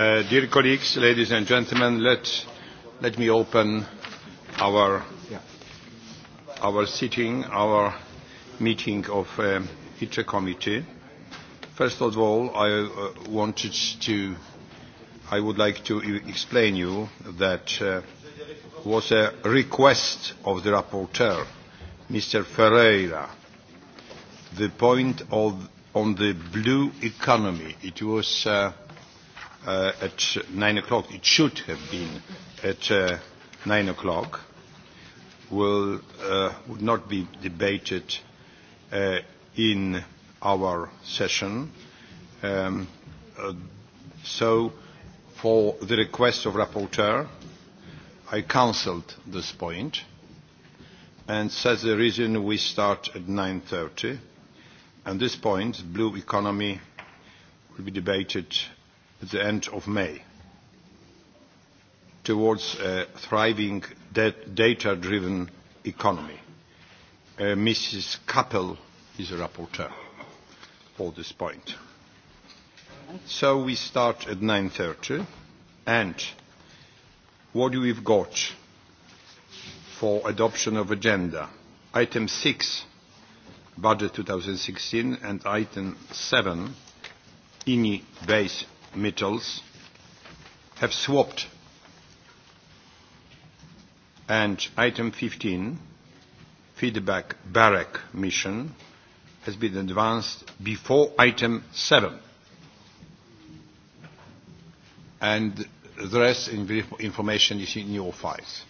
Uh, dear colleagues, ladies and gentlemen, let, me open our, sitting, our meeting of uh, ITRE committee. First of all, I uh, wanted to, I would like to e-, explain you that uh, was a request of the rapporteur, Mr. Ferreira, the point of, on the blue economy. It was uh, uh, at nine o'clock. It should have been at uh, nine o'clock. Will uh, would not be debated uh, in our session. Um, uh, so, for the request of rapporteur, I cancelled this point, and says the reason we start at 9.30. And this point, blue economy, will be debated at the end of May towards a thriving data driven economy. Uh, Mrs. Kappel is a rapporteur for this point. So we start at 9.30 and what do we've got for adoption of agenda? Item 6, budget 2016 and item 7, INI base metals have swapped and item 15 feedback barrack mission has been advanced before item 7 and the rest in information is in your files.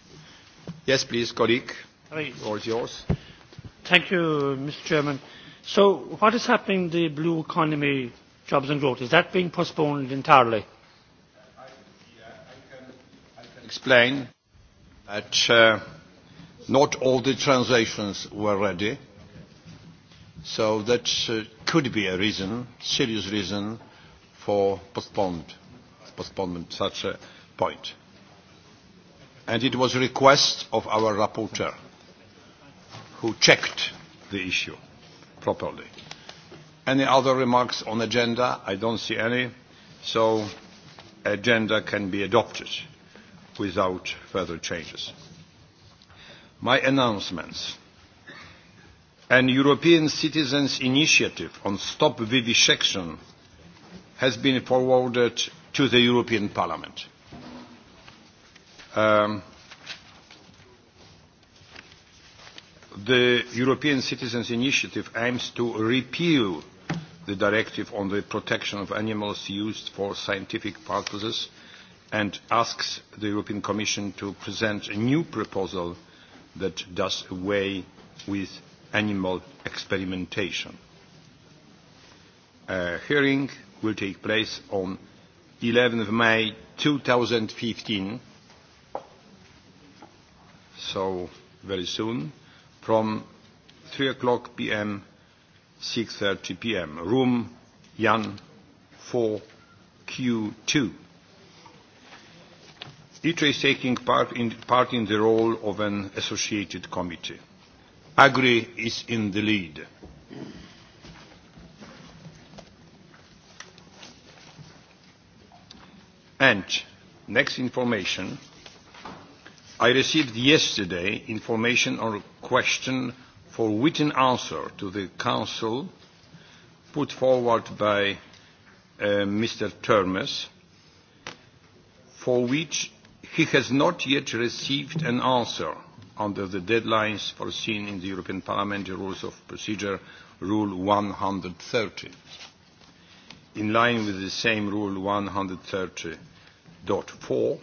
Yes, please, colleague. or is yours. Thank you, Mr. Chairman. So what is happening in the blue economy jobs and growth. Is that being postponed entirely? I, can, explain that uh, not all the transactions were ready. So that uh, could be a reason, serious reason, for postponed, postponement such a point. And it was a request of our rapporteur who checked the issue properly. Any other remarks on agenda? I don't see any. So agenda can be adopted without further changes. My announcements. An European Citizens Initiative on Stop Vivisection has been forwarded to the European Parliament. Um, the European Citizens Initiative aims to repeal the directive on the protection of animals used for scientific purposes and asks the European Commission to present a new proposal that does away with animal experimentation. A hearing will take place on 11th May 2015, so very soon, from 3 o'clock p.m. 6.30 p.m. Room Yan 4Q2. ITRE is taking part in, part in the role of an associated committee. Agri is in the lead. And next information, I received yesterday information on a question for written an answer to the Council put forward by uh, Mr. Termes, for which he has not yet received an answer under the deadlines foreseen in the European Parliament Rules of Procedure, Rule 130, in line with the same Rule 130.4.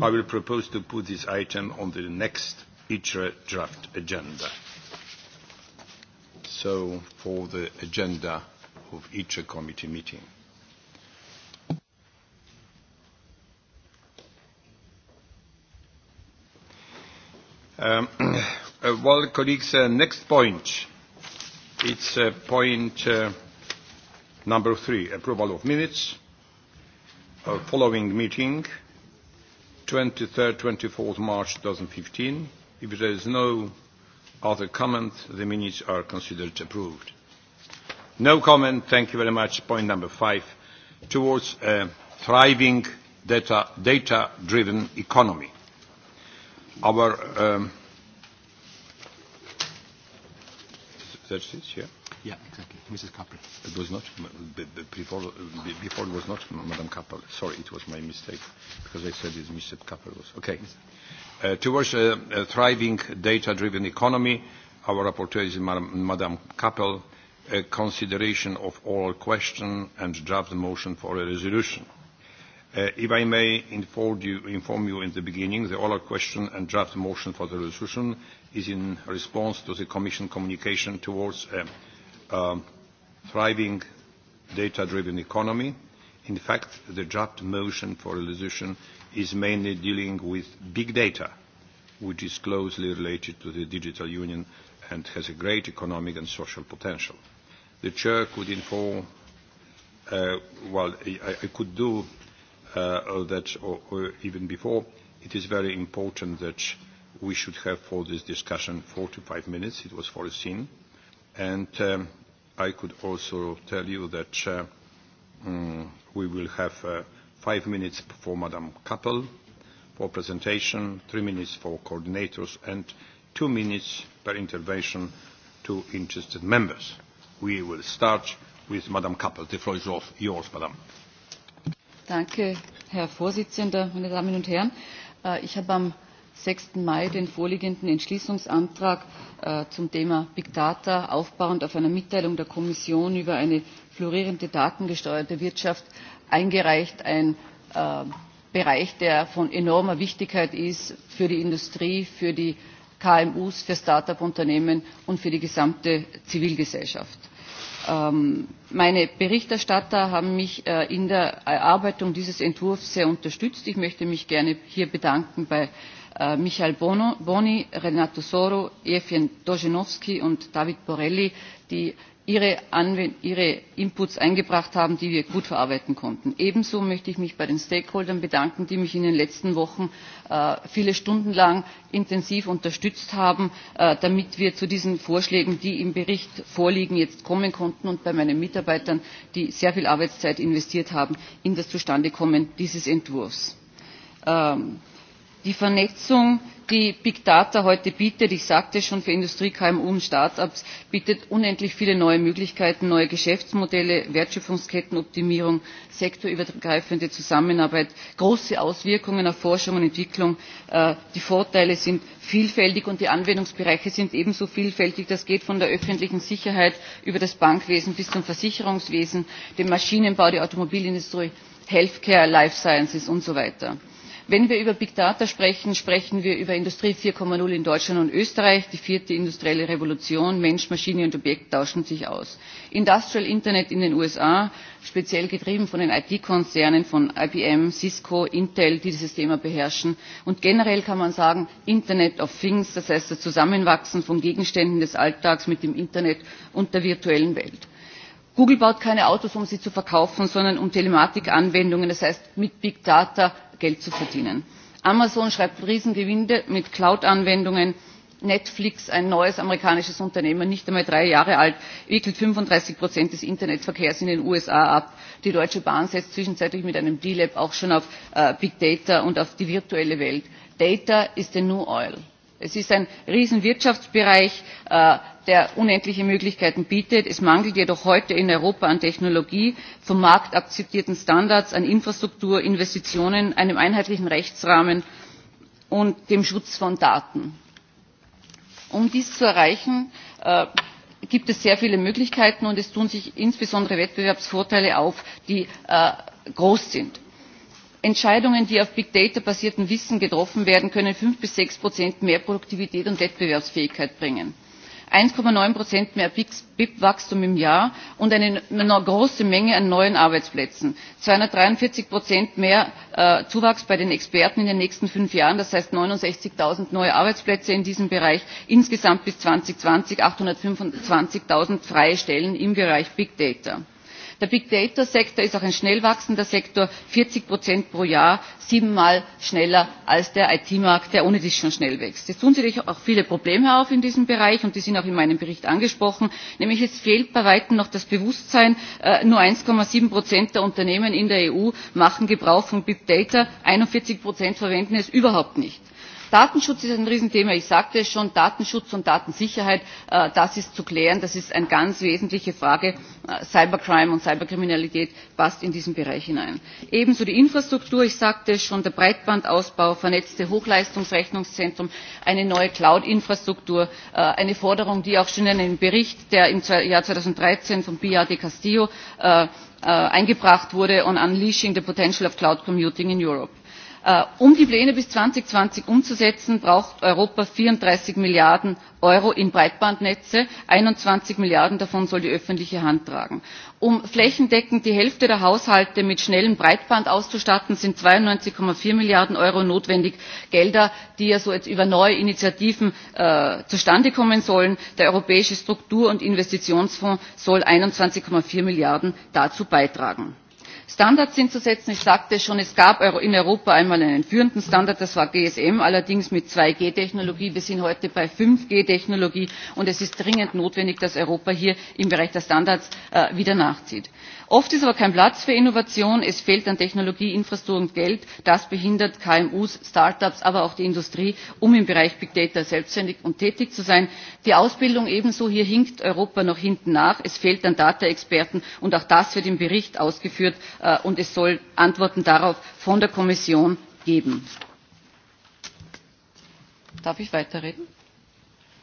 I will propose to put this item on the next ITRE draft agenda. So for the agenda of each committee meeting. Um, uh, well, colleagues, uh, next point. It's uh, point uh, number three, approval of minutes of following meeting, 23rd, 24th March 2015. If there is no other comment, the minutes are considered approved. No comment. Thank you very much. Point number five, towards a thriving data-driven economy. Our um, that's it, yeah? Yeah, exactly. Mrs. Kappel. It was not, before, it was not Madam Kappel. Sorry, it was my mistake, because I said it's Mr. Kappel. Was, okay. Uh, towards a, thriving data driven economy, our rapporteur is Madam Kappel, a consideration of all question and draft motion for a resolution. Uh, if I may inform you, inform you in the beginning, the oral question and draft motion for the resolution is in response to the Commission communication towards a thriving data driven economy. In fact, the draft motion for a resolution is mainly dealing with big data, which is closely related to the digital union and has a great economic and social potential. The chair could inform, uh, well, I, I could do uh, that or, even before. It is very important that we should have for this discussion 45 minutes. It was foreseen. And um, I could also tell you that uh, mm, we will have uh, five minutes for Madam Kappel for presentation, three minutes for coordinators, and two minutes per intervention to interested members. We will start with Madam Kappel. The floor is yours, Madam. Danke, Herr Vorsitzender, meine Damen und Herren. Äh, ich habe am 6. Mai den vorliegenden Entschließungsantrag äh, zum Thema Big Data aufbauend auf einer Mitteilung der Kommission über eine florierende datengesteuerte Wirtschaft eingereicht. Ein äh, Bereich, der von enormer Wichtigkeit ist für die Industrie, für die KMU, für Start-up-Unternehmen und für die gesamte Zivilgesellschaft. Ähm, meine Berichterstatter haben mich äh, in der Erarbeitung dieses Entwurfs sehr unterstützt. Ich möchte mich gerne hier bedanken bei Eh, michael boni renato soro evgen toenovsk und david borelli die ihre, ihre inputs eingebracht haben die wir gut verarbeiten konnten. ebenso möchte ich mich bei den stakeholdern bedanken die mich in den letzten wochen äh, viele stunden lang intensiv unterstützt haben äh, damit wir zu diesen vorschlägen die im bericht vorliegen jetzt kommen konnten und bei meinen mitarbeitern die sehr viel arbeitszeit investiert haben in das zustandekommen dieses entwurfs. Ähm, die vernetzung die big data heute bietet ich sagte schon für industrie kmu und start ups bietet unendlich viele neue möglichkeiten neue geschäftsmodelle wertschöpfungskettenoptimierung sektorübergreifende zusammenarbeit große auswirkungen auf forschung und entwicklung. Äh, die vorteile sind vielfältig und die anwendungsbereiche sind ebenso vielfältig das geht von der öffentlichen sicherheit über das bankwesen bis zum versicherungswesen den maschinenbau die automobilindustrie healthcare, life sciences und so weiter wenn wir über big data sprechen sprechen wir über industrie. vier null in deutschland und österreich die vierte industrielle revolution mensch maschine und objekt tauschen sich aus industrial internet in den usa speziell getrieben von den it konzernen von ibm cisco intel die dieses thema beherrschen und generell kann man sagen internet of things das heißt das zusammenwachsen von gegenständen des alltags mit dem internet und der virtuellen welt google baut keine autos um sie zu verkaufen sondern um telematikanwendungen das heißt mit big data geld zu verdienen. amazon schreibt riesengewinne mit cloud anwendungen netflix ein neues amerikanisches unternehmen nicht einmal drei jahre alt wickelt fünfunddreißig des internetverkehrs in den usa ab. die deutsche bahn setzt zwischenzeitlich mit einem d lab auch schon auf äh, big data und auf die virtuelle welt. data is the new oil es ist ein riesenwirtschaftsbereich äh, der unendliche möglichkeiten bietet es mangelt jedoch heute in europa an technologie vom markt akzeptierten standards an infrastruktur investitionen einem einheitlichen rechtsrahmen und dem schutz von daten. um dies zu erreichen äh, gibt es sehr viele möglichkeiten und es tun sich insbesondere wettbewerbsvorteile auf die äh, groß sind entscheidungen die auf big data basiertem wissen getroffen werden können fünf bis sechs mehr produktivität und wettbewerbsfähigkeit bringen eins neun mehr bip wachstum im jahr und eine große menge an neuen arbeitsplätzen zweihundertdreiundvierzig mehr äh, zuwachs bei den experten in den nächsten fünf jahren das heißt neunundsechzig null neue arbeitsplätze in diesem bereich insgesamt bis zweitausendzwanzig achthundertfünfundzwanzig null freie stellen im bereich big data der big data sektor ist auch ein schnell wachsender sektor vierzig pro jahr siebenmal schneller als der it markt der ohnedies schon schnell wächst. es tun sich auch viele probleme auf in diesem bereich und die sind auch in meinem bericht angesprochen nämlich es fehlt bei weitem noch das bewusstsein äh, nur eins sieben der unternehmen in der eu machen gebrauch von big data einundvierzig verwenden es überhaupt nicht datenschutz ist ein riesenthema ich sagte es schon datenschutz und datensicherheit äh, das ist zu klären das ist eine ganz wesentliche frage äh, cybercrime und cyberkriminalität passt in diesen bereich hinein. ebenso die infrastruktur ich sagte es schon der breitbandausbau vernetzte hochleistungsrechnungszentren eine neue cloud infrastruktur äh, eine forderung die auch schon in einem bericht der im jahr zweitausenddreizehn von pilar del castillo eingebracht wurde on unleashing the potential of cloud computing in europe. Äh, um die pläne bis zweitausendzwanzig umzusetzen braucht europa vierunddreißig milliarden euro in breitbandnetze einundzwanzig milliarden davon soll die öffentliche hand tragen. um flächendeckend die hälfte der haushalte mit schnellem breitband auszustatten sind zweiundneunzig vier milliarden euro notwendig gelder die ja so jetzt über neue initiativen äh, zustande kommen sollen. der europäische struktur und investitionsfonds soll einundzwanzig vier milliarden dazu beitragen standards hinzusetzen. ich sagte schon es gab in europa einmal einen führenden standard das war gsm allerdings mit zwei g technologie. wir sind heute bei fünf g technologie und es ist dringend notwendig dass europa hier im bereich der standards äh, wieder nachzieht oft ist aber kein platz für innovation es fehlt an technologie infrastruktur und geld das behindert kmu start ups aber auch die industrie um im bereich big data selbständig und tätig zu sein. die ausbildung ebenso hier hinkt europa noch hinten nach es fehlt an data experten und auch das wird im bericht ausgeführt äh, und es soll antworten darauf von der kommission geben. darf ich weiterreden?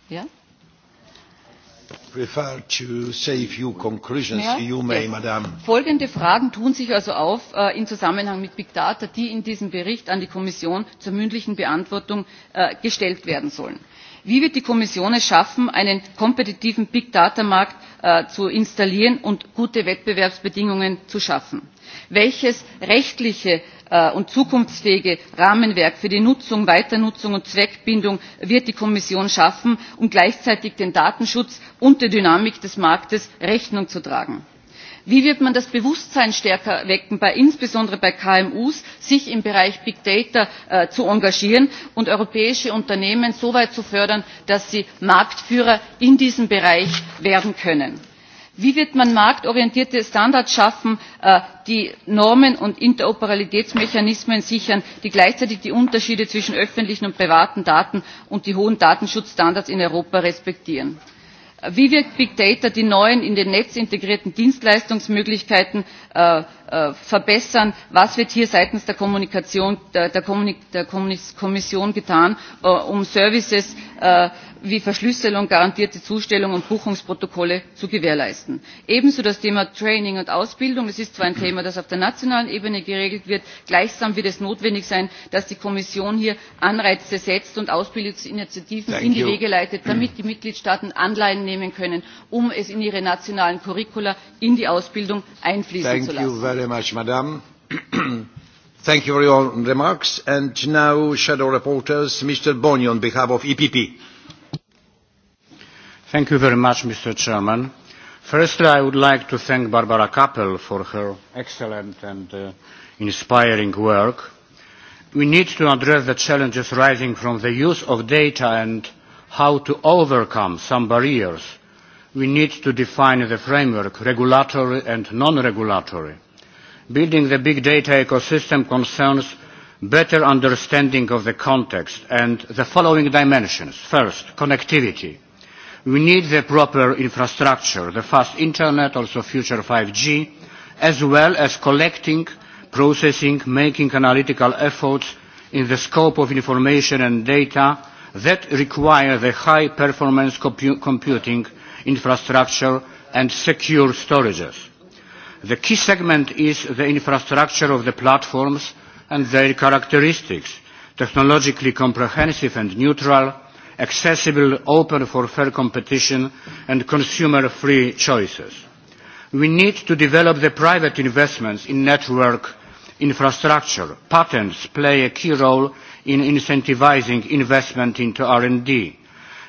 ja? Folgende Fragen tun sich also auf äh, im Zusammenhang mit Big Data, die in diesem Bericht an die Kommission zur mündlichen Beantwortung äh, gestellt werden sollen. Wie wird die Kommission es schaffen, einen kompetitiven Big Data Markt äh, zu installieren und gute Wettbewerbsbedingungen zu schaffen? Welches rechtliche Äh, und zukunftsfähige rahmenwerk für die nutzung weiternutzung und zweckbindung wird die kommission schaffen um gleichzeitig dem datenschutz und der dynamik des marktes rechnung zu tragen. wie wird man das bewusstsein stärker wecken insbesondere bei kmu sich im bereich big data äh, zu engagieren und europäische unternehmen so weit zu fördern dass sie marktführer in diesem bereich werden können? wie wird man marktorientierte standards schaffen äh, die normen und interoperabilitätsmechanismen sichern die gleichzeitig die unterschiede zwischen öffentlichen und privaten daten und die hohen datenschutzstandards in europa respektieren? Äh, wie wird big data die neuen in den netz integrierten dienstleistungsmöglichkeiten äh, verbessern? was wird hier seitens der kommission getan um services wie verschlüsselung garantierte zustellung und buchungsprotokolle zu gewährleisten. ebenso das thema training und ausbildung es ist zwar ein thema das auf der nationalen ebene geregelt wird gleichsam wird es notwendig sein dass die kommission hier anreize setzt und ausbildungsinitiativen in die wege leitet damit die mitgliedstaaten anleihen nehmen können um es in ihre nationalen curricula in die ausbildung einfließen zu lassen. Mr. Bonny behalf of EPP. Thank you very much, Mr. Chairman. Firstly, I would like to thank Barbara Kappel for her excellent and uh, inspiring work. We need to address the challenges arising from the use of data and how to overcome some barriers. We need to define the framework, regulatory and non-regulatory. Building the big data ecosystem concerns better understanding of the context and the following dimensions. First, connectivity we need the proper infrastructure the fast internet also future 5g as well as collecting processing making analytical efforts in the scope of information and data that require the high performance computing infrastructure and secure storages the key segment is the infrastructure of the platforms and their characteristics technologically comprehensive and neutral accessible, open for fair competition and consumer free choices. We need to develop the private investments in network infrastructure. Patents play a key role in incentivizing investment into R&D.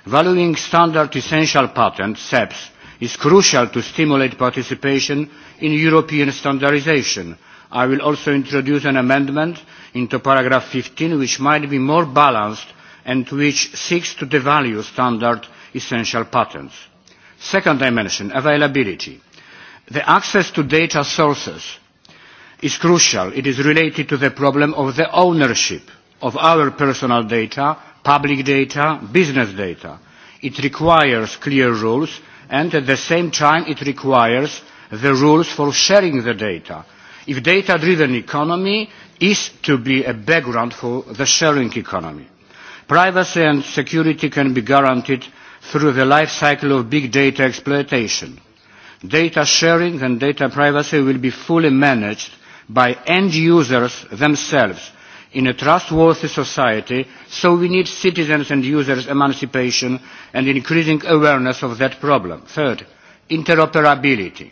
Valuing standard essential patents, SEPs, is crucial to stimulate participation in European standardisation. I will also introduce an amendment into paragraph 15 which might be more balanced and which seeks to devalue standard essential patents. Second dimension, availability. The access to data sources is crucial. It is related to the problem of the ownership of our personal data, public data, business data. It requires clear rules and at the same time it requires the rules for sharing the data. If data-driven economy is to be a background for the sharing economy privacy and security can be guaranteed through the life cycle of big data exploitation. Data sharing and data privacy will be fully managed by end users themselves in a trustworthy society, so we need citizens and users' emancipation and increasing awareness of that problem. Third, interoperability.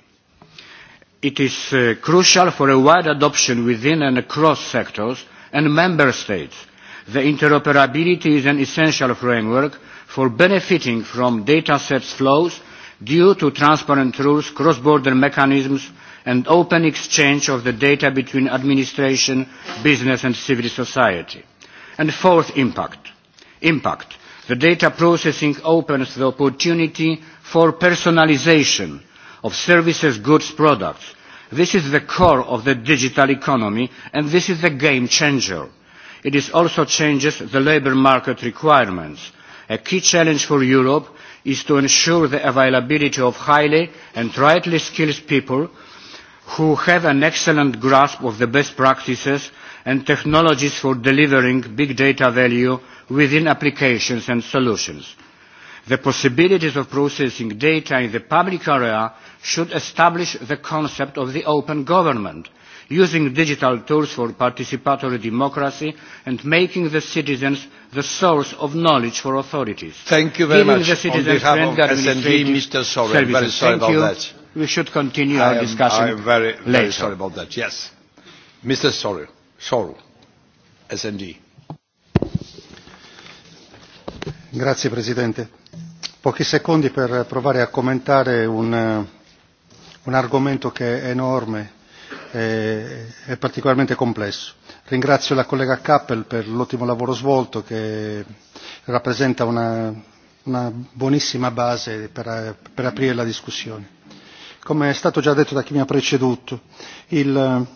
It is uh, crucial for a wide adoption within and across sectors and member states the interoperability is an essential framework for benefiting from data sets flows due to transparent rules cross border mechanisms and open exchange of the data between administration business and civil society. and fourth impact impact the data processing opens the opportunity for personalisation of services goods products. this is the core of the digital economy and this is a game changer It also changes the labour market requirements. A key challenge for Europe is to ensure the availability of highly and rightly skilled people who have an excellent grasp of the best practices and technologies for delivering big data value within applications and solutions. The possibilities of processing data in the public area should establish the concept of the open government using digital tools for participatory democracy and making the citizens the source of knowledge for authorities. Thank you very much. On behalf of SND, Mr. Sorry, very sorry Thank about you. that. We should continue I am, our discussion I am very, later. very sorry about that, yes. Mr. Sorry, Sorry, SND. Grazie Presidente. Pochi secondi per provare a commentare un, eh, un argomento che è enorme è particolarmente complesso. Ringrazio la collega Kappel per l'ottimo lavoro svolto che rappresenta una, una buonissima base per, per aprire la discussione. Come è stato già detto da chi mi ha preceduto, il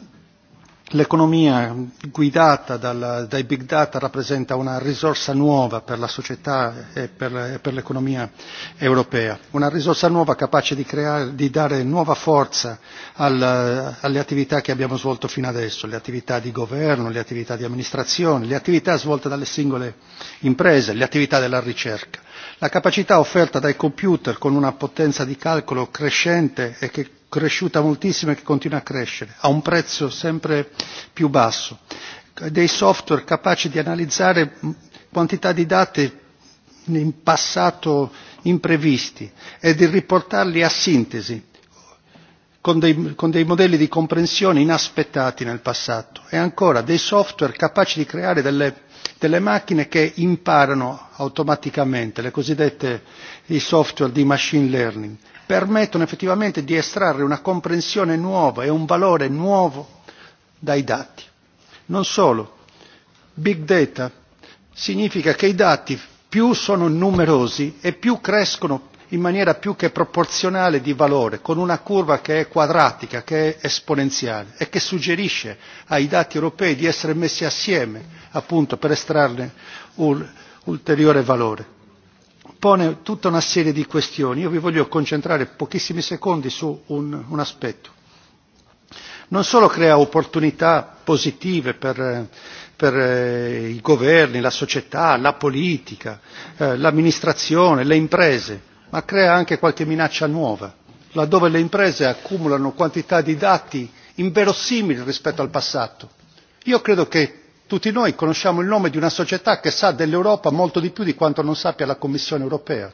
l'economia guidata dal, dai big data rappresenta una risorsa nuova per la società e per, e per l'economia europea una risorsa nuova capace di, creare, di dare nuova forza al, alle attività che abbiamo svolto fino adesso le attività di governo le attività di amministrazione le attività svolte dalle singole imprese le attività della ricerca la capacità offerta dai computer con una potenza di calcolo crescente e che cresciuta moltissimo e che continua a crescere a un prezzo sempre più basso dei software capaci di analizzare quantità di dati in passato imprevisti e di riportarli a sintesi con dei, con dei modelli di comprensione inaspettati nel passato e ancora dei software capaci di creare delle, delle macchine che imparano automaticamente le cosiddette i software di machine learning permettono effettivamente di estrarre una comprensione nuova e un valore nuovo dai dati. Non solo, big data significa che i dati più sono numerosi e più crescono in maniera più che proporzionale di valore, con una curva che è quadratica, che è esponenziale e che suggerisce ai dati europei di essere messi assieme appunto per estrarne un ulteriore valore pone tutta una serie di questioni. Io vi voglio concentrare pochissimi secondi su un, un aspetto. Non solo crea opportunità positive per, per eh, i governi, la società, la politica, eh, l'amministrazione, le imprese, ma crea anche qualche minaccia nuova, laddove le imprese accumulano quantità di dati inverosimili rispetto al passato. Io credo che tutti noi conosciamo il nome di una società che sa dell'Europa molto di più di quanto non sappia la Commissione europea,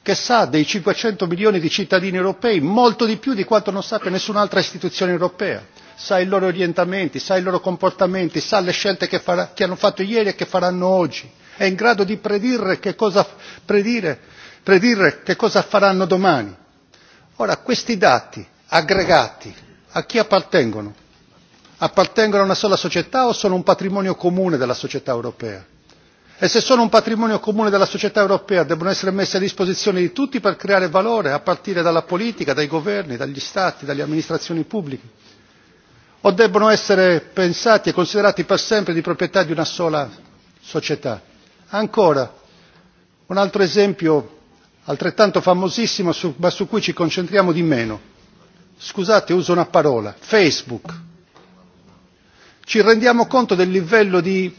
che sa dei 500 milioni di cittadini europei molto di più di quanto non sappia nessun'altra istituzione europea, sa i loro orientamenti, sa i loro comportamenti, sa le scelte che, hanno fatto ieri e che faranno oggi, è in grado di predire che cosa, predire, predire che cosa faranno domani. Ora, questi dati aggregati a chi appartengono? appartengono a una sola società o sono un patrimonio comune della società europea e se sono un patrimonio comune della società europea devono essere messe a disposizione di tutti per creare valore a partire dalla politica dai governi dagli stati dalle amministrazioni pubbliche o debbono essere pensati e considerati per sempre di proprietà di una sola società. ancora un altro esempio altrettanto famosissimo ma su cui ci concentriamo di meno scusate uso una parola facebook ci rendiamo conto del livello di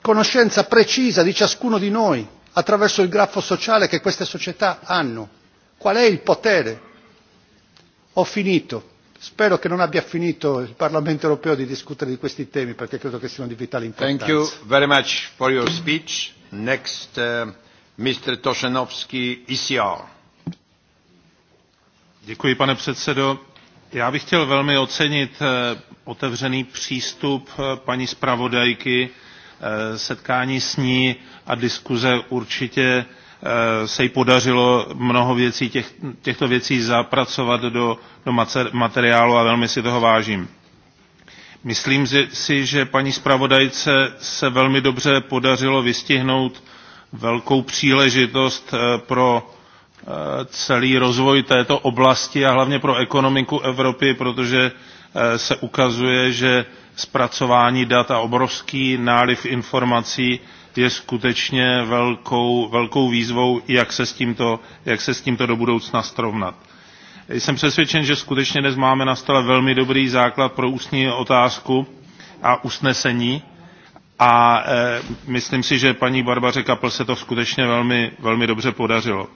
conoscenza precisa di ciascuno di noi attraverso il grafo sociale che queste società hanno qual è il potere ho finito spero che non abbia finito il parlamento europeo di discutere di questi temi perché credo che siano di vitale importanza. Thank you very much for your speech. Next, uh, Mr. Toshenovsky, ECR. Děkuji, pane předsedo já bych chtěl velmi ocenit eh, otevřený přístup eh, paní zpravodajky eh, setkání s ní a diskuze určitě se jí podařilo mnoho věcí těch, těchto věcí zapracovat do, do materiálu a velmi si toho vážím. Myslím si, že paní zpravodajce se velmi dobře podařilo vystihnout velkou příležitost pro Eh, celý rozvoj této oblasti a hlavně pro ekonomiku Evropy, protože eh, se ukazuje, že zpracování dat a obrovský náliv informací je skutečně velkou, velkou výzvou, jak se, s tímto, jak se s tímto do budoucna strovnat. Jsem přesvědčen, že skutečně dnes máme na stole velmi dobrý základ pro ústní otázku a usnesení a e, myslím si, že paní Barbaře Kapl se to skutečně velmi, velmi dobře podařilo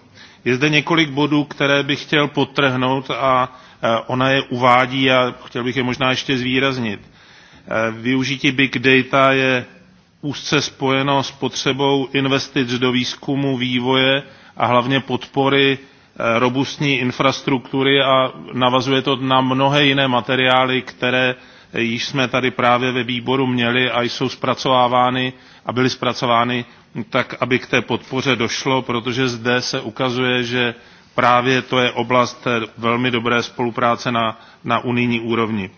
je zde několik bodů, které bych chtěl podtrhnout a e, ona je uvádí a chtěl bych je možná ještě zvýraznit. E, využití big data je úzce spojeno s potřebou investic do výzkumu, vývoje a hlavně podpory e, robustní infrastruktury a navazuje to na mnohé jiné materiály, které již jsme tady právě ve výboru měli a jsou zpracovávány a byly zpracovány tak aby k té podpoře došlo protože zde se ukazuje že právě to je oblast té velmi dobré spolupráce na, na unijní úrovni.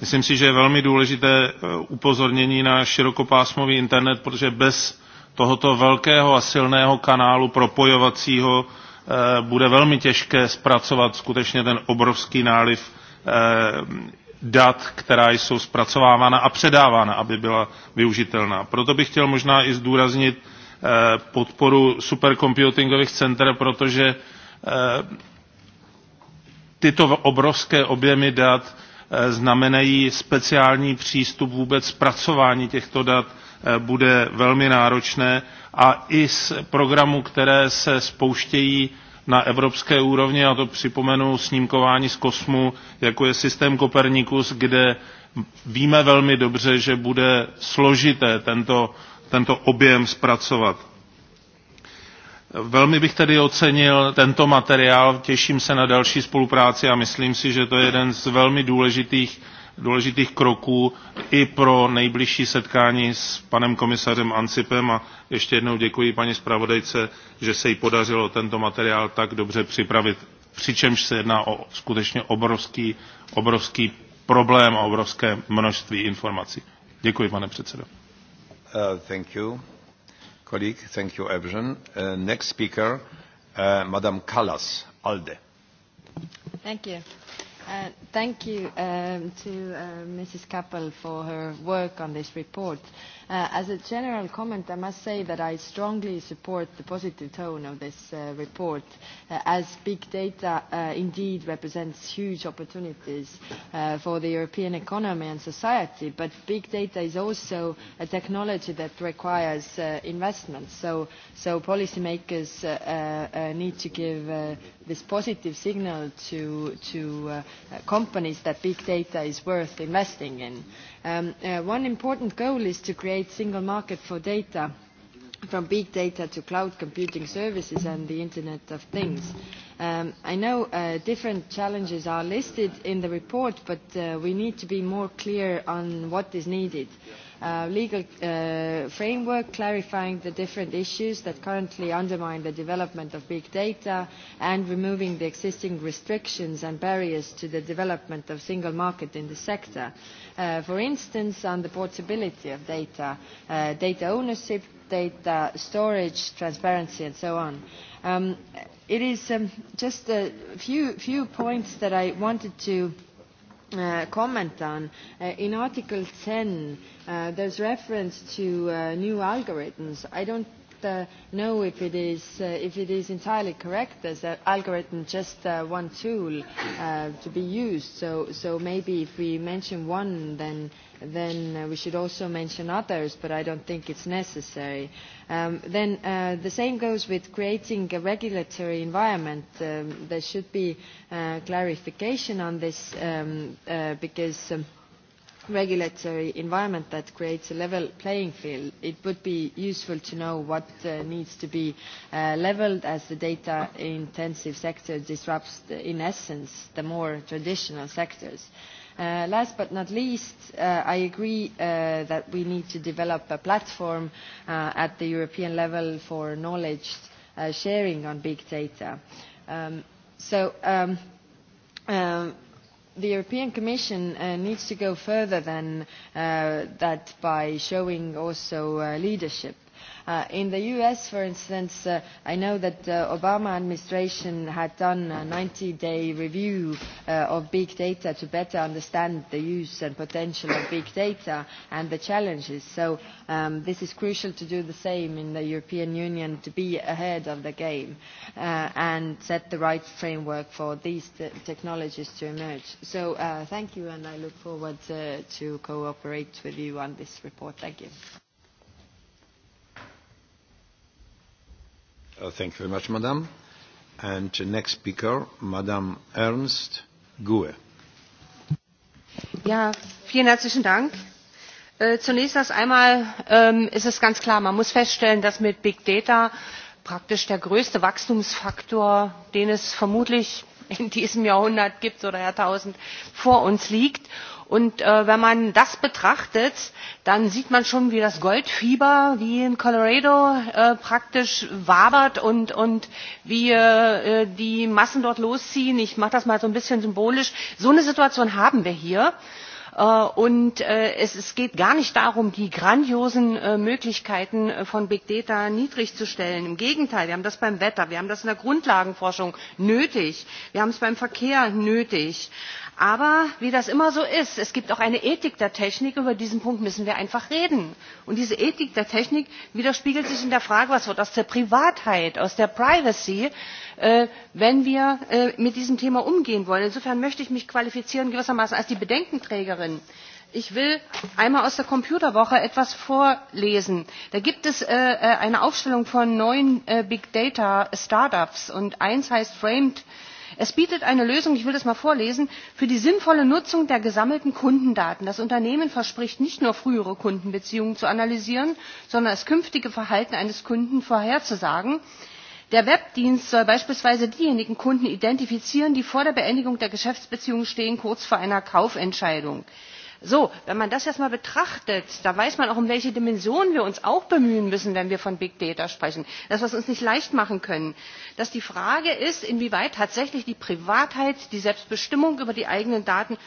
myslím si že je velmi důležité eh, upozornění na širokopásmový internet protože bez tohoto velkého a silného kanálu propojovacího eh, bude velmi těžké zpracovat skutečně ten obrovský náliv eh, dat, která jsou zpracovávána a předávána, aby byla využitelná. Proto bych chtěl možná i zdůraznit eh, podporu supercomputingových center, protože eh, tyto obrovské objemy dat eh, znamenají speciální přístup vůbec zpracování těchto dat bude velmi náročné a i z programů, které se spouštějí na evropské úrovni a to připomenu snímkování z kosmu jako je systém copernicus kde víme velmi dobře že bude složité tento, tento objem zpracovat. velmi bych tedy ocenil tento materiál těším se na další spolupráci a myslím si že to je jeden z velmi důležitých důležitých kroků i pro nejbližší setkání s panem komisařem Ancipem a ještě jednou děkuji paní zpravodajce, že se jí podařilo tento materiál tak dobře připravit, přičemž se jedná o skutečně obrovský, obrovský problém a obrovské množství informací. Děkuji, pane předsedo. Uh, thank you. Colleague, thank you, uh, next speaker, uh, Madame ALDE. Thank you. Uh, thank you um, to uh, Mrs. Kappel for her work on this report. Uh, as a general comment, I must say that I strongly support the positive tone of this uh, report, uh, as big data indeed represents huge opportunities for the European economy and society, but big data is also a technology that requires investment. So, so policymakers need to give this positive signal to, to companies that big data is worth investing in Um, uh, one important goal is to create a single market for data from big data to cloud computing services and the internet of things. Um, i know uh, different challenges are listed in the report but uh, we need to be more clear on what is needed. Uh, legal uh, framework clarifying the different issues that currently undermine the development of big data and removing the existing restrictions and barriers to the development of single market in the sector. Uh, for instance, on the portability of data, data ownership, data storage, transparency and so on. Um, it is um, just a few points that I wanted to Uh, comment on. Uh, in Article 10, uh, there's reference to uh, new algorithms. I don't Uh, know if it is uh, if it is entirely correct as an algorithm just uh, one tool to be used so so maybe if we mention one then then we should also mention others but i don't think it's necessary um, then uh, the same goes with creating a regulatory environment um, there should be uh, clarification on this um, uh, because um, regulatory environment that creates a level playing field, it would be useful to know what uh, needs to be levelled uh, leveled as the data-intensive sector disrupts, in essence, the more traditional sectors. Uh, last but not least, I agree that we need to develop a platform at the European level for knowledge sharing on big data. Um, so um, the European Commission uh, needs to go further than uh, that by showing also uh, leadership Uh, in the us for instance uh, i know that the uh, obama administration had done a 90 day review of big data to better understand the use and potential of big data and the challenges so um, this is crucial to do the same in the european union to be ahead of the game and set the right framework for these te technologies to emerge so thank you and i look forward to cooperate with you on this report thank you Uh, thank you very much, Madam. And next speaker, Madam Ernst Gue. Ja, vielen herzlichen Dank. Äh, zunächst erst einmal ähm, ist es ganz klar, man muss feststellen, dass mit Big Data praktisch der größte Wachstumsfaktor, den es vermutlich in diesem Jahrhundert gibt oder Jahrtausend vor uns liegt. Und äh, wenn man das betrachtet, dann sieht man schon, wie das Goldfieber wie in Colorado äh, praktisch wabert und, und wie äh, die Massen dort losziehen. Ich mache das mal so ein bisschen symbolisch. So eine Situation haben wir hier Äh, und äh, es, geht gar nicht darum die grandiosen äh, möglichkeiten von big data niedrigzustellen im gegenteil wir haben das beim wetter wir haben das in der grundlagenforschung nötig wir haben es beim verkehr nötig aber wie das immer so ist es gibt auch eine ethik der technik über diesen punkt müssen wir einfach reden und diese ethik der technik widerspiegelt sich in der frage was wird aus der privatheit aus der privacy äh, wenn wir äh, mit diesem thema umgehen wollen? insofern möchte ich mich qualifizieren gewissermaßen als die bedenkenträgerin. ich will einmal aus der computerwoche etwas vorlesen da gibt es äh, eine aufstellung von neun big data startups und eins heißt framed es bietet eine lösung ich will das mal vorlesen für die sinnvolle nutzung der gesammelten kundendaten. das unternehmen verspricht nicht nur frühere kundenbeziehungen zu analysieren sondern das künftige verhalten eines kunden vorherzusagen. der webdienst soll beispielsweise diejenigen kunden identifizieren die vor der beendigung der geschäftsbeziehung stehen kurz vor einer kaufentscheidung so wenn man das jetzt mal betrachtet da weiß man auch um welche dimensionen wir uns auch bemühen müssen wenn wir von big data sprechen dass wir es uns nicht leicht machen können dass die frage ist inwieweit tatsächlich die privatheit die selbstbestimmung über die eigenen daten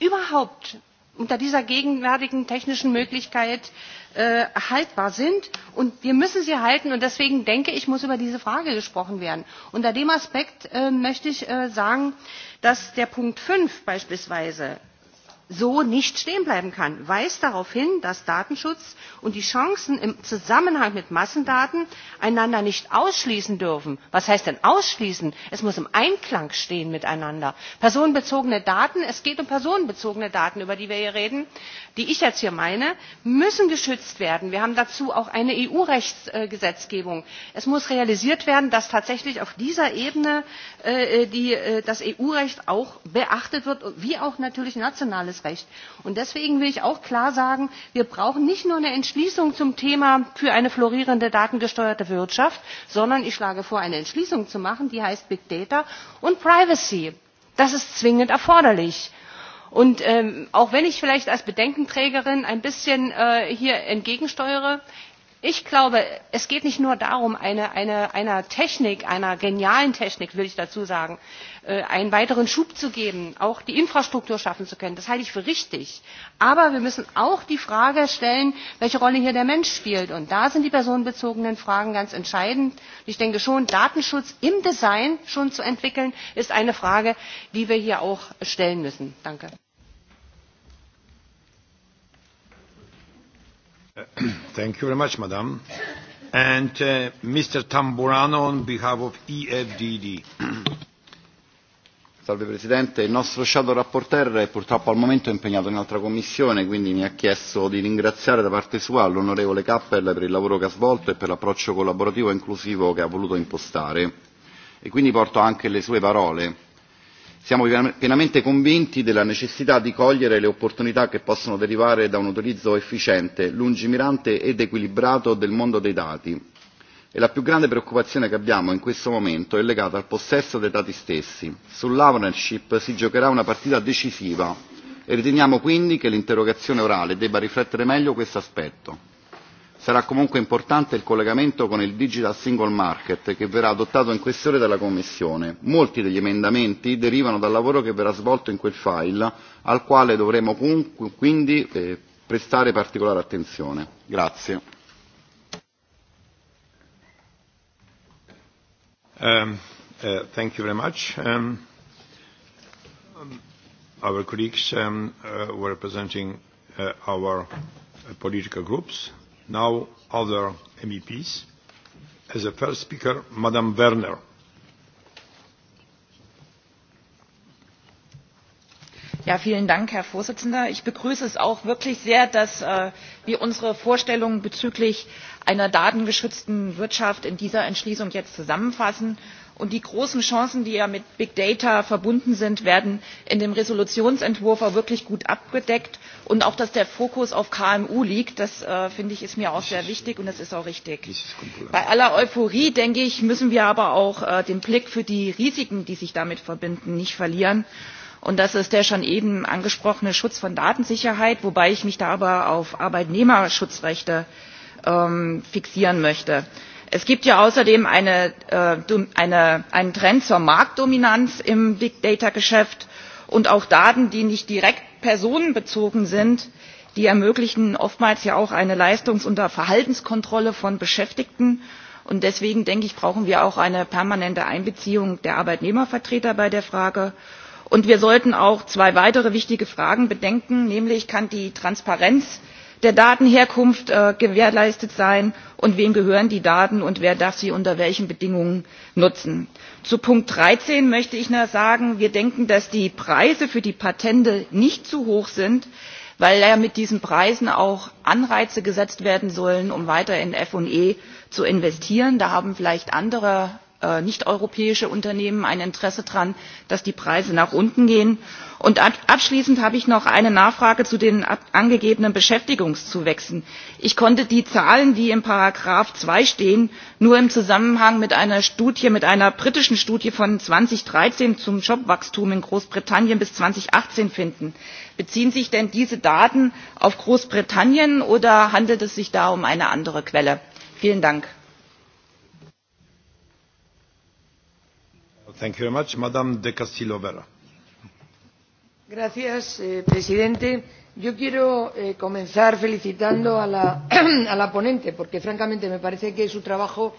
überhaupt unter dieser gegenwärtigen technischen möglichkeit äh, haltbar sind und wir müssen sie halten und deswegen denke ich muss über diese frage gesprochen werden. unter dem aspekt äh, möchte ich äh, sagen dass der punkt fünf beispielsweise so nicht stehen bleiben kann weist darauf hin dass datenschutz und die chancen im zusammenhang mit massendaten einander nicht ausschließen dürfen. was heißt denn ausschließen? es muss im einklang stehen miteinander. personenbezogene daten es geht um personenbezogene daten über die wir hier reden die ich jetzt hier meine müssen geschützt werden. wir haben dazu auch eine eu rechtsgesetzgebung. es muss realisiert werden dass tatsächlich auf dieser ebene äh, äh, das eu recht auch beachtet wird wie auch natürlich nationales recht. und deswegen will ich auch klar sagen wir brauchen nicht nur eine entschließung zum thema für eine florierende datengesteuerte wirtschaft sondern ich schlage vor eine entschließung zu machen die heißt big data und privacy. das ist zwingend erforderlich. und ähm, auch wenn ich vielleicht als bedenkenträgerin ein bisschen äh, hier entgegensteuere ich glaube es geht nicht nur darum einer technik einer genialen technik will ich dazu sagen äh, einen weiteren schub zu geben auch die infrastruktur schaffen zu können das halte ich für richtig aber wir müssen auch die frage stellen welche rolle hier der mensch spielt und da sind die personenbezogenen fragen ganz entscheidend. ich denke schon datenschutz im design schon zu entwickeln ist eine frage die wir hier auch stellen müssen. danke! Thank uh, on e Salve Presidente, il nostro shadow rapporteur è purtroppo al momento impegnato in un'altra commissione, quindi mi ha chiesto di ringraziare da parte sua l'onorevole Kappel per il lavoro che ha svolto e per l'approccio collaborativo e inclusivo che ha voluto impostare. E quindi porto anche le sue parole siamo pienamente convinti della necessità di cogliere le opportunità che possono derivare da un utilizzo efficiente lungimirante ed equilibrato del mondo dei dati e la più grande preoccupazione che abbiamo in questo momento è legata al possesso dei dati stessi. sull'ownership si giocherà una partita decisiva e riteniamo quindi che l'interrogazione orale debba riflettere meglio questo aspetto sarà comunque importante il collegamento con il digital single market che verrà adottato in questione dalla commissione molti degli emendamenti derivano dal lavoro che verrà svolto in quel file al quale dovremo comunque quindi eh, prestare particolare attenzione. Grazie. Um, uh, thank you very much. Um, um our colleagues um, uh, were representing uh, our political groups. Now other MEPs. As a first speaker, Madam Werner. Ja, vielen Dank, Herr Vorsitzender. Ich begrüße es auch wirklich sehr, dass äh, wir unsere Vorstellungen bezüglich einer datengeschützten Wirtschaft in dieser Entschließung jetzt zusammenfassen. Und die großen Chancen, die ja mit Big Data verbunden sind, werden in dem Entschließungsentwurf auch wirklich gut abgedeckt und auch dass der fokus auf kmu liegt das äh, finde ich ist mir auch sehr wichtig und das ist auch richtig. bei aller euphorie denke ich müssen wir aber auch äh, den blick für die risiken die sich damit verbinden nicht verlieren und das ist der schon eben angesprochene schutz von datensicherheit wobei ich mich da aber auf arbeitnehmerschutzrechte ähm, fixieren möchte. es gibt ja außerdem eine, äh, eine, einen trend zur marktdominanz im big data geschäft und auch daten die nicht direkt personenbezogen sind die ermöglichen oftmals ja auch eine leistungs und verhaltenskontrolle von beschäftigten und deswegen denke ich brauchen wir auch eine permanente einbeziehung der arbeitnehmervertreter bei der frage und wir sollten auch zwei weitere wichtige fragen bedenken nämlich kann die transparenz der datenherkunft äh, gewährleistet sein und wem gehören die daten und wer darf sie unter welchen bedingungen nutzen? zu punkt dreizehn möchte ich nur sagen wir denken dass die preise für die patente nicht zu hoch sind weil ja mit diesen preisen auch anreize gesetzt werden sollen um weiter in fe zu investieren. da haben vielleicht andere Äh, nicht europäische unternehmen ein interesse daran dass die preise nach unten gehen. Und abschließend habe ich noch eine nachfrage zu den angegebenen beschäftigungszuwächsen ich konnte die zahlen die in ziffer zwei stehen nur im zusammenhang mit einer studie mit einer britischen studie von zweitausenddreizehn zum jobwachstum in großbritannien bis zweitausendachtzehn finden. beziehen sich denn diese daten auf großbritannien oder handelt es sich da um eine andere quelle? vielen dank. Señor eh, presidente. Yo quiero eh, comenzar felicitando a la, ponente, porque francamente me parece que su trabajo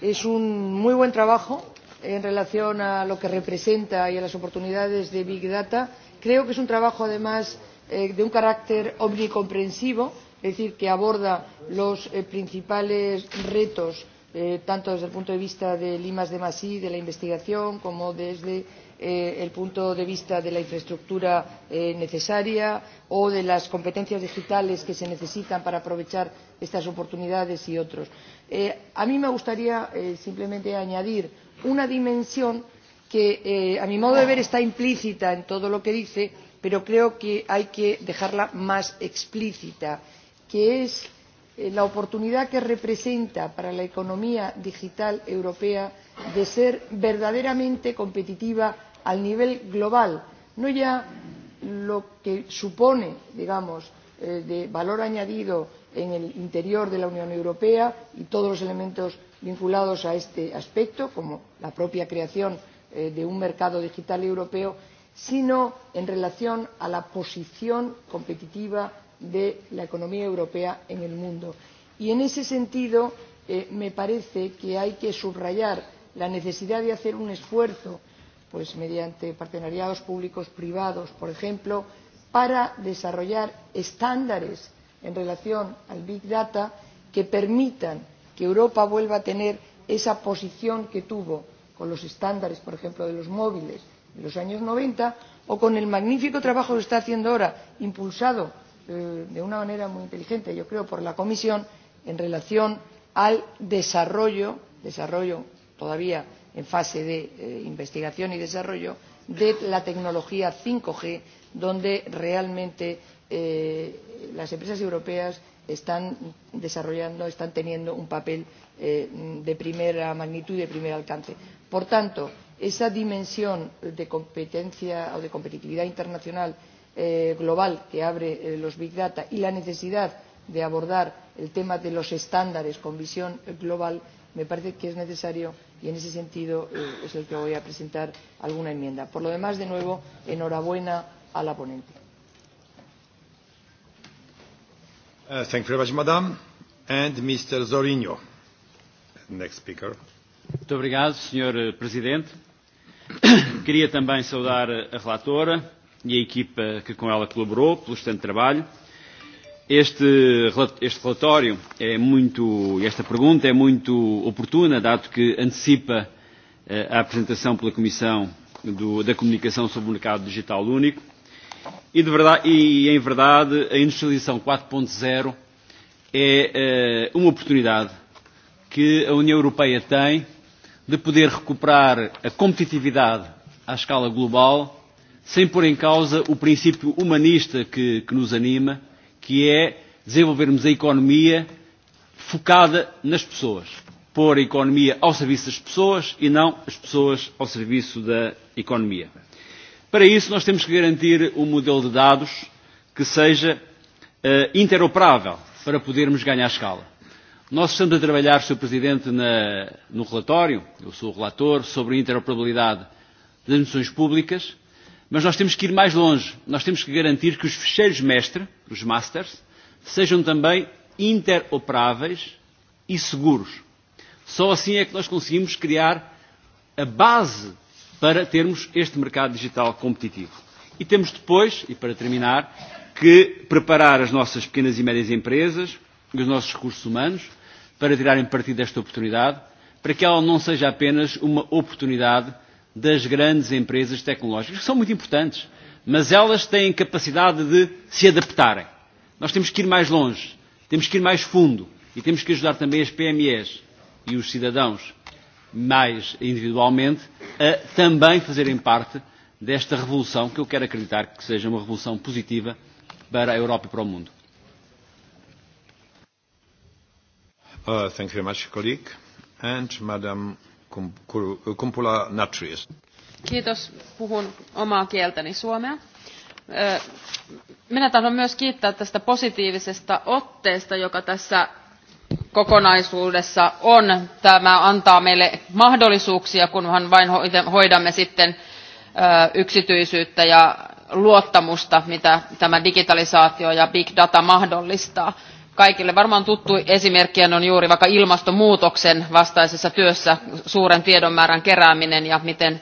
es un muy buen trabajo en relación a lo que representa y a las oportunidades de Big Data. Creo que es un trabajo, además, eh, de un carácter omnicomprensivo, es decir, que aborda los principales retos Eh, tanto desde el punto de vista del I, de Masí, de la investigación, como desde eh, el punto de vista de la infraestructura eh, necesaria o de las competencias digitales que se necesitan para aprovechar estas oportunidades y otros. Eh, a mí me gustaría simplemente añadir una dimensión que, a mi modo de ver, está implícita en todo lo que dice, pero creo que hay que dejarla más explícita, que es Eh, la oportunidad que representa para la economía digital europea de ser verdaderamente competitiva a nivel global no ya lo que supone eh, de valor añadido en el interior de la unión europea y todos los elementos vinculados a este aspecto como la propia creación eh, de un mercado digital europeo sino en relación con la posición competitiva de la economía europea en el mundo y en ese sentido eh, me parece que hay que subrayar la necesidad de hacer un esfuerzo mediante partenariados público privados por ejemplo para desarrollar estándares en relación al big data que permitan que europa vuelva a tener esa posición que tuvo con los estándares por ejemplo de los móviles en los años noventa o con el magnífico trabajo que está haciendo ahora impulsado Eh, de una manera muy inteligente yo creo por la comisión en relación al desarrollo desarrollo todavía en fase de eh, investigación y desarrollo de la tecnología 5G donde realmente eh, las empresas europeas están desarrollando están teniendo un papel de primera magnitud y de primer alcance por tanto esa dimensión de competencia o de competitividad internacional Eh, global que abre eh, los big data y la necesidad de abordar el tema de los estándares con visión global me parece que es necesario y en ese sentido eh, es el que voy a presentar alguna enmienda. por lo demás de nuevo enhorabuena a la ponente. Uh, thank you very much, madam. And Mr. next speaker. obrigado, Presidente. Queria também saudar a relatora e a equipa que com ela colaborou pelo excelente trabalho. Este, este relatório é muito, esta pergunta é muito oportuna, dado que antecipa eh, a apresentação pela Comissão do, da Comunicação sobre o Mercado Digital Único e, de verdade, e em verdade, a industrialização 4.0 é eh, uma oportunidade que a União Europeia tem de poder recuperar a competitividade à escala global sem pôr em causa o princípio humanista que, que nos anima, que é desenvolvermos a economia focada nas pessoas. Pôr a economia ao serviço das pessoas e não as pessoas ao serviço da economia. Para isso, nós temos que garantir um modelo de dados que seja uh, interoperável para podermos ganhar escala. Nós estamos a trabalhar, Sr. Presidente, na, no relatório, eu sou o relator, sobre a interoperabilidade das missões públicas, Mas nós temos que ir mais longe. Nós temos que garantir que os fecheiros mestre, os masters, sejam também interoperáveis e seguros. Só assim é que nós conseguimos criar a base para termos este mercado digital competitivo. E temos depois, e para terminar, que preparar as nossas pequenas e médias empresas e os nossos recursos humanos para tirarem partido desta oportunidade, para que ela não seja apenas uma oportunidade das grandes empresas tecnológicas, que são muito importantes, mas elas têm capacidade de se adaptarem. Nós temos que ir mais longe, temos que ir mais fundo e temos que ajudar também as PMEs e os cidadãos, mais individualmente, a também fazerem parte desta revolução que eu quero acreditar que seja uma revolução positiva para a Europa e para o mundo. Uh, thank you very much, colleague. And Madam Kiitos. Puhun omaa kieltäni suomea. Minä tahdon myös kiittää tästä positiivisesta otteesta, joka tässä kokonaisuudessa on. Tämä antaa meille mahdollisuuksia, kunhan vain hoidamme sitten yksityisyyttä ja luottamusta, mitä tämä digitalisaatio ja big data mahdollistaa kaikille varmaan tuttu esimerkki on juuri vaikka ilmastonmuutoksen vastaisessa työssä suuren määrän kerääminen ja miten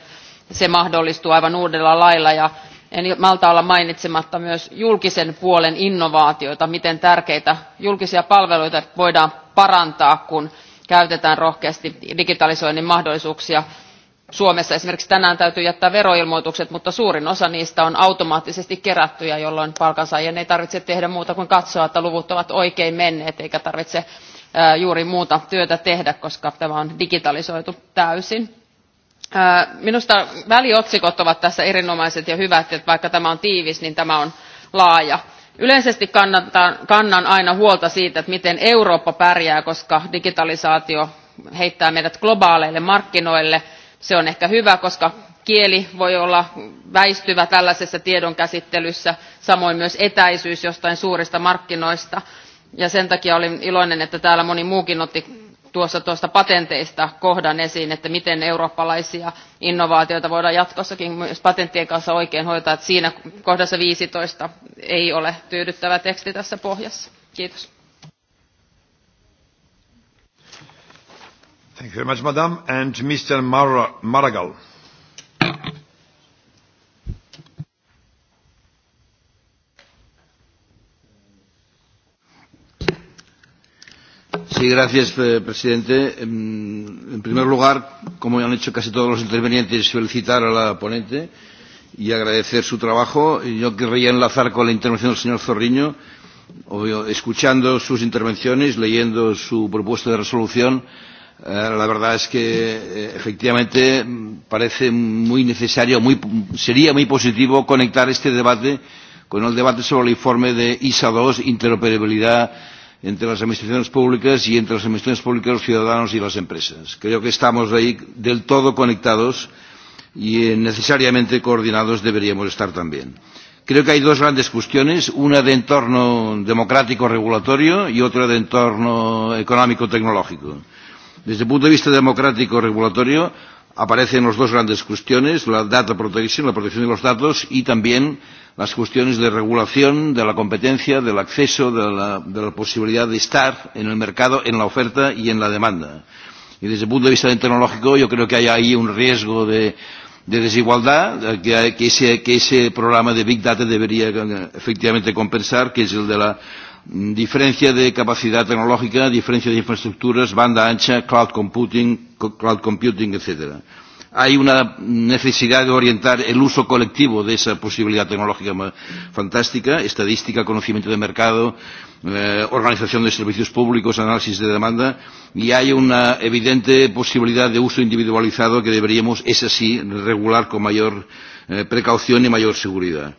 se mahdollistuu aivan uudella lailla. Ja en malta olla mainitsematta myös julkisen puolen innovaatioita, miten tärkeitä julkisia palveluita voidaan parantaa, kun käytetään rohkeasti digitalisoinnin mahdollisuuksia Suomessa esimerkiksi tänään täytyy jättää veroilmoitukset, mutta suurin osa niistä on automaattisesti kerättyjä, jolloin palkansaajien ei tarvitse tehdä muuta kuin katsoa, että luvut ovat oikein menneet, eikä tarvitse juuri muuta työtä tehdä, koska tämä on digitalisoitu täysin. Minusta väliotsikot ovat tässä erinomaiset ja hyvät, että vaikka tämä on tiivis, niin tämä on laaja. Yleisesti kannan aina huolta siitä, että miten Eurooppa pärjää, koska digitalisaatio heittää meidät globaaleille markkinoille – se on ehkä hyvä koska kieli voi olla väistyvä tällaisessa tiedonkäsittelyssä samoin myös etäisyys jostain suurista markkinoista ja sen takia olin iloinen että täällä moni muukin otti tuossa tuosta patenteista kohdan esiin että miten eurooppalaisia innovaatioita voidaan jatkossakin myös patenttien kanssa oikein hoitaa että siinä kohdassa 15 ei ole tyydyttävä teksti tässä pohjassa. Kiitos. Thank you very much, madam. And Mr. Mar Sí, gracias, eh, presidente. En primer lugar, como ya han hecho casi todos los intervenientes, felicitar a la ponente y agradecer su trabajo. Yo querría enlazar con la intervención del señor Zorriño, obvio, escuchando sus intervenciones, leyendo su propuesta de resolución Eh, la verdad es que eh, efectivamente parece muy necesario, muy, sería muy positivo conectar este debate con el debate sobre el informe de ISA 2, interoperabilidad entre las administraciones públicas y entre las administraciones públicas, los ciudadanos y las empresas. Creo que estamos ahí del todo conectados y eh, necesariamente coordinados deberíamos estar también. Creo que hay dos grandes cuestiones, una de entorno democrático regulatorio y otra de entorno económico tecnológico Desde el punto de vista democrático regulatorio aparecen las dos grandes cuestiones, la data protection, la protección de los datos y también las cuestiones de regulación, de la competencia, del acceso, de la, de la posibilidad de estar en el mercado, en la oferta y en la demanda. Y desde el punto de vista tecnológico yo creo que hay ahí un riesgo de, de desigualdad que, que, ese, que ese programa de Big Data debería efectivamente compensar, que es el de la Mm, diferencia de capacidad tecnológica, diferencia de infraestructuras, banda ancha, cloud computing, cloud computing, etc. Hay una necesidad de orientar el uso colectivo de esa posibilidad tecnológica fantástica, estadística, conocimiento de mercado, eh, organización de servicios públicos, análisis de demanda, y hay una evidente posibilidad de uso individualizado que deberíamos, es así, regular con mayor eh, precaución y mayor seguridad.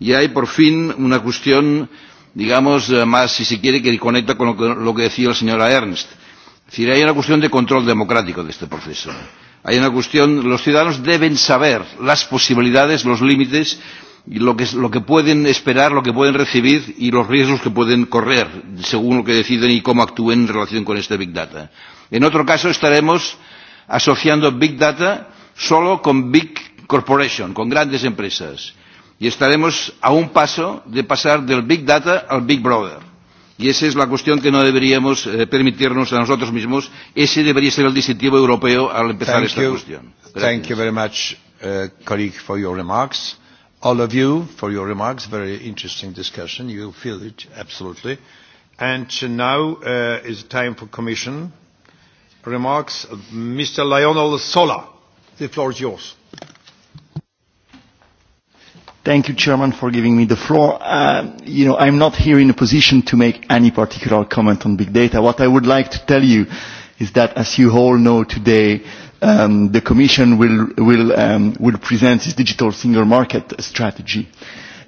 Y hay, por fin, una cuestión digamos, eh, más, si se quiere, que conecta con lo que, lo que decía la señora Ernst. Es decir, hay una cuestión de control democrático de este proceso. Hay una cuestión, los ciudadanos deben saber las posibilidades, los límites, y lo que, lo que pueden esperar, lo que pueden recibir y los riesgos que pueden correr según lo que deciden y cómo actúen en relación con este Big Data. En otro caso estaremos asociando Big Data solo con Big Corporation, con grandes empresas y estaremos a un paso de pasar del Big Data al Big Brother. Y esa es la cuestión que no deberíamos eh, permitirnos a nosotros mismos. Ese debería ser el distintivo europeo al empezar Thank esta you. cuestión. Thank you very much, uh, colleague, for your remarks. All of you for your remarks. Very interesting discussion. You feel it, absolutely. And now uh, is time for Commission remarks. Mr. Lionel Sola, the floor is yours. Thank you, Chairman, for giving me the floor. Uh, you know, I'm not here in a position to make any particular comment on big data. What I would like to tell you is that, as you all know today, um, the Commission will, will, um, will present its digital single market strategy.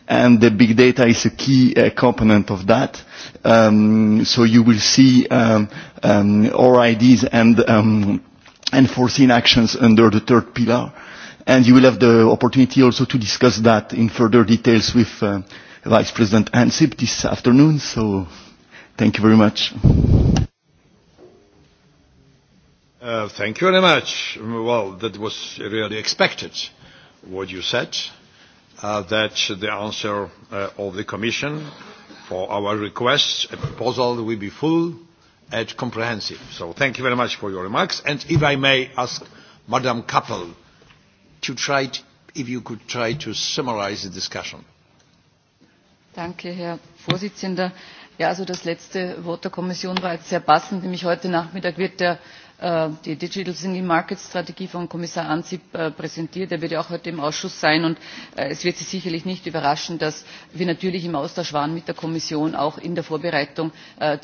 And the big data is a key uh, component of that. Um, so you will see um, um, our ideas and, um, and foreseen actions under the third pillar and you will have the opportunity also to discuss that in further details with uh, Vice President Ansip this afternoon. So thank you very much. Uh, thank you very much. Well, that was really expected, what you said, uh, that the answer uh, of the Commission for our request, a proposal will be full and comprehensive. So thank you very much for your remarks. And if I may ask Madam Kappel to try to, if you could try to summarize the discussion. Danke, Herr Vorsitzender. Ja, also das letzte Wort der Kommission war jetzt sehr passend, nämlich heute Nachmittag wird der äh, die Digital Single Market Strategie von Kommissar Ansip äh, präsentiert. Er wird ja auch heute im Ausschuss sein und äh, es wird Sie sicherlich nicht überraschen, dass wir natürlich im Austausch waren mit der Kommission auch in der Vorbereitung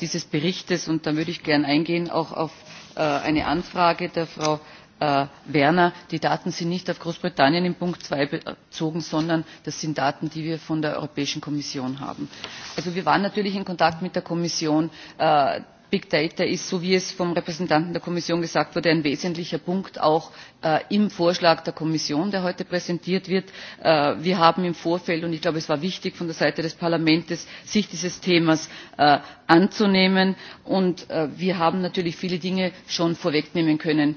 dieses Berichtes und da würde ich gerne eingehen auch auf eine Anfrage der Frau Äh, werner die daten sind nicht auf großbritannien in punkt zwei bezogen sondern das sind daten die wir von der europäischen kommission haben. also wir waren natürlich in kontakt mit der kommission. Äh, big data ist so wie es vom repräsentanten der kommission gesagt wurde ein wesentlicher punkt auch äh, im vorschlag der kommission der heute präsentiert wird. Äh, wir haben im vorfeld und ich glaube es war wichtig von der seite des parlaments sich dieses themas äh, anzunehmen und wir haben natürlich viele dinge schon vorwegnehmen können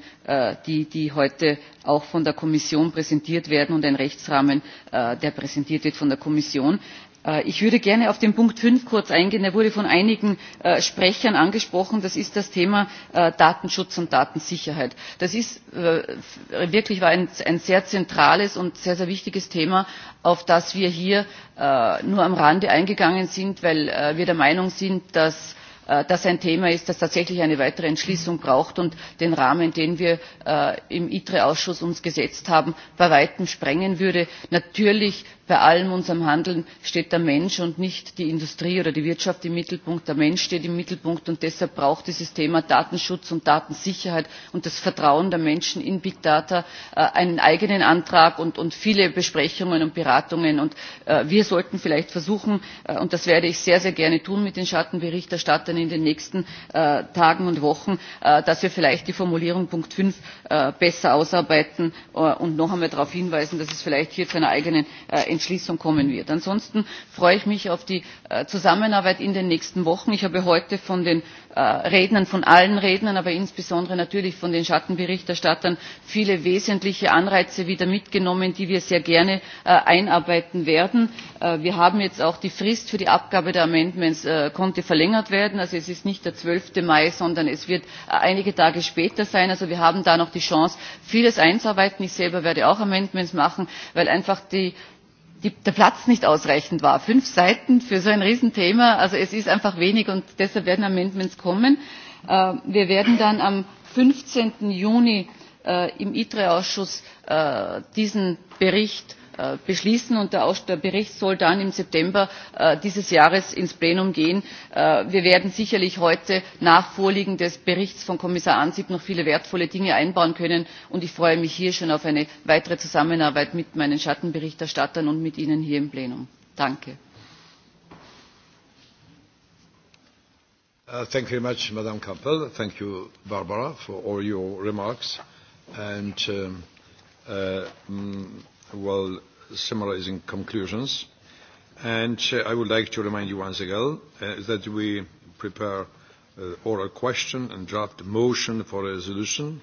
die, die heute auch von der kommission präsentiert werden und ein rechtsrahmen der präsentiert wird von der kommission. Äh, ich würde gerne auf den punkt fünf kurz eingehen er wurde von einigen äh, sprechern angesprochen das ist das thema äh, datenschutz und datensicherheit. das ist wirklich ein sehr zentrales und sehr sehr wichtiges thema auf das wir hier nur am rande eingegangen sind weil wir der meinung sind dass das ein thema ist das tatsächlich eine weitere entschließung braucht und den rahmen den wir uns im itre ausschuss gesetzt haben bei weitem sprengen würde. natürlich bei allem unserem handeln steht der mensch und nicht die industrie oder die wirtschaft im mittelpunkt der mensch steht im mittelpunkt und deshalb braucht dieses thema datenschutz und datensicherheit und das vertrauen der menschen in big data äh, einen eigenen antrag und viele besprechungen und beratungen äh, wir sollten vielleicht versuchen äh, und das werde ich sehr sehr gerne tun mit den schattenberichterstattern in den nächsten tagen und wochen dass wir vielleicht die formulierung punkt fünf besser ausarbeiten und noch einmal darauf hinweisen dass es vielleicht hier zu einer eigenen entschließung kommen wird. ansonsten freue ich mich auf die äh, zusammenarbeit in den nächsten wochen. ich habe heute von den äh, rednern von allen rednern aber insbesondere natürlich von den schattenberichterstattern viele wesentliche anreize wieder mitgenommen die wir sehr gerne äh, einarbeiten werden. wir haben jetzt auch die frist für die abgabe der änderungsanträge konnte verlängert werden also es ist nicht der. zwölf mai sondern es wird einige tage später sein. also wir haben da noch die chance vieles einzuarbeiten. ich selber werde auch änderungsanträge machen weil einfach die der platz nicht ausreichend war fünf seiten für so ein riesenthema also es ist einfach wenig und deshalb werden amendments kommen. Äh, wir werden dann am. 15. juni äh, im itre ausschuss äh, diesen bericht Äh, beschließen und der, bericht soll dann im september äh, dieses jahres ins plenum gehen. Äh, wir werden sicherlich heute nach vorliegen des berichts von kommissar ansip noch viele wertvolle dinge einbauen können und ich freue mich hier schon auf eine weitere zusammenarbeit mit meinen schattenberichterstattern und mit ihnen hier im plenum. danke! Uh, while summarizing conclusions. And uh, I would like to remind you once again uh, that we prepare uh, oral question and draft motion for a resolution.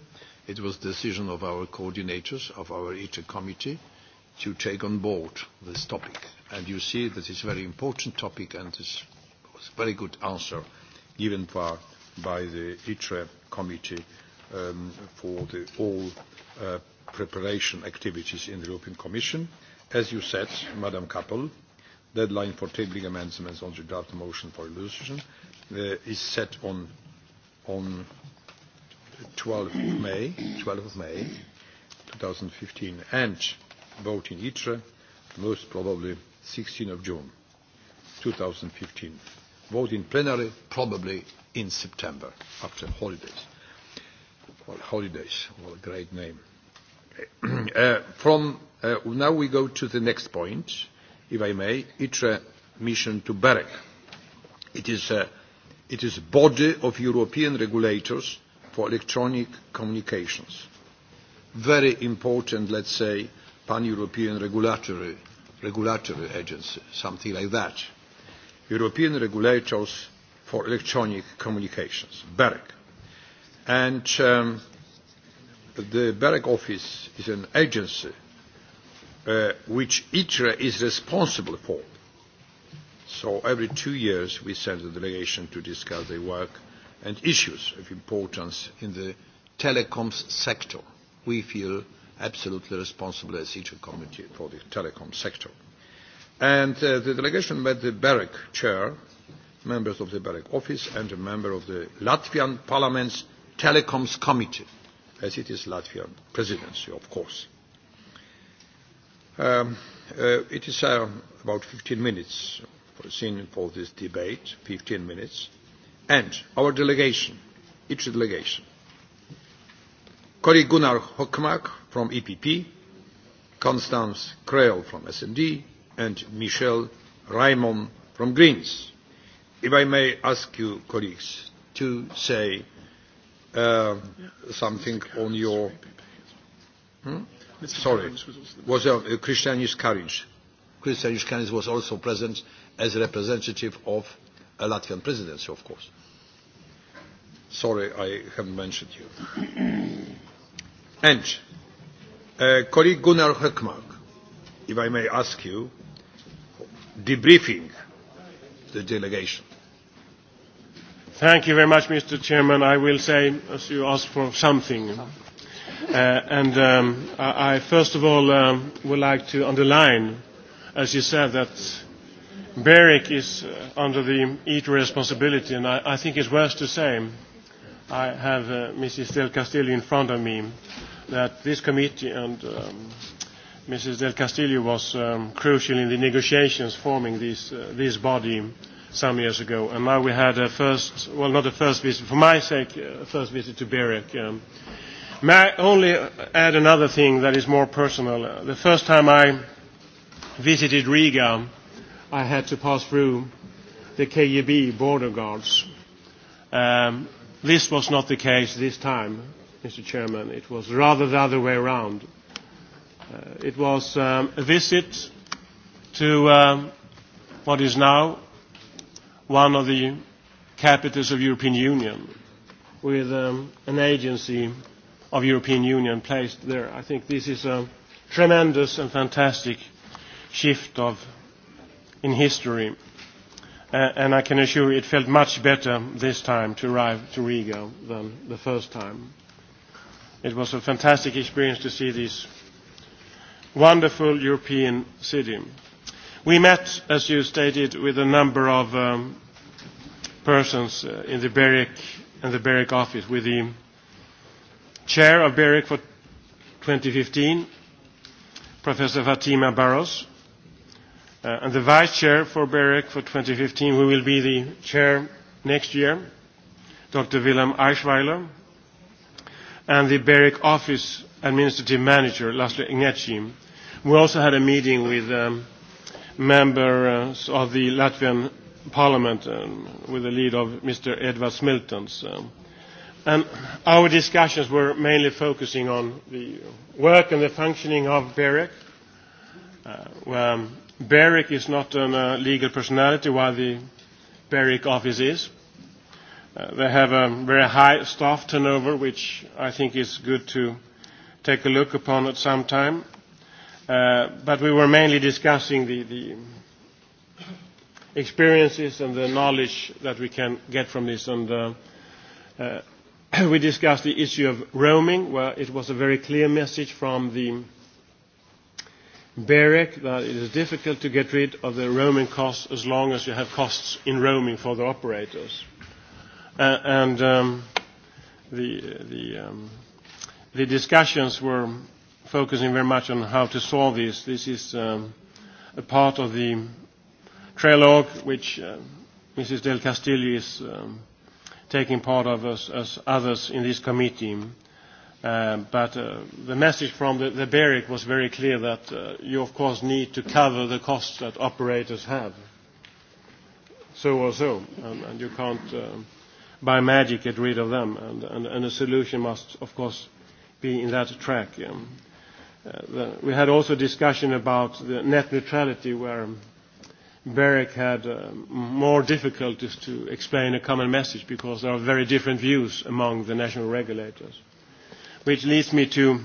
It was decision of our coordinators of our ITRE committee to take on board this topic. And you see that it's a very important topic and it's a very good answer given by, by the ITRE committee um, for the all uh, preparation activities in the European Commission. As you said, Madam Kappel, deadline for tabling amendments on the draft motion for resolution uh, is set on, on 12 May, 12 of May 2015 and vote in ITRE most probably 16 of June 2015. Vote in plenary probably in September after holidays. Well, holidays, what a great name. Uh, from uh, now we go to the next point, if I may, a mission to BEREC. It is a, uh, it is a body of European regulators for electronic communications. Very important, let's say, pan-European regulatory, regulatory agency, something like that. European regulators for electronic communications, BEREC. And um, the BEREC office is an agency uh, which ITRE is responsible for. So every two years we send a delegation to discuss the work and issues of importance in the telecoms sector. We feel absolutely responsible as ITRA e committee for the telecom sector. And uh, the delegation met the BEREC chair, members of the BEREC office and a member of the Latvian parliament's telecoms committee as it is Latvian presidency, of course. Um, uh, it is uh, about 15 minutes seen for this debate, 15 minutes, and our delegation, each delegation. Colleague Gunnar Hockmark from EPP, Constance Krell from SD, and Michel Raimond from Greens. If I may ask you, colleagues, to say Uh, something on your... Hmm? Sorry, was uh, Christian Christian was also present as a representative of a Latvian presidency, of course. Sorry, I haven't mentioned you. And uh, colleague Gunnar Hökmark, if I may ask you, debriefing the delegation. Thank you very much, Mr. Chairman. I will say, as you asked for something, oh. uh, and um, I, I first of all um, would like to underline, as you said, that BEREC is uh, under the EAT responsibility, and I, I think it's worth to say, I have uh, Mrs. Del Castillo in front of me, that this committee and um, Mrs. Del Castillo was um, crucial in the negotiations forming this, uh, this body some years ago. And now we had a first, well, not a first visit, for my sake, a first visit to Berek. Um, may I only add another thing that is more personal? The first time I visited Riga, I had to pass through the KGB e border guards. Um, this was not the case this time, Mr. Chairman. It was rather the other way around. Uh, it was um, a visit to um, what is now one of the capitals of European Union with um, an agency of European Union placed there. I think this is a tremendous and fantastic shift of in history. Uh, and I can assure you it felt much better this time to arrive to Riga than the first time. It was a fantastic experience to see this wonderful European city. We met, as you stated, with a number of um, persons uh, in the BEREC and the BEREC office with the chair of BEREC for 2015, Professor Fatima Barros, uh, and the vice chair for BEREC for 2015, who will be the chair next year, Dr. Willem Eichweiler, and the BEREC office administrative manager, Laszlo Ignacim. We also had a meeting with um, members uh, of the Latvian Parliament um, with the lead of Mr. Edward Smiltons. Um, and our discussions were mainly focusing on the work and the functioning of BEREC. Uh, where um, BEREC is not a uh, legal personality while the BEREC office is. Uh, they have a very high staff turnover, which I think is good to take a look upon at some time. Uh, but we were mainly discussing the, the experiences and the knowledge that we can get from this. And uh, uh we discussed the issue of roaming, where it was a very clear message from the BEREC that it is difficult to get rid of the roaming costs as long as you have costs in roaming for the operators. Uh, and um, the, the, um, the discussions were focusing very much on how to solve this. This is um, a part of the trilogue, which uh, Mrs. Del Castillo is um, taking part of as, as others in this committee. Uh, but uh, the message from the, the BEREC was very clear that uh, you, of course, need to cover the costs that operators have, so or so, um, and you can't, uh by magic, get rid of them. And, and, and a solution must, of course, be in that track. Um, uh, the, we had also discussion about the net neutrality, where um, BEREC had uh, more difficulties to explain a common message because there are very different views among the national regulators. Which leads me to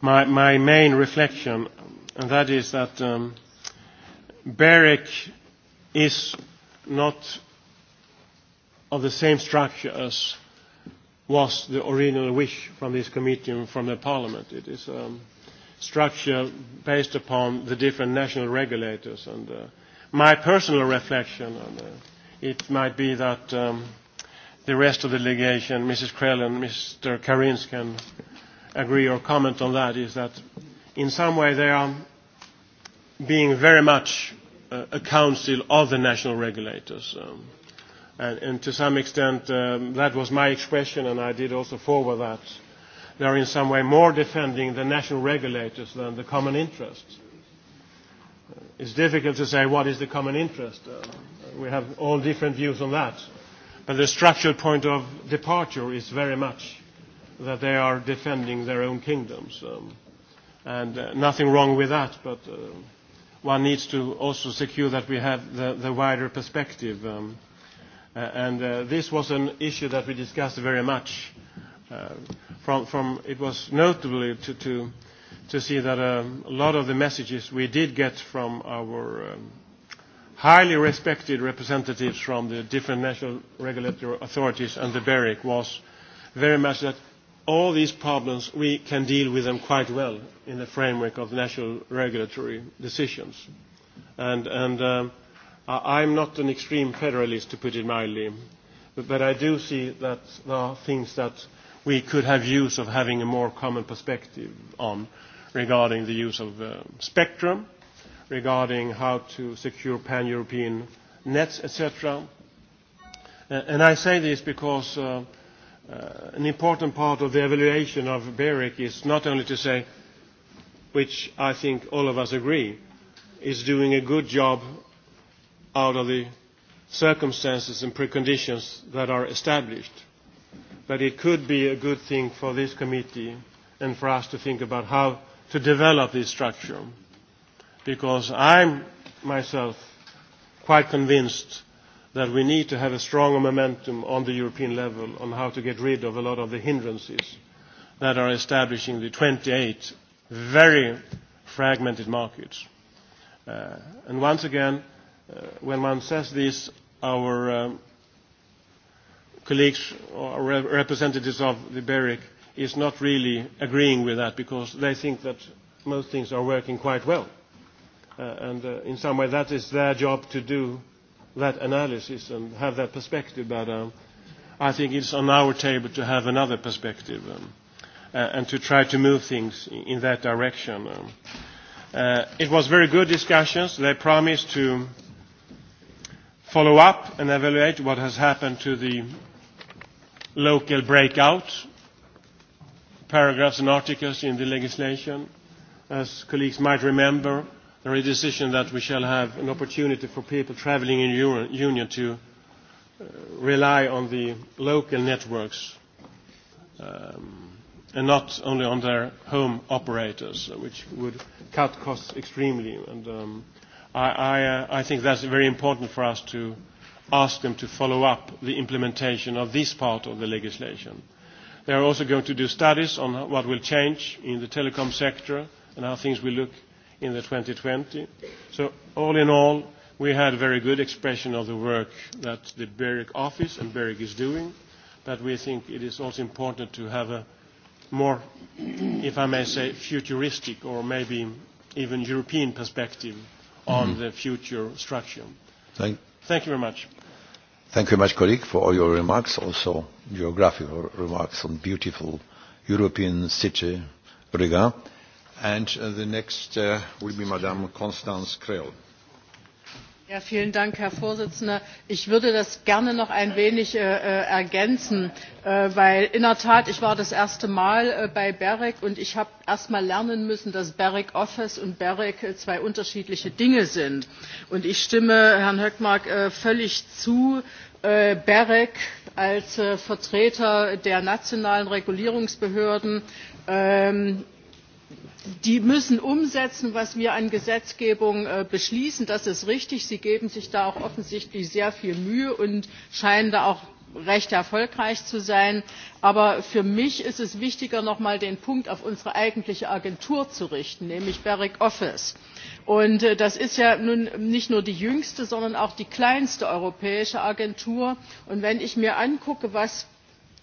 my, my main reflection, and that is that um, BEREC is not of the same structure as was the original wish from this committee and from the parliament. It is... Um, structure based upon the different national regulators. And uh, my personal reflection, and, uh, it might be that um, the rest of the delegation, Mrs. Krell and Mr. Karins can agree or comment on that, is that in some way they are being very much a council of the national regulators. Um, and, and to some extent, um, that was my expression, and I did also forward that they are in some way more defending the national regulators than the common interest. Uh, it's difficult to say what is the common interest. Uh, we have all different views on that. But the structural point of departure is very much that they are defending their own kingdoms. Um, and uh, nothing wrong with that, but uh, one needs to also secure that we have the, the wider perspective. Um, uh, and uh, this was an issue that we discussed very much Uh, from, from It was notable to, to, to see that um, a lot of the messages we did get from our um, highly respected representatives from the different national regulatory authorities and the BEREC was very much that all these problems, we can deal with them quite well in the framework of national regulatory decisions. And, and um, I'm not an extreme federalist, to put it mildly, but, but I do see that there are things that we could have use of having a more common perspective on regarding the use of uh, spectrum, regarding how to secure pan-European nets, etc. Uh, and I say this because uh, uh, an important part of the evaluation of BEREC is not only to say, which I think all of us agree, is doing a good job out of the circumstances and preconditions that are established but it could be a good thing for this committee and for us to think about how to develop this structure. Because I'm myself quite convinced that we need to have a stronger momentum on the European level on how to get rid of a lot of the hindrances that are establishing the 28 very fragmented markets. Uh, and once again, uh, when one says this, our um, colleagues or representatives of the BEREC is not really agreeing with that because they think that most things are working quite well. Uh, and uh, in some way that is their job to do that analysis and have that perspective. But um, I think it's on our table to have another perspective um, uh, and to try to move things in that direction. Um, uh, it was very good discussions. They promised to follow up and evaluate what has happened to the local breakout paragraphs and articles in the legislation. As colleagues might remember, there is a decision that we shall have an opportunity for people travelling in the Union to uh, rely on the local networks um, and not only on their home operators, which would cut costs extremely. And um, I, I, uh, I think that's very important for us to ask them to follow up the implementation of this part of the legislation. They are also going to do studies on what will change in the telecom sector and how things will look in the 2020. So all in all, we had a very good expression of the work that the BEREC office and BEREC is doing, but we think it is also important to have a more, if I may say, futuristic or maybe even European perspective on mm -hmm. the future structure. Thank, Thank you very much. Thank you very much, colleague, for all your remarks, also geographical remarks on beautiful European city, Riga. And uh, the next uh, will be Madame Constance Creel. Herr Vorsitzender. Ich würde das gerne noch ein wenig äh, äh, ergänzen, denn äh, weil in der Tat, ich war das erste Mal bei BEREC und ich habe erst mal lernen müssen, dass BEREC Office und BEREC zwei unterschiedliche Dinge sind. ich stimme Herrn Höckmark völlig zu, berec als vertreter der nationalen regulierungsbehörden ähm, die müssen umsetzen was wir an gesetzgebung äh, beschließen das ist richtig sie geben sich da auch offensichtlich sehr viel mühe und scheinen da auch recht erfolgreich zu sein aber für mich ist es wichtiger noch einmal den punkt auf unsere eigentliche agentur zu richten nämlich berec office. Äh, das ist ja nun nicht nur die jüngste sondern auch die kleinste europäische agentur und wenn ich mir angucke was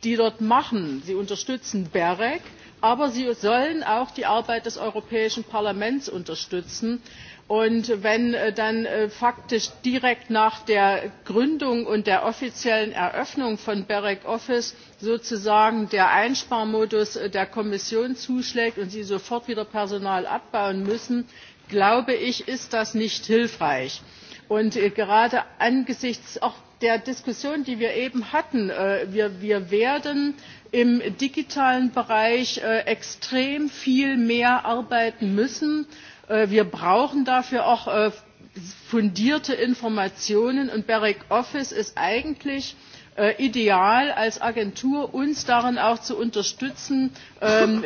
die dort machen sie unterstützen berec aber sie sollen auch die arbeit des europäischen parlaments unterstützen und wenn äh, dann äh, faktisch direkt nach der gründung und der offiziellen eröffnung von berec office sozusagen der einsparmodus äh, der kommission zuschlägt und sie sofort wieder personal abbauen müssen glaube ich ist das nicht hilfreich. und gerade angesichts auch der diskussion die wir eben hatten wir werden im digitalen bereich äh, extrem viel mehr arbeiten müssen. Äh, wir brauchen dafür auch äh, fundierte informationen und berec office ist eigentlich ideal als agentur uns darin auch zu unterstützen ähm,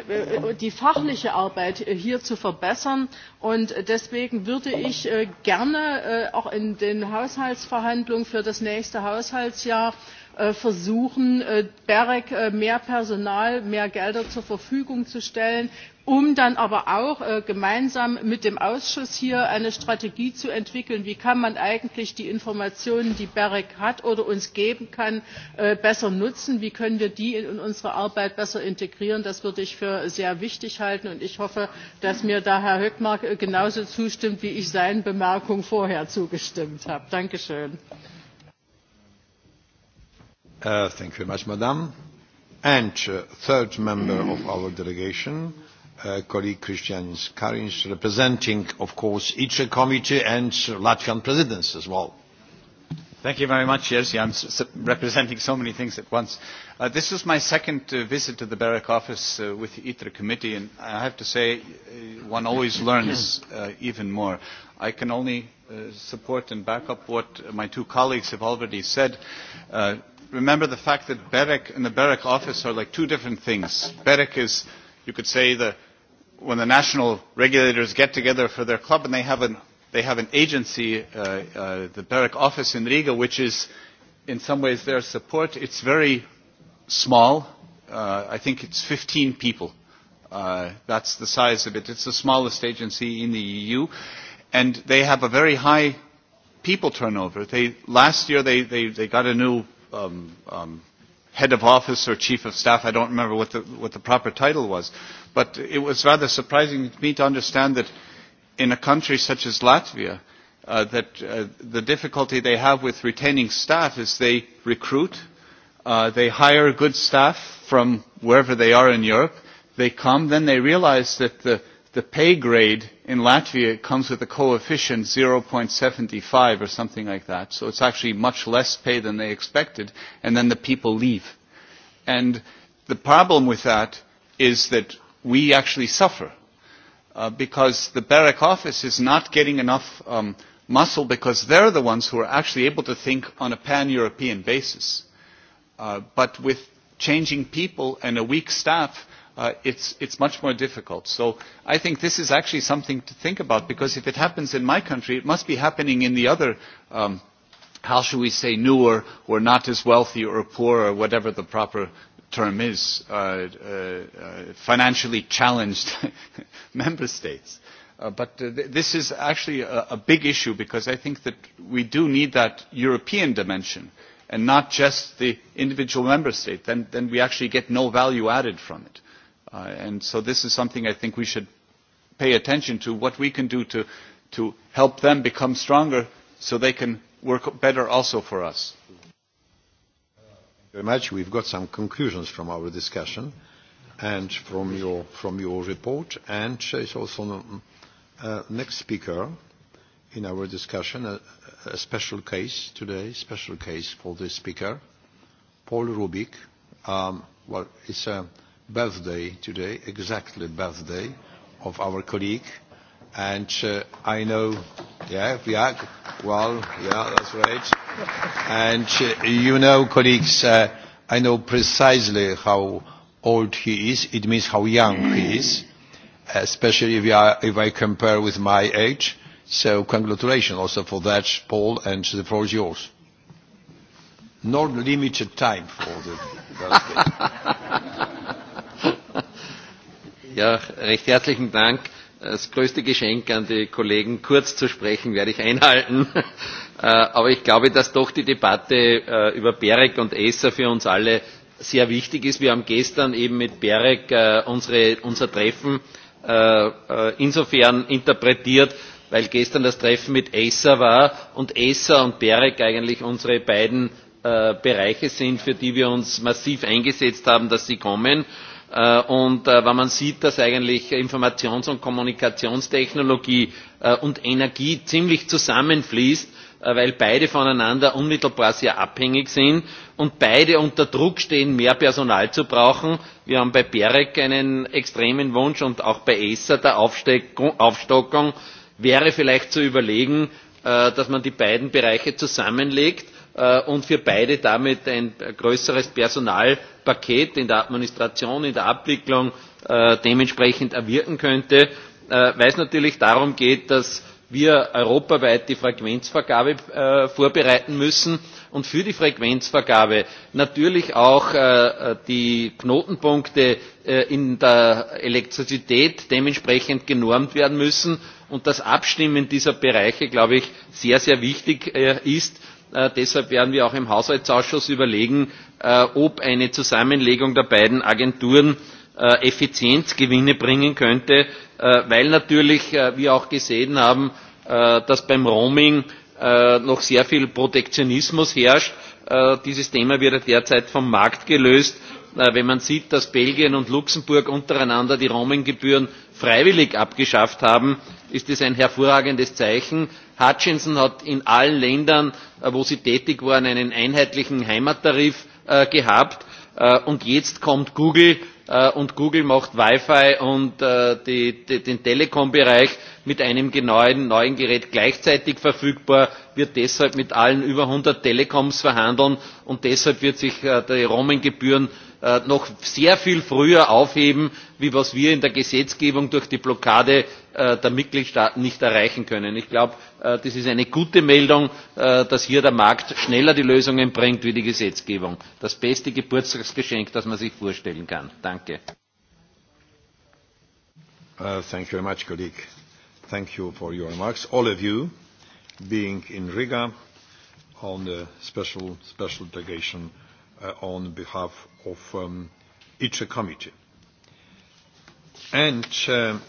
die fachliche arbeit hier zu verbessern und deswegen würde ich gerne auch in den haushaltsverhandlungen für das nächste haushaltsjahr Äh, versuchen äh, berec äh, mehr personal mehr gelder zur verfügung zu stellen um dann aber auch gemeinsam mit dem ausschuss hier eine strategie zu entwickeln wie kann man eigentlich die informationen die berec hat oder uns geben kann besser nutzen wie können wir die in unsere arbeit besser integrieren? das würde ich für sehr wichtig halten und ich hoffe dass mir da herr hökmark genauso zustimmt wie ich seinen bemerkungen vorher zugestimmt habe. danke schön! Uh, thank you very much, Madam. And uh, third member of our delegation, uh, colleague Christian Karins, representing, of course, each committee and Latvian presidency as well. Thank you very much, Jerzy. I'm s representing so many things at once. Uh, this is my second uh, visit to the BEREC office uh, with the ITRE committee, and I have to say uh, one always learns uh, even more. I can only uh, support and back up what my two colleagues have already said. remember the fact that BEREC and the BEREC office are like two different things. BEREC is, you could say, the, when the national regulators get together for their club and they have an they have an agency, uh, uh, the BEREC office in Riga, which is in some ways their support. It's very small. Uh, I think it's 15 people. that's the size of it. It's the smallest agency in the EU. And they have a very high people turnover. They, last year they, they, they got a new um, um, head of office or chief of staff. I don't remember what the, what the proper title was. But it was rather surprising to me to understand that in a country such as Latvia, uh, that uh, the difficulty they have with retaining staff is they recruit, uh, they hire good staff from wherever they are in Europe, they come, then they realize that the, the pay grade in Latvia comes with a coefficient 0.75 or something like that. So it's actually much less pay than they expected, and then the people leave. And the problem with that is that we actually suffer Uh, because the BEREC office is not getting enough um, muscle because they are the ones who are actually able to think on a pan-European basis. Uh, but with changing people and a weak staff, it uh, it's, it's much more difficult. So I think this is actually something to think about because if it happens in my country, it must be happening in the other, um, how should we say, newer or not as wealthy or poor or whatever the proper term is, uh, uh, uh financially challenged member states. Uh, but uh, th this is actually a, a big issue because I think that we do need that European dimension and not just the individual member state. Then, then we actually get no value added from it. Uh, and so this is something I think we should pay attention to, what we can do to, to help them become stronger so they can work better also for us very much. We've got some conclusions from our discussion and from your, from your report. And it's also uh, next speaker in our discussion, a, a special case today, special case for this speaker, Paul Rubik. Um, well, it's a birthday today, exactly birthday of our colleague. And uh, I know, yeah, we are, well, yeah, that's right. And uh, you know, colleagues, uh, I know precisely how old he is. It means how young he is, especially if, are, if I compare with my age. So congratulations also for that, Paul, and the floor is yours. Not limited time for the... ja, recht herzlichen Dank das größte Geschenk an die Kollegen, kurz zu sprechen, werde ich einhalten. Äh, aber ich glaube, dass doch die Debatte äh, über Berek und Acer für uns alle sehr wichtig ist. Wir haben gestern eben mit Berek äh, unsere, unser Treffen insofern interpretiert, weil gestern das Treffen mit Acer war und Acer und Berek eigentlich unsere beiden Bereiche sind, für die wir uns massiv eingesetzt haben, dass sie kommen Äh, und äh, wenn man sieht, dass eigentlich Informations und Kommunikationstechnologie äh, und Energie ziemlich zusammenfließt, weil beide voneinander unmittelbar sehr abhängig sind und beide unter Druck stehen, mehr Personal zu brauchen. Wir haben bei BEREC einen extremen Wunsch und auch bei ESA der Aufstockung wäre vielleicht zu überlegen, dass man die beiden Bereiche zusammenlegt Äh, und für beide damit ein größeres personalpaket in der administration in der abwicklung äh, dementsprechend erwirken könnte äh, weil es natürlich darum geht dass wir europaweit die frequenzvergabe vorbereiten müssen und für die frequenzvergabe natürlich auch die knotenpunkte in der elektrizität dementsprechend genormt werden müssen und das abstimmen dieser bereiche glaube ich sehr sehr wichtig ist. Äh, deshalb werden wir auch im Haushaltsausschuss überlegen, äh, ob eine Zusammenlegung der beiden Agenturen äh, Effizienzgewinne bringen könnte, weil natürlich wir auch gesehen haben, dass beim Roaming noch sehr viel Protektionismus herrscht. Dieses Thema wird derzeit vom Markt gelöst. Wenn man sieht, dass Belgien und Luxemburg untereinander die Roaming Gebühren freiwillig abgeschafft haben, ist das ein hervorragendes Zeichen. Hutchinson hat in allen Ländern, äh, wo sie tätig waren, einen einheitlichen Heimattarif äh, gehabt. Äh, und jetzt kommt Google und Google macht Wi-Fi und den Telekombereich mit einem genauen neuen Gerät gleichzeitig verfügbar, wird deshalb mit allen über 100 Telekoms verhandeln und deshalb wird sich die Roaming-Gebühren Äh, noch sehr viel früher aufheben wie was wir in der gesetzgebung durch die blockade äh, der mitgliedstaaten nicht erreichen können. ich glaube äh, das ist eine gute meldung dass hier der markt schneller die lösungen bringt wie die gesetzgebung. das beste geburtstagsgeschenk das man sich vorstellen kann. danke! Uh, thank you very much, colleague. Thank you for your remarks, all of you, being in Riga on the special delegation Uh, on behalf of um, each committee. And, uh,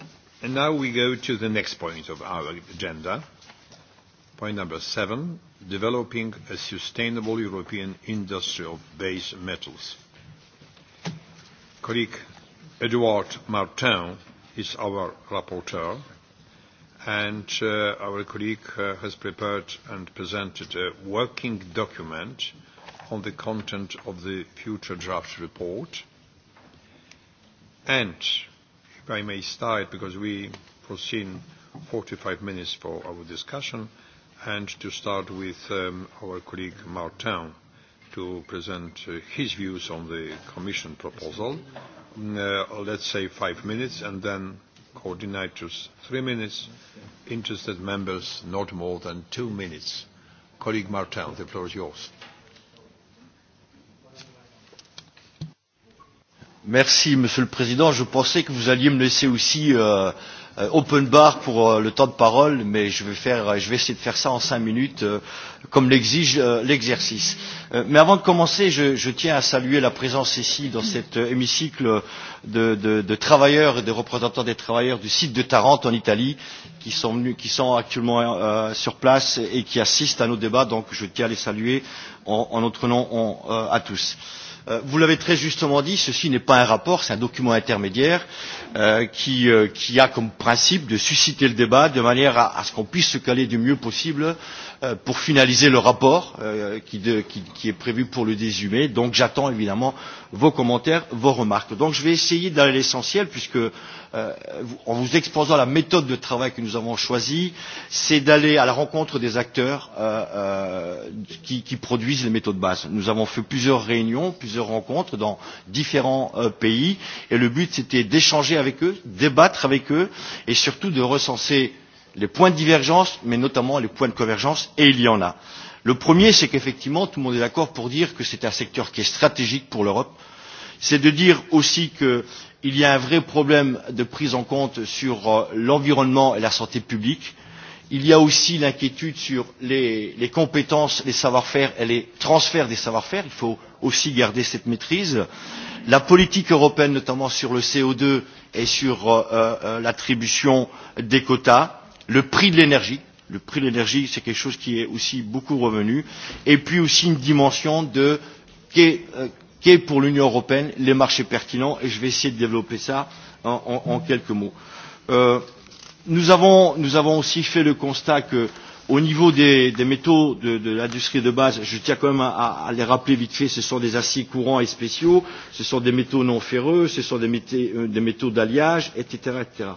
and now we go to the next point of our agenda. Point number seven, developing a sustainable European industry of base metals. Colleague Edouard Martin is our rapporteur, and uh, our colleague uh, has prepared and presented a working document on the content of the future draft report. And if I may start, because we foreseen 45 minutes for our discussion, and to start with um, our colleague Martin to present uh, his views on the Commission proposal. Mm, uh, let's say five minutes, and then coordinators three minutes, interested members not more than two minutes. Colleague Martin, the floor is yours. Merci, Monsieur le Président. Je pensais que vous alliez me laisser aussi euh, euh, open bar pour euh, le temps de parole, mais je vais, essayer de faire cela en cinq minutes, comme l'exige l'exercice. Mais avant de commencer, je, tiens à saluer la présence ici, dans cet hémicycle, de, travailleurs et de représentants des travailleurs du site de Tarente, en Italie, qui sont, qui sont actuellement sur place et qui assistent à nos débats. Donc, je tiens à les saluer en, notre nom à tous. Euh, vous l'avez très justement dit ceci n'est pas un rapport c'est un document intermédiaire euh, euh, qui, a comme principe de susciter le débat de manière à, à ce qu'on puisse se caler du mieux possible Euh, pour finaliser le rapport euh, qui, est prévu pour le 18 mai. Donc j'attends évidemment vos commentaires, vos remarques. Donc je vais essayer d'aller à l'essentiel puisque euh, en vous exposant la méthode de travail que nous avons choisie, c'est d'aller à la rencontre des acteurs qui, qui produisent les méthodes basse. Nous avons fait plusieurs réunions, plusieurs rencontres dans différents pays et le but c'était d'échanger avec eux, débattre avec eux et surtout de recenser les points de divergence mais notamment les points de convergence et il y en a. le premier c'est qu'effectivement tout le monde est d'accord pour dire que c'est un secteur qui est stratégique pour l'europe c'est de dire aussi qu'il y a un vrai problème de prise en compte sur euh, l'environnement et la santé publique il y a aussi l'inquiétude sur les, les compétences les savoir faire et les transferts des savoir faire il faut aussi garder cette maîtrise la politique européenne notamment sur le co 2 et sur euh, euh, euh, l'attribution des quotas le prix de l'énergie le prix de l'énergie c'est quelque chose qui est aussi beaucoup revenu et puis aussi une dimension de euh, qu'est pour l'union européenne les marchés pertinents et je vais essayer de développer ça en, en, en quelques mots. Euh, nous, avons, nous avons aussi fait le constat que au niveau des, des métaux de, de l'industrie de base, je tiens quand même à, à les rappeler vite fait, ce sont des aciers courants et spéciaux, ce sont des métaux non ferreux, ce sont des, métaux, euh, des métaux d'alliage, etc., etc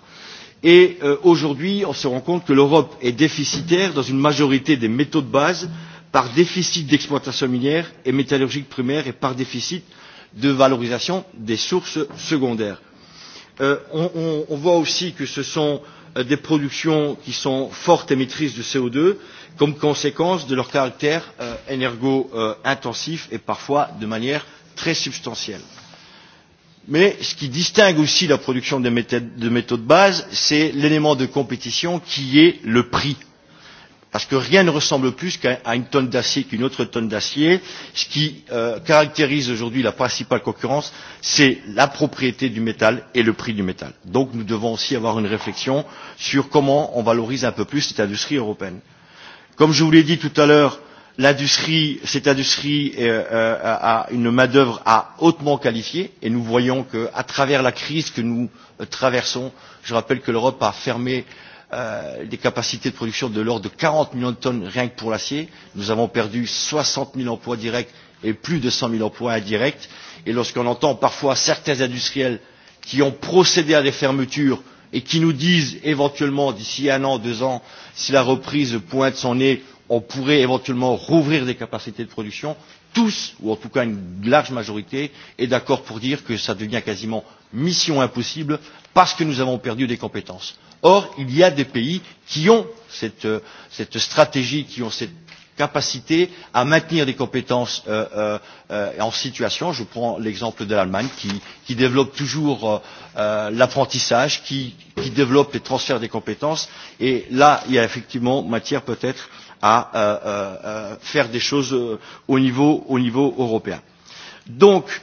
et euh, aujourd'hui on se rend compte que l'europe est déficitaire dans une majorité des métaux de base par déficit d'exploitation minière et métallurgique primaire et par déficit de valorisation des sources secondaires. Euh, on, on, voit aussi que ce sont euh, des productions qui sont fortes émettrices de CO2 comme conséquence de leur caractère énergo intensif et parfois de manière très substantielle mais ce qui distingue aussi la production de méthodes de, méthode de base c'est l'élément de compétition qui est le prix parce que rien ne ressemble plus à une tonne d'acier qu'une autre tonne d'acier ce qui euh, caractérise aujourd'hui la principale concurrence c'est la propriété du métal et le prix du métal donc nous devons aussi avoir une réflexion sur comment on valorise un peu plus cette industrie européenne comme je vous l'ai dit tout à l'heure l'industrie cette industrie euh, euh, a une main d'œuvre à hautement qualifiée et nous voyons que à travers la crise que nous euh, traversons je rappelle que l'europe a fermé des capacités de production de l'ordre de 40 millions de tonnes rien que pour l'acier. Nous avons perdu 60 000 emplois directs et plus de 100 000 emplois indirects. Et lorsqu'on entend parfois certains industriels qui ont procédé à des fermetures et qui nous disent éventuellement d'ici un an, deux ans, si la reprise pointe son nez, on pourrait éventuellement rouvrir des capacités de production tous ou en tout cas une large majorité est d'accord pour dire que cela devient quasiment mission impossible parce que nous avons perdu des compétences. or il y a des pays qui ont cette, euh, cette stratégie qui ont cette capacité à maintenir des compétences euh, euh, euh, en situation je prends l'exemple de l'allemagne qui, qui développe toujours euh, l'apprentissage qui, qui développe les transferts des compétences et là il y a effectivement matière peut être à euh, euh, faire des choses euh, au niveau, au niveau européen. donc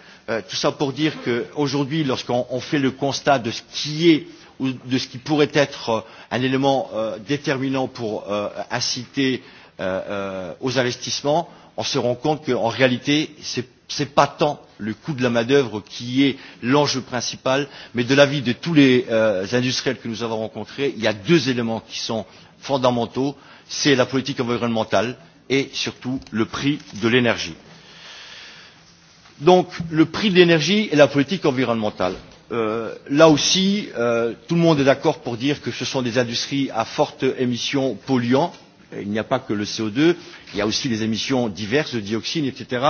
tout cela pour dire qu'aujourd'hui lorsqu'on fait le constat de ce qui est ou de ce qui pourrait être un élément déterminant pour inciter aux investissements on se rend compte qu'en réalité ce n'est pas tant le coût de la main d'œuvre qui est l'enjeu principal mais de l'avis de tous les industriels que nous avons rencontrés il y a deux éléments qui sont fondamentaux c'est la politique environnementale et surtout le prix de l'énergie. donc le prix de l'énergie et la politique environnementale euh, là aussi euh, tout le monde est d'accord pour dire que ce sont des industries à fortes émission polluants il n'y a pas que le co 2 il y a aussi des émissions diverses de dioxines etc.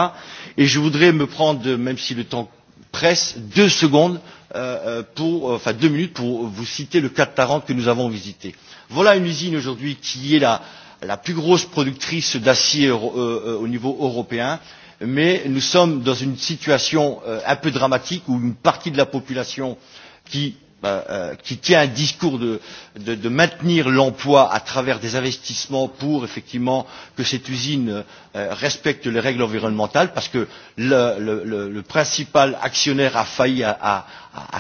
et je voudrais me prendre même si le temps presse deux secondes euh, euh pour, enfin deux minutes pour vous citer le cas de tarente que nous avons visité. Voilà une usine aujourd'hui qui est la, la plus grosse productrice d'acier euh, euh, au niveau européen, mais nous sommes dans une situation euh, un peu dramatique où une partie de la population qui Euh, euh, qui tient un discours de, maintenir l'emploi à travers des investissements pour effectivement que cette usine euh, respecte les règles environnementales parce que le, principal actionnaire a failli à,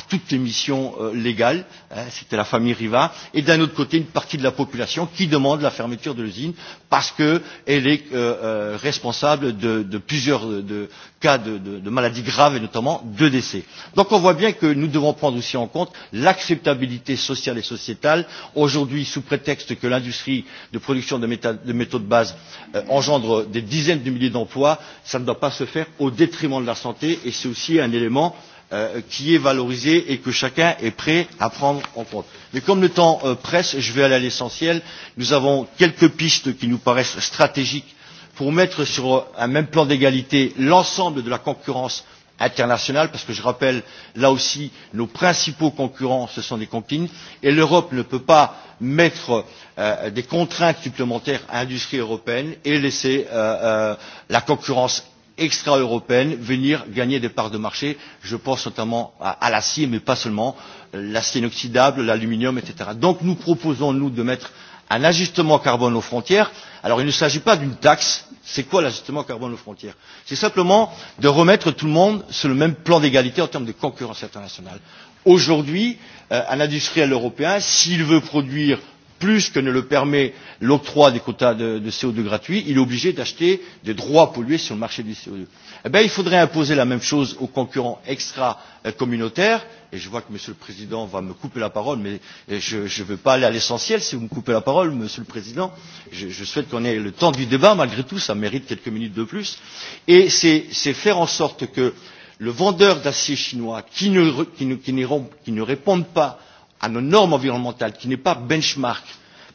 toutes les missions légales c'était la famille Riva et d'un autre côté une partie de la population qui demande la fermeture de l'usine parce qu'elle est responsable de, de plusieurs de, cas de, de maladies graves et notamment de décès. Donc on voit bien que nous devons prendre aussi en compte l'acceptabilité sociale et sociétale aujourd'hui sous prétexte que l'industrie de production de, métaux de base euh, engendre des dizaines de milliers d'emplois cela ne doit pas se faire au détriment de la santé et c'est aussi un élément euh, qui est valorisé et que chacun est prêt à prendre en compte. mais comme le temps euh, presse je vais aller à l'essentiel nous avons quelques pistes qui nous paraissent stratégiques pour mettre sur un même plan d'égalité l'ensemble de la concurrence internationale parce que je rappelle là aussi nos principaux concurrents ce sont des compagnies et l'europe ne peut pas mettre euh, des contraintes supplémentaires à l'industrie européenne et laisser euh, euh, la concurrence extra européenne venir gagner des parts de marché je pense notamment à, à l'acier mais pas seulement l'acier inoxydable l'aluminium etc. donc nous proposons nous de mettre un ajustement carbone aux frontières. alors il ne s'agit pas d'une taxe C'est quoi l'ajustement carbone aux frontières C'est simplement de remettre tout le monde sur le même plan d'égalité en termes de concurrence internationale. Aujourd'hui, euh, un industriel européen, s'il veut produire plus que ne le permet l'octroi des quotas de, co deux gratuits il est obligé d'acheter des droits pollués sur le marché du co. deux eh bien il faudrait imposer la même chose aux concurrents extracommunautaires et je vois que monsieur le président va me couper la parole mais je ne veux pas aller à l'essentiel si vous me coupez la parole monsieur le président je, souhaite qu'on ait le temps du débat malgré tout ça mérite quelques minutes de plus et c'est faire en sorte que le vendeur d'acier chinois qui ne, qui qui ne, qui ne répondent pas à nos normes environnementales, qui n'est pas benchmark,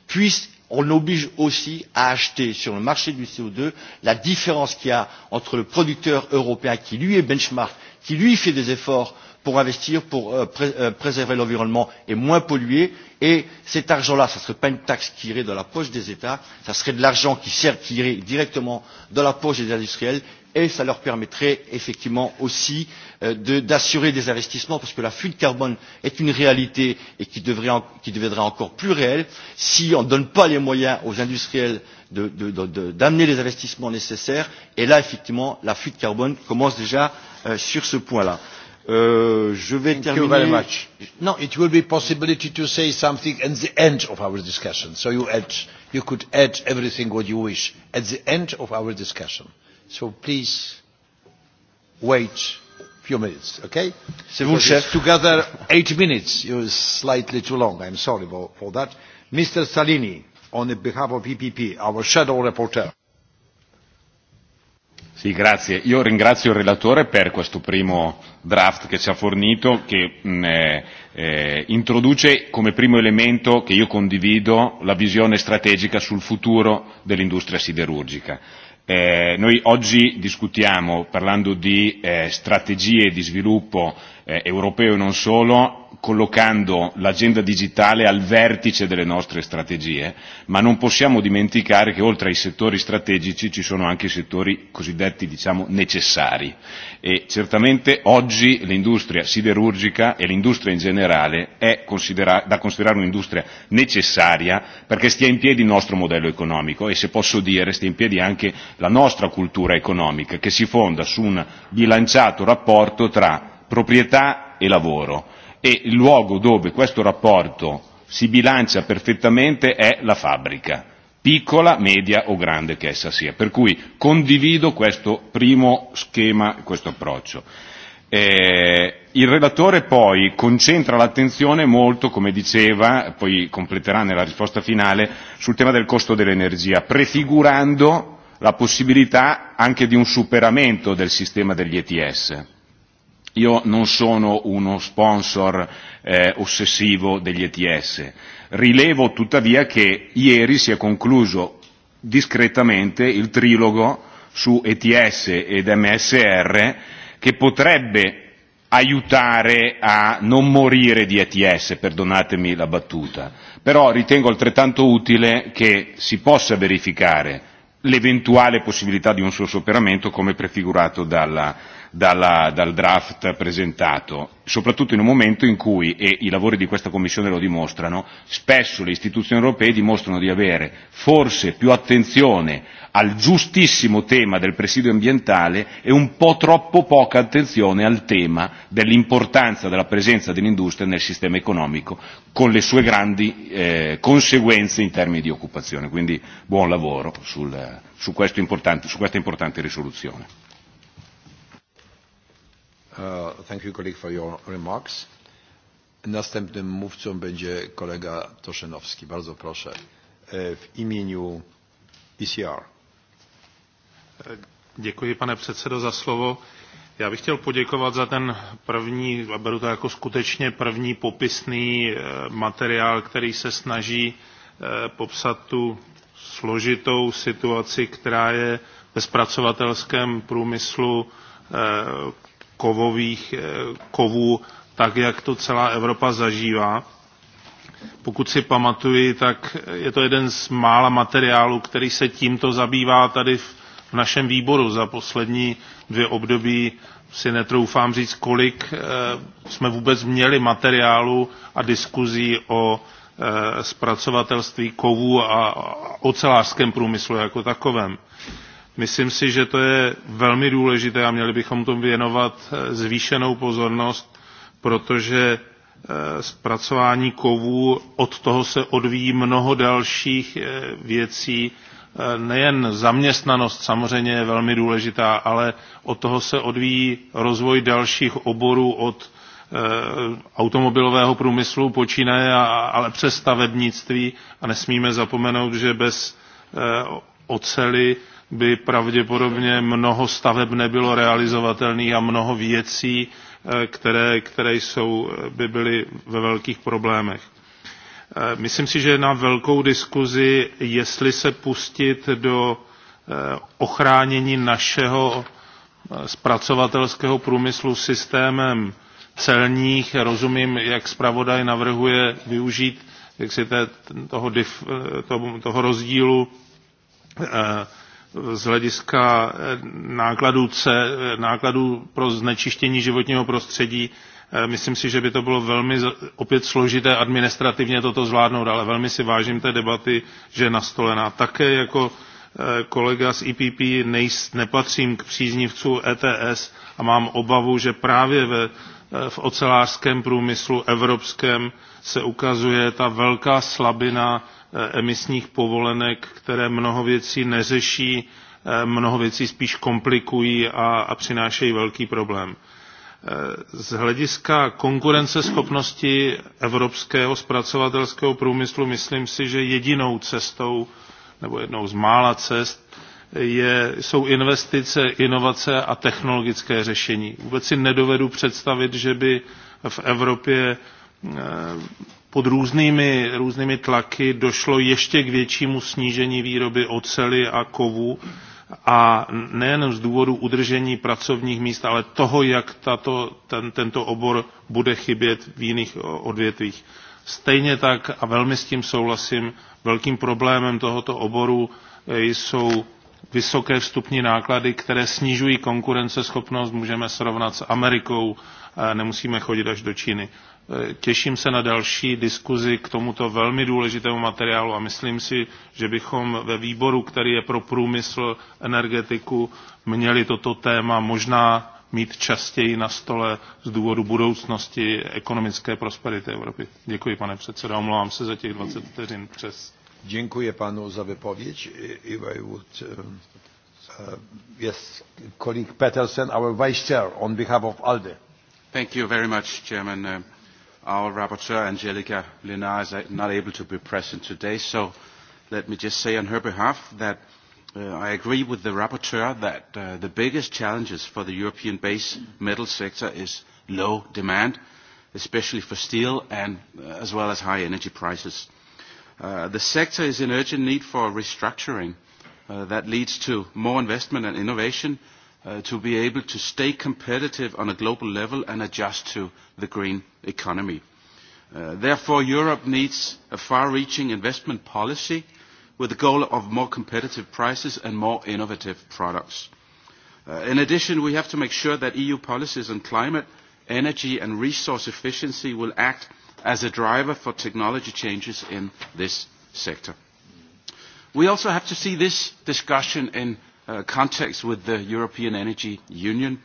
puisse on oblige aussi à acheter sur le marché du CO2 la différence qu'il y a entre le producteur européen qui lui est benchmark, qui lui fait des efforts pour investir, pour euh, euh, préserver l'environnement et moins polluer. Et cet argent-là, ce ne serait pas une taxe qui irait dans la poche des États, ce serait de l'argent qui, qui irait directement dans la poche des industriels et cela leur permettrait effectivement aussi euh, d'assurer des investissements parce que la fuite carbone est une réalité et qui, deviendra encore plus réelle si on ne donne pas les moyens aux industriels d'amener les investissements nécessaires et là effectivement la fuite carbone commence déjà euh, sur ce point là. Euh, je vais terminer. You it will be possibility to say something at the end of our discussion. So you you could add everything what you wish at the end of our discussion. So please wait a few minutes, okay? C'est vous chef. Together eight minutes. You're slightly too long. I'm sorry for, for that. Mr. Salini, on behalf of EPP, our shadow reporter. Sì, grazie. Io ringrazio il relatore per questo primo draft che ci ha fornito, che mh, mm, eh, eh, introduce come primo elemento, che io condivido, la visione strategica sul futuro dell'industria siderurgica Eh, noi oggi discutiamo parlando di eh, strategie di sviluppo Eh, europeo e non solo, collocando l'agenda digitale al vertice delle nostre strategie, ma non possiamo dimenticare che oltre ai settori strategici ci sono anche i settori cosiddetti diciamo necessari e certamente oggi l'industria siderurgica e l'industria in generale è da considerare un'industria necessaria perché stia in piedi il nostro modello economico e se posso dire stia in piedi anche la nostra cultura economica che si fonda su un bilanciato rapporto tra proprietà e lavoro e il luogo dove questo rapporto si bilancia perfettamente è la fabbrica piccola media o grande che essa sia per cui condivido questo primo schema questo approccio eh, il relatore poi concentra l'attenzione molto come diceva poi completerà nella risposta finale sul tema del costo dell'energia prefigurando la possibilità anche di un superamento del sistema degli ets io non sono uno sponsor eh, ossessivo degli ETS. Rilevo tuttavia che ieri si è concluso discretamente il trilogo su ETS ed MSR che potrebbe aiutare a non morire di ETS, perdonatemi la battuta, però ritengo altrettanto utile che si possa verificare l'eventuale possibilità di un suo superamento come prefigurato dalla dalla, dal draft presentato, soprattutto in un momento in cui, e i lavori di questa Commissione lo dimostrano, spesso le istituzioni europee dimostrano di avere forse più attenzione al giustissimo tema del presidio ambientale e un po' troppo poca attenzione al tema dell'importanza della presenza dell'industria nel sistema economico, con le sue grandi eh, conseguenze in termini di occupazione. Quindi buon lavoro sul, su, importante, su questa importante risoluzione. Uh, thank you, colleague, for your remarks. Następnym mówcą będzie kolega Toszenowski. Bardzo proszę. E, w imieniu ECR. E, Děkuji, pane předsedo, za slovo. Já bych chtěl poděkovat za ten první, a beru to jako skutečně první popisný e, materiál, který se snaží popsat tu složitou situaci, která je ve zpracovatelském průmyslu kovových eh, kovů, tak jak to celá Evropa zažívá. Pokud si pamatuji, tak je to jeden z mála materiálů, který se tímto zabývá tady v našem výboru za poslední dvě období si netroufám říct, kolik eh, jsme vůbec měli materiálu a diskuzí o eh, zpracovatelství kovů a ocelářském průmyslu jako takovém myslím si že to je velmi důležité a měli bychom tomu věnovat eh, zvýšenou pozornost protože eh, zpracování kovů od toho se odvíjí mnoho dalších eh, věcí nejen zaměstnanost samozřejmě je velmi důležitá ale od toho se odvíjí rozvoj dalších oborů od automobilového průmyslu počínaje ale přes stavebnictví a nesmíme zapomenout že bez oceli by pravděpodobně mnoho staveb nebylo realizovatelných a mnoho věcí, eh, které, které jsou, eh, by byly ve velkých problémech. Eh, myslím si, že je na velkou diskuzi, jestli se pustit do ochránění našeho zpracovatelského průmyslu systémem celních. Rozumím, jak zpravodaj navrhuje využít jak si té, toho, toho rozdílu z hlediska eh, nákladů, eh, nákladů pro znečištění životního prostředí eh, myslím si že by to bylo velmi opět složité administrativně toto zvládnout ale velmi si vážím té debaty že je nastolená. také jako kolega z EPP nejs, nepatřím k příznivcům ets a mám obavu že právě ve, v ocelářském průmyslu evropském se ukazuje ta velká slabina Eh, emisních povolenek, které mnoho věcí neřeší, eh, mnoho věcí spíš komplikují a, a přinášejí velký problém. Eh, z hlediska konkurenceschopnosti evropského zpracovatelského průmyslu myslím si, že jedinou cestou nebo jednou z mála cest je, jsou investice, inovace a technologické řešení. Vůbec si nedovedu představit, že by v Evropě pod různými, různými tlaky došlo ještě k většímu snížení výroby oceli a kovu a nejen z důvodu udržení pracovních míst, ale toho, jak tato, ten, tento obor bude chybět v jiných odvětvích. Stejně tak, a velmi s tím souhlasím, velkým problémem tohoto oboru eh, jsou vysoké vstupní náklady, které snižují konkurenceschopnost, můžeme srovnat s Amerikou, nemusíme chodit až do Číny. E, těším se na další diskuzi k tomuto velmi důležitému materiálu a myslím si, že bychom ve výboru, který je pro průmysl, energetiku, měli toto téma možná mít častěji na stole z důvodu budoucnosti ekonomické prosperity Evropy. Děkuji, pane předsedo, Omlouvám se za těch 20 vteřin přes. Děkuji panu za wypowiedź. I would, uh, yes, colleague Peterson, our vice chair, on behalf of ALDE. Thank you very much, Chairman our rapporteur, Angelica Linar, is not able to be present today, so let me just say on her behalf that uh, I agree with the rapporteur that uh, the biggest challenges for the European base metal sector is low demand, especially for steel and uh, as well as high energy prices. Uh, the sector is in urgent need for restructuring uh, that leads to more investment and innovation Uh, to be able to stay competitive on a global level and adjust to the green economy. Uh, therefore, Europe needs a far-reaching investment policy with the goal of more competitive prices and more innovative products. Uh, in addition, we have to make sure that EU policies on climate, energy and resource efficiency will act as a driver for technology changes in this sector. We also have to see this discussion in contacts uh, context with the European Energy Union.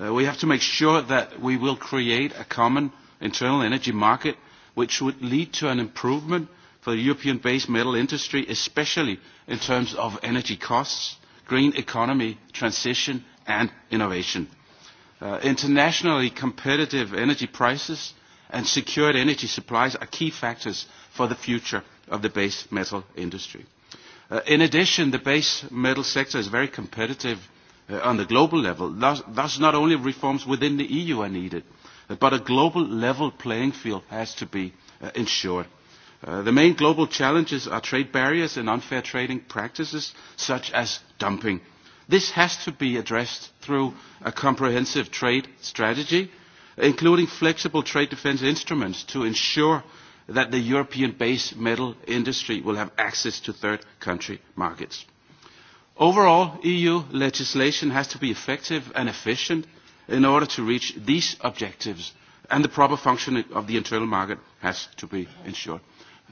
Uh, we have to make sure that we will create a common internal energy market which would lead to an improvement for the European based metal industry, especially in terms of energy costs, green economy, transition and innovation. Uh, internationally competitive energy prices and secured energy supplies are key factors for the future of the base metal industry. Uh, in addition, the base metal sector is very competitive uh, on the global level. Thus, not only reforms within the EU are needed, uh, but a global level playing field has to be ensured. the main global challenges are trade barriers and unfair trading practices, such as dumping. This has to be addressed through a comprehensive trade strategy, including flexible trade defence instruments to ensure that the European-based metal industry will have access to third country markets. Overall, EU legislation has to be effective and efficient in order to reach these objectives, and the proper functioning of the internal market has to be ensured.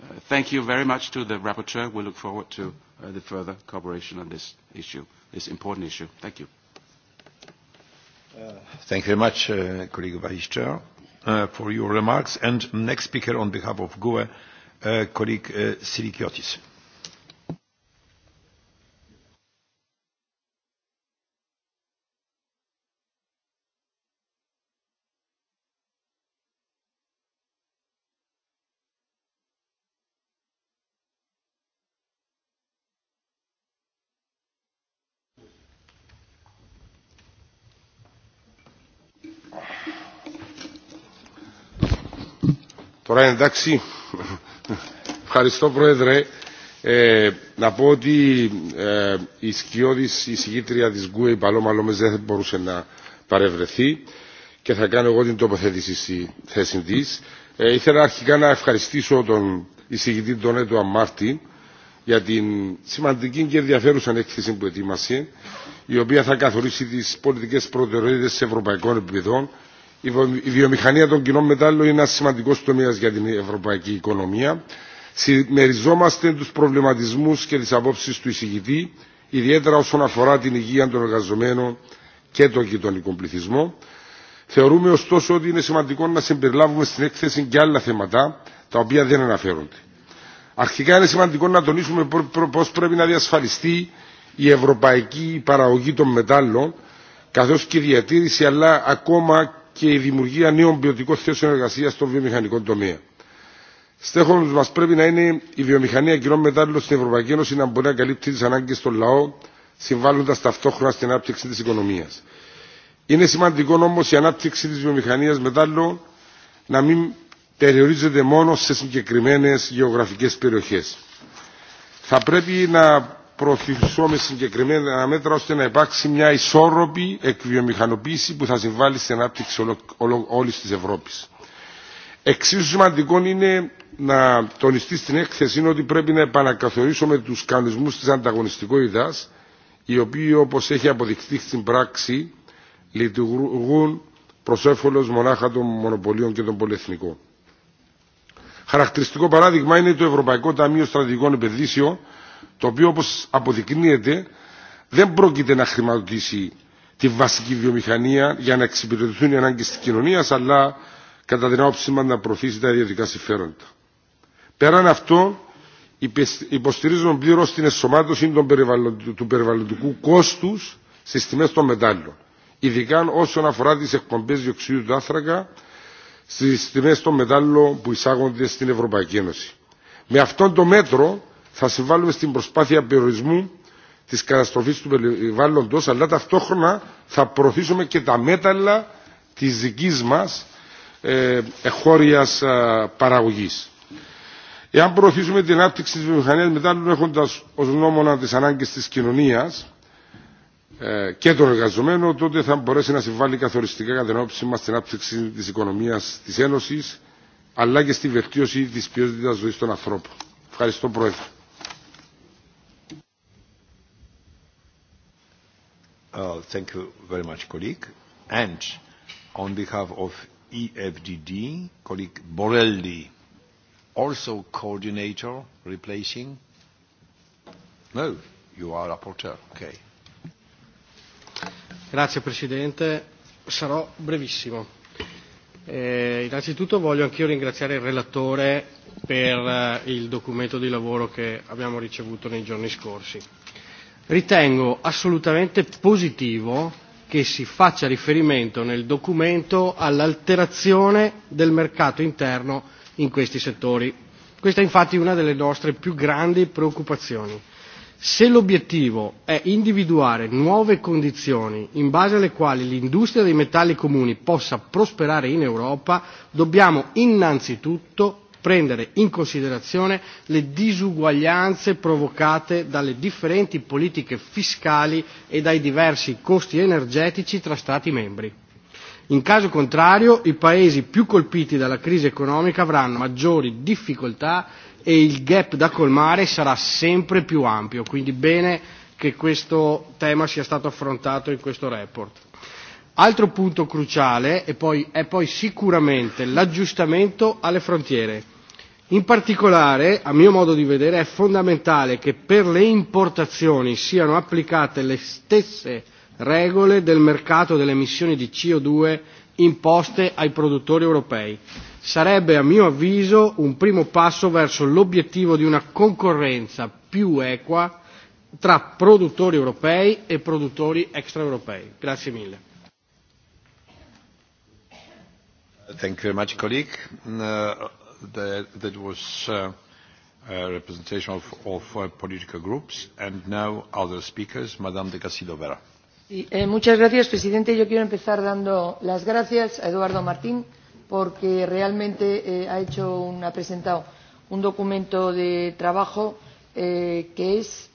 Uh, thank you very much to the rapporteur. We look forward to uh, the further cooperation on this issue, this important issue. Thank you. Uh, thank you very much, colleague Uh, for your remarks. And next speaker on behalf of GUE, uh, colleague uh, Silikyotis. τώρα εντάξει. Ευχαριστώ Πρόεδρε. Ε, να πω ότι ε, η σκιώδης η συγκήτρια της Γκουε, η Παλώμα Λόμες, δεν μπορούσε να παρευρεθεί και θα κάνω εγώ την τοποθέτηση στη θέση τη. Ε, ήθελα αρχικά να ευχαριστήσω τον εισηγητή τον Έντουα Μάρτιν για την σημαντική και ενδιαφέρουσα έκθεση που ετοίμασε, η οποία θα καθορίσει τις πολιτικές προτεραιότητες σε ευρωπαϊκών επίπεδων Η βιομηχανία των κοινών μετάλλων είναι ένα σημαντικό τομέα για την ευρωπαϊκή οικονομία. Συμμεριζόμαστε του προβληματισμού και τι απόψει του εισηγητή, ιδιαίτερα όσον αφορά την υγεία των εργαζομένων και τον γειτονικό πληθυσμό. Θεωρούμε ωστόσο ότι είναι σημαντικό να συμπεριλάβουμε στην έκθεση και άλλα θέματα τα οποία δεν αναφέρονται. Αρχικά είναι σημαντικό να τονίσουμε πώ πρέπει να διασφαλιστεί η ευρωπαϊκή παραγωγή των μετάλλων καθώ και η διατήρηση αλλά ακόμα και η δημιουργία νέων ποιοτικών θέσεων εργασία στον βιομηχανικό τομέα. Στέχο μα πρέπει να είναι η βιομηχανία κοινών μετάλλων στην Ευρωπαϊκή Ένωση να μπορεί να καλύπτει τι ανάγκε των λαών, συμβάλλοντα ταυτόχρονα στην ανάπτυξη τη οικονομία. Είναι σημαντικό όμω η ανάπτυξη τη βιομηχανία μετάλλων να μην περιορίζεται μόνο σε συγκεκριμένε γεωγραφικέ περιοχέ. Θα πρέπει να προωθηθώ με συγκεκριμένα μέτρα ώστε να υπάρξει μια ισόρροπη εκβιομηχανοποίηση που θα συμβάλλει στην ανάπτυξη όλη τη Ευρώπη. Εξίσου σημαντικό είναι να τονιστεί στην έκθεση ότι πρέπει να επανακαθορίσουμε του κανονισμού τη ανταγωνιστικότητα, οι οποίοι όπω έχει αποδειχθεί στην πράξη λειτουργούν προ όφελο μονάχα των μονοπωλίων και των πολυεθνικών. Χαρακτηριστικό παράδειγμα είναι το Ευρωπαϊκό Ταμείο Στρατηγικών Επενδύσεων, το οποίο όπως αποδεικνύεται δεν πρόκειται να χρηματοδοτήσει τη βασική βιομηχανία για να εξυπηρετηθούν οι ανάγκες της κοινωνίας, αλλά κατά την άποψή μας να προωθήσει τα ιδιωτικά συμφέροντα. Πέραν αυτό, υποστηρίζουμε πλήρω την εσωμάτωση του περιβαλλοντικού κόστου στι τιμέ των μετάλλων, ειδικά όσον αφορά τι εκπομπέ διοξιδίου του άνθρακα στι τιμέ των μετάλλων που εισάγονται στην Ευρωπαϊκή Ένωση. Με αυτό το μέτρο θα συμβάλλουμε στην προσπάθεια περιορισμού τη καταστροφή του περιβάλλοντο, αλλά ταυτόχρονα θα προωθήσουμε και τα μέταλλα τη δική μα εχώρια παραγωγή. Εάν προωθήσουμε την ανάπτυξη τη βιομηχανία μετάλλων έχοντα ω νόμονα τι ανάγκε τη κοινωνία και των εργαζομένων, τότε θα μπορέσει να συμβάλλει καθοριστικά κατά την όψη μα στην ανάπτυξη τη οικονομία τη Ένωση, αλλά και στη βελτίωση τη ποιότητα ζωή των ανθρώπων. Ευχαριστώ, Πρόεδρε. Uh, thank you very much, colleague. And on behalf of EFDD, colleague Borelli, also coordinator, replacing? No, you are rapporteur. Okay. Grazie Presidente, sarò brevissimo. Eh, innanzitutto voglio anch'io ringraziare il relatore per eh, il documento di lavoro che abbiamo ricevuto nei giorni scorsi ritengo assolutamente positivo che si faccia riferimento nel documento all'alterazione del mercato interno in questi settori. Questa è infatti una delle nostre più grandi preoccupazioni. Se l'obiettivo è individuare nuove condizioni in base alle quali l'industria dei metalli comuni possa prosperare in Europa, dobbiamo innanzitutto prendere in considerazione le disuguaglianze provocate dalle differenti politiche fiscali e dai diversi costi energetici tra stati membri in caso contrario i paesi più colpiti dalla crisi economica avranno maggiori difficoltà e il gap da colmare sarà sempre più ampio quindi bene che questo tema sia stato affrontato in questo report altro punto cruciale è e poi è poi sicuramente l'aggiustamento alle frontiere In particolare, a mio modo di vedere, è fondamentale che per le importazioni siano applicate le stesse regole del mercato delle emissioni di CO2 imposte ai produttori europei. Sarebbe, a mio avviso, un primo passo verso l'obiettivo di una concorrenza più equa tra produttori europei e produttori extraeuropei. Grazie mille. Thank you very much, uh, Señor, that was uh, representation of, of uh, political groups and now other speakers. Madame de Castillo Vera. Eh, muchas gracias, presidente. Yo quiero empezar dando las gracias a Eduardo Martín porque realmente eh, ha, hecho un, ha presentado un documento de trabajo eh, que es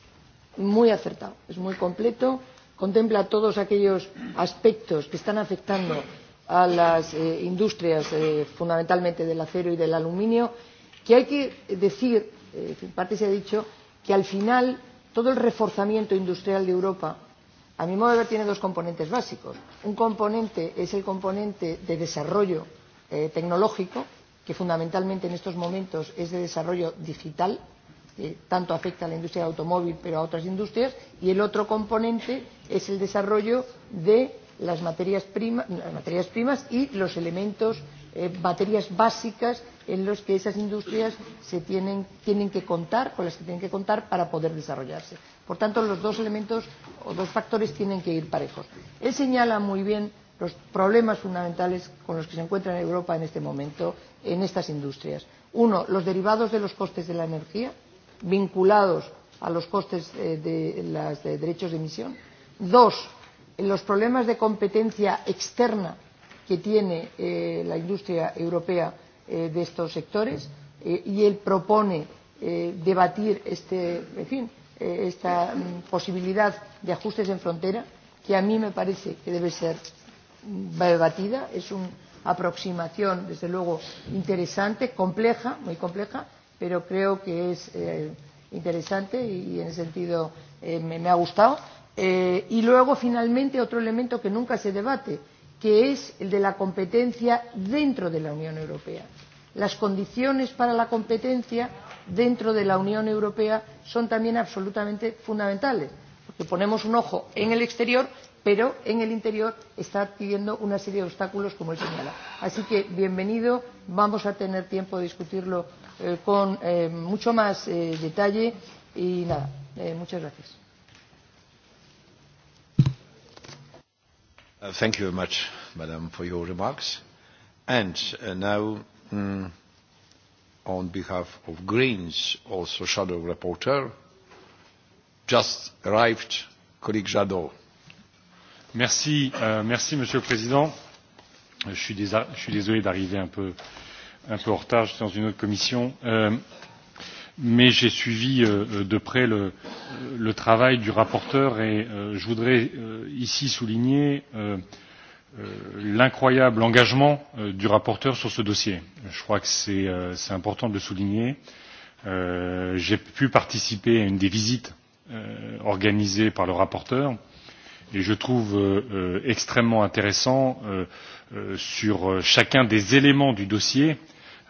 muy acertado, es muy completo, contempla todos aquellos aspectos que están afectando a las eh, industrias eh, fundamentalmente del acero y del aluminio que hay que decir eh, en parte se ha dicho que al final todo el reforzamiento industrial de Europa a mi modo de ver tiene dos componentes básicos un componente es el componente de desarrollo eh, tecnológico que fundamentalmente en estos momentos es de desarrollo digital que tanto afecta a la industria del automóvil pero a otras industrias y el otro componente es el desarrollo de las materias, prima, las materias primas y los elementos, eh, materias básicas en los que esas industrias se tienen, tienen que contar, con las que tienen que contar para poder desarrollarse. Por tanto, los dos elementos o dos factores tienen que ir parejos. Él señala muy bien los problemas fundamentales con los que se encuentra en Europa en este momento en estas industrias. Uno, los derivados de los costes de la energía, vinculados a los costes eh, de los derechos de emisión. Dos, los problemas de competencia externa que tiene eh, la industria europea eh, de estos sectores eh, y él propone debatir este, en fin, esta mm, posibilidad de ajustes en frontera que a mí me parece que debe ser mm, debatida. Es una aproximación, desde luego, interesante, compleja, muy compleja, pero creo que es interesante y, en ese sentido me, me ha gustado Eh, y luego finalmente otro elemento que nunca se debate que es el de la competencia dentro de la unión europea. las condiciones para la competencia dentro de la unión europea son también absolutamente fundamentales porque ponemos un ojo en el exterior pero en el interior está adquiriendo una serie de obstáculos como él señala. así que bienvenido vamos a tener tiempo de discutirlo eh, con eh, mucho más eh, detalle y nada eh, muchas gracias. Uh, thank you very much, Madam, for your remarks. And uh, now, mm, on behalf of Greens, also Shadow Rapporteur, just arrived colleague Jadot. Merci, euh, merci Monsieur le Président. Je suis, je suis désolé d'arriver un peu, un peu en retard, j'étais dans une autre commission. Euh, mais j'ai suivi euh, euh, de près le, travail du rapporteur et euh, je voudrais ici souligner l'incroyable engagement du rapporteur sur ce dossier. Je crois que c'est important de le souligner. J'ai pu participer à une des visites organisées par le rapporteur et je trouve extrêmement intéressant sur chacun des éléments du dossier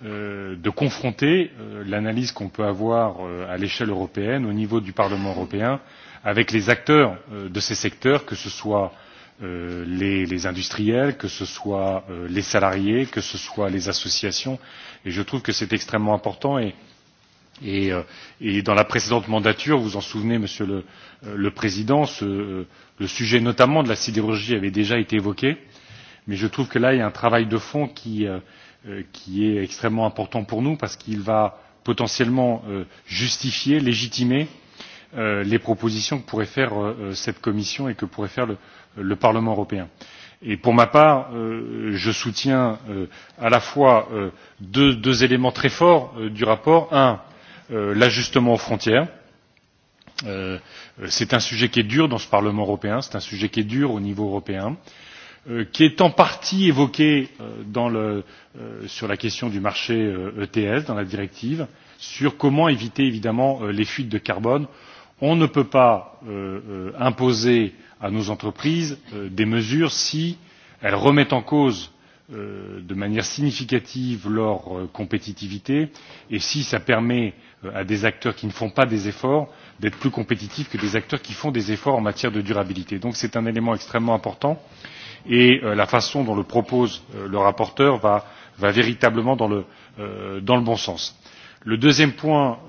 Euh, de confronter euh, l'analyse qu'on peut avoir euh, à l'échelle européenne au niveau du parlement européen avec les acteurs de ces secteurs que ce soit les, les industriels que ce soit les salariés que ce soit les associations et je trouve que c'est extrêmement important et Et, et dans la précédente mandature vous en souvenez monsieur le, le président ce, le sujet notamment de la sidérurgie avait déjà été évoqué mais je trouve que là il y a un travail de fond qui, Euh, qui est extrêmement important pour nous parce qu'il va potentiellement euh, justifier légitimer euh, les propositions que pourrait faire cette commission et que pourrait faire le, parlement européen. Et pour ma part je soutiens à la fois deux, deux éléments très forts du rapport un l'ajustement aux frontières c'est un sujet qui est dur dans ce parlement européen c'est un sujet qui est dur au niveau européen Euh, qui est en partie évoqué euh, dans euh, sur la question du marché ets e dans la directive sur comment éviter évidemment les fuites de carbone on ne peut pas imposer à nos entreprises des mesures si elles remettent en cause de manière significative leur compétitivité et si cela permet à des acteurs qui ne font pas des efforts d'être plus compétitifs que des acteurs qui font des efforts en matière de durabilité. donc c'est un élément extrêmement important et euh, la façon dont le propose euh, le rapporteur va, va véritablement dans le, euh, dans le bon sens. le deuxième point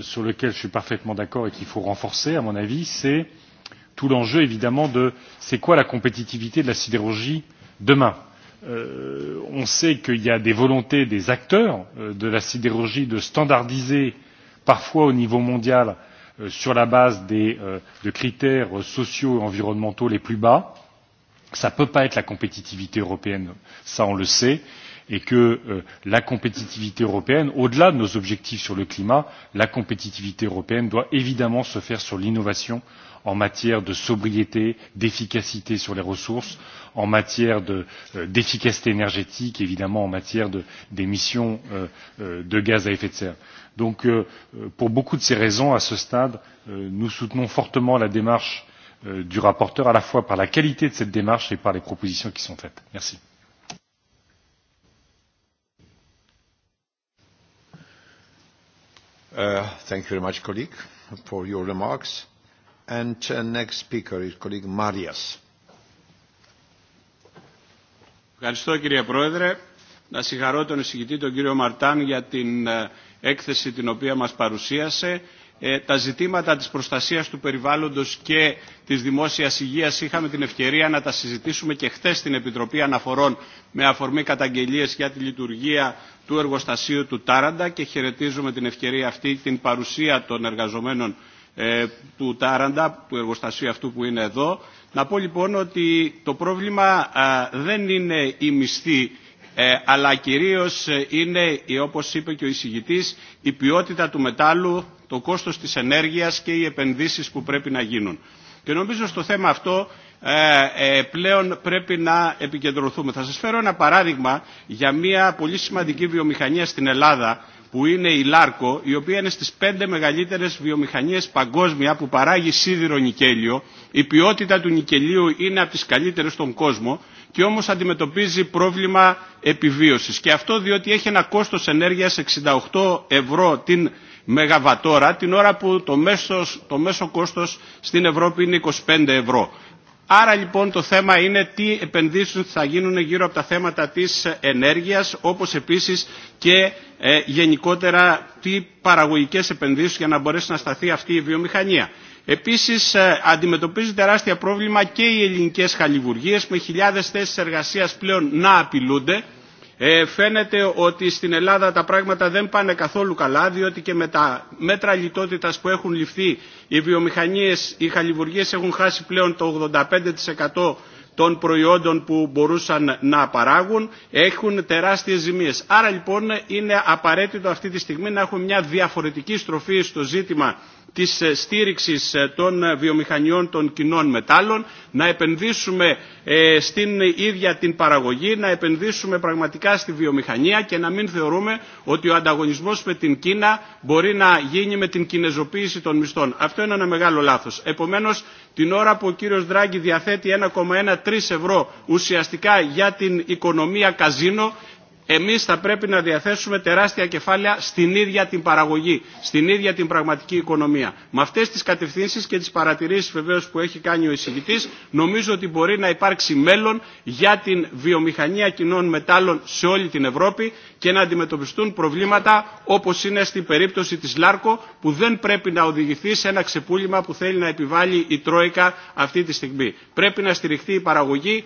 sur lequel je suis parfaitement d'accord et qu'il faut renforcer à mon avis c'est tout l'enjeu évidemment de c'est quoi la compétitivité de la sidérurgie demain? Euh, on sait qu'il y a des volontés des acteurs de la sidérurgie de standardiser parfois au niveau mondial Euh, sur la base des, euh, de critères euh, sociaux et environnementaux les plus bas ça ne peut pas être la compétitivité européenne ça on le sait et que euh, la compétitivité européenne au delà de nos objectifs sur le climat la compétitivité européenne doit évidemment se faire sur l'innovation en matière de sobriété d'efficacité sur les ressources en matière d'efficacité de, euh, énergétique évidemment en matière d'émissions de, euh, de gaz à effet de serre donc euh, pour beaucoup de ces raisons à ce stade euh, nous soutenons fortement la démarche euh, du rapporteur à la fois par la qualité de cette démarche et par les propositions qui sont faites. merci. Uh, thank you very much, colleague, for your remarks. And uh, next speaker is colleague Marias. Ευχαριστώ κύριε Πρόεδρε. Να συγχαρώ τον εισηγητή τον κύριο Μαρτάν για την uh, έκθεση την οποία μας παρουσίασε. Τα ζητήματα της προστασίας του περιβάλλοντος και της δημόσιας υγείας είχαμε την ευκαιρία να τα συζητήσουμε και χθες στην Επιτροπή Αναφορών με αφορμή καταγγελίες για τη λειτουργία του εργοστασίου του Τάραντα και χαιρετίζουμε την ευκαιρία αυτή, την παρουσία των εργαζομένων ε, του Τάραντα, του εργοστασίου αυτού που είναι εδώ. Να πω λοιπόν ότι το πρόβλημα α, δεν είναι η μισθή ε, αλλά κυρίως είναι, όπως είπε και ο εισηγητής, η ποιότητα του μετάλλου, το κόστος της ενέργειας και οι επενδύσεις που πρέπει να γίνουν. Και νομίζω στο θέμα αυτό ε, πλέον πρέπει να επικεντρωθούμε. Θα σας φέρω ένα παράδειγμα για μια πολύ σημαντική βιομηχανία στην Ελλάδα που είναι η Λάρκο, η οποία είναι στις πέντε μεγαλύτερες βιομηχανίες παγκόσμια που παράγει σίδηρο νικέλιο. Η ποιότητα του νικελίου είναι από τις καλύτερες στον κόσμο και όμως αντιμετωπίζει πρόβλημα επιβίωσης. Και αυτό διότι έχει ένα κόστος ενέργειας 68 ευρώ την μεγαβατόρα, την ώρα που το, μέσος, το μέσο κόστος στην Ευρώπη είναι 25 ευρώ. Άρα λοιπόν το θέμα είναι τι επενδύσεις θα γίνουν γύρω από τα θέματα της ενέργειας όπως επίσης και ε, γενικότερα τι παραγωγικές επενδύσεις για να μπορέσει να σταθεί αυτή η βιομηχανία. Επίσης αντιμετωπίζει τεράστια πρόβλημα και οι ελληνικές χαλιβουργίες με χιλιάδες θέσεις εργασίας πλέον να απειλούνται Ε, φαίνεται ότι στην Ελλάδα τα πράγματα δεν πάνε καθόλου καλά, διότι και με τα μέτρα λιτότητας που έχουν ληφθεί οι βιομηχανίες, οι χαλιβουργίες έχουν χάσει πλέον το 85% των προϊόντων που μπορούσαν να παράγουν έχουν τεράστιες ζημίες. Άρα λοιπόν είναι απαραίτητο αυτή τη στιγμή να έχουμε μια διαφορετική στροφή στο ζήτημα της στήριξης των βιομηχανιών των κοινών μετάλλων, να επενδύσουμε στην ίδια την παραγωγή, να επενδύσουμε πραγματικά στη βιομηχανία και να μην θεωρούμε ότι ο ανταγωνισμός με την Κίνα μπορεί να γίνει με την κινεζοποίηση των μισθών. Αυτό είναι ένα μεγάλο λάθος. Επομένως, την ώρα που ο κύριος Δράγκη διαθέτει 1,13 ευρώ ουσιαστικά για την οικονομία καζίνο, εμείς θα πρέπει να διαθέσουμε τεράστια κεφάλαια στην ίδια την παραγωγή, στην ίδια την πραγματική οικονομία. Με αυτές τις κατευθύνσεις και τις παρατηρήσεις βεβαίως που έχει κάνει ο εισηγητής, νομίζω ότι μπορεί να υπάρξει μέλλον για την βιομηχανία κοινών μετάλλων σε όλη την Ευρώπη και να αντιμετωπιστούν προβλήματα όπως είναι στην περίπτωση της Λάρκο που δεν πρέπει να οδηγηθεί σε ένα ξεπούλημα που θέλει να επιβάλλει η Τρόικα αυτή τη στιγμή. Πρέπει να στηριχθεί η παραγωγή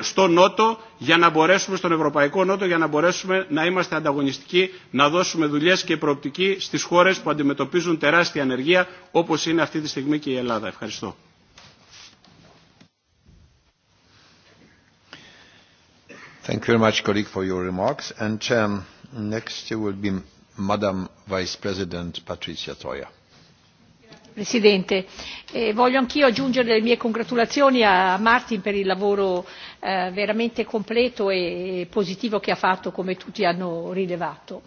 στο Νότο για να μπορέσουμε στον Ευρωπαϊκό Νότο, για να μπορέσουμε να είμαστε ανταγωνιστικοί, να δώσουμε δουλειέ και προοπτική στι χώρε που αντιμετωπίζουν τεράστια ανεργία, όπω είναι αυτή τη στιγμή και η Ελλάδα. Ευχαριστώ. Thank you very much, colleague, for your remarks. And um, next will be Madam Vice President Patricia Troya. Presidente. E voglio anch'io aggiungere le mie congratulazioni a Martin per il lavoro eh, veramente completo e positivo che ha fatto, come tutti hanno rilevato.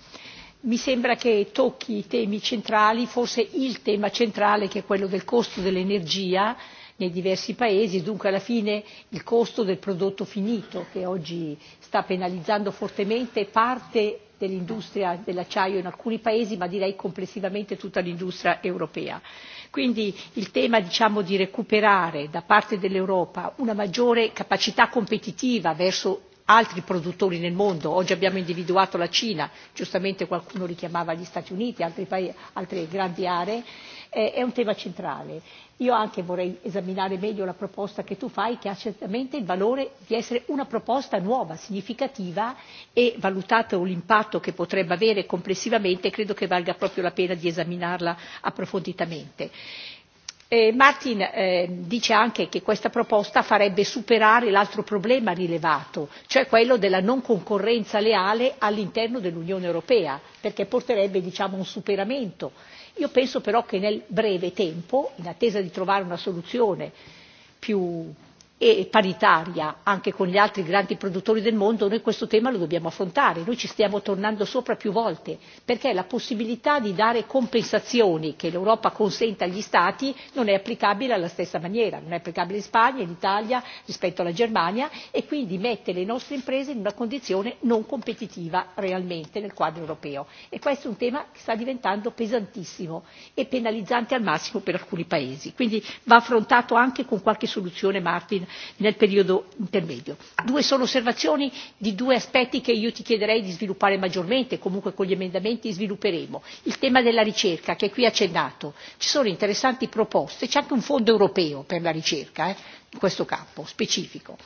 Mi sembra che tocchi i temi centrali, forse il tema centrale che è quello del costo dell'energia nei diversi paesi, e dunque alla fine il costo del prodotto finito che oggi sta penalizzando fortemente parte dell'industria dell'acciaio in alcuni paesi ma direi complessivamente tutta l'industria europea quindi il tema diciamo di recuperare da parte dell'Europa una maggiore capacità competitiva verso altri produttori nel mondo oggi abbiamo individuato la cina giustamente qualcuno richiamava gli stati uniti altri paesi, altre grandi aree è un tema centrale. io anche vorrei esaminare meglio la proposta che tu fai che ha certamente il valore di essere una proposta nuova significativa e valutato l'impatto che potrebbe avere complessivamente credo che valga proprio la pena di esaminarla approfonditamente. E martin eh, dice anche che questa proposta farebbe superare l'altro problema rilevato cioè quello della non concorrenza leale all'interno dell'unione europea perché porterebbe diciamo un superamento. io penso però che nel breve tempo in attesa di trovare una soluzione più e paritaria anche con gli altri grandi produttori del mondo noi questo tema lo dobbiamo affrontare noi ci stiamo tornando sopra più volte perché la possibilità di dare compensazioni che l'europa consente agli stati non è applicabile alla stessa maniera non è applicabile in spagna in italia rispetto alla germania e quindi mette le nostre imprese in una condizione non competitiva realmente nel quadro europeo e questo è un tema che sta diventando pesantissimo e penalizzante al massimo per alcuni paesi quindi va affrontato anche con qualche soluzione martin nel periodo intermedio. due sole osservazioni di due aspetti che io ti chiederei di sviluppare maggiormente comunque con gli emendamenti svilupperemo il tema della ricerca che è qui accennato ci sono interessanti proposte c'è anche un fondo europeo per la ricerca eh, in questo campo specifico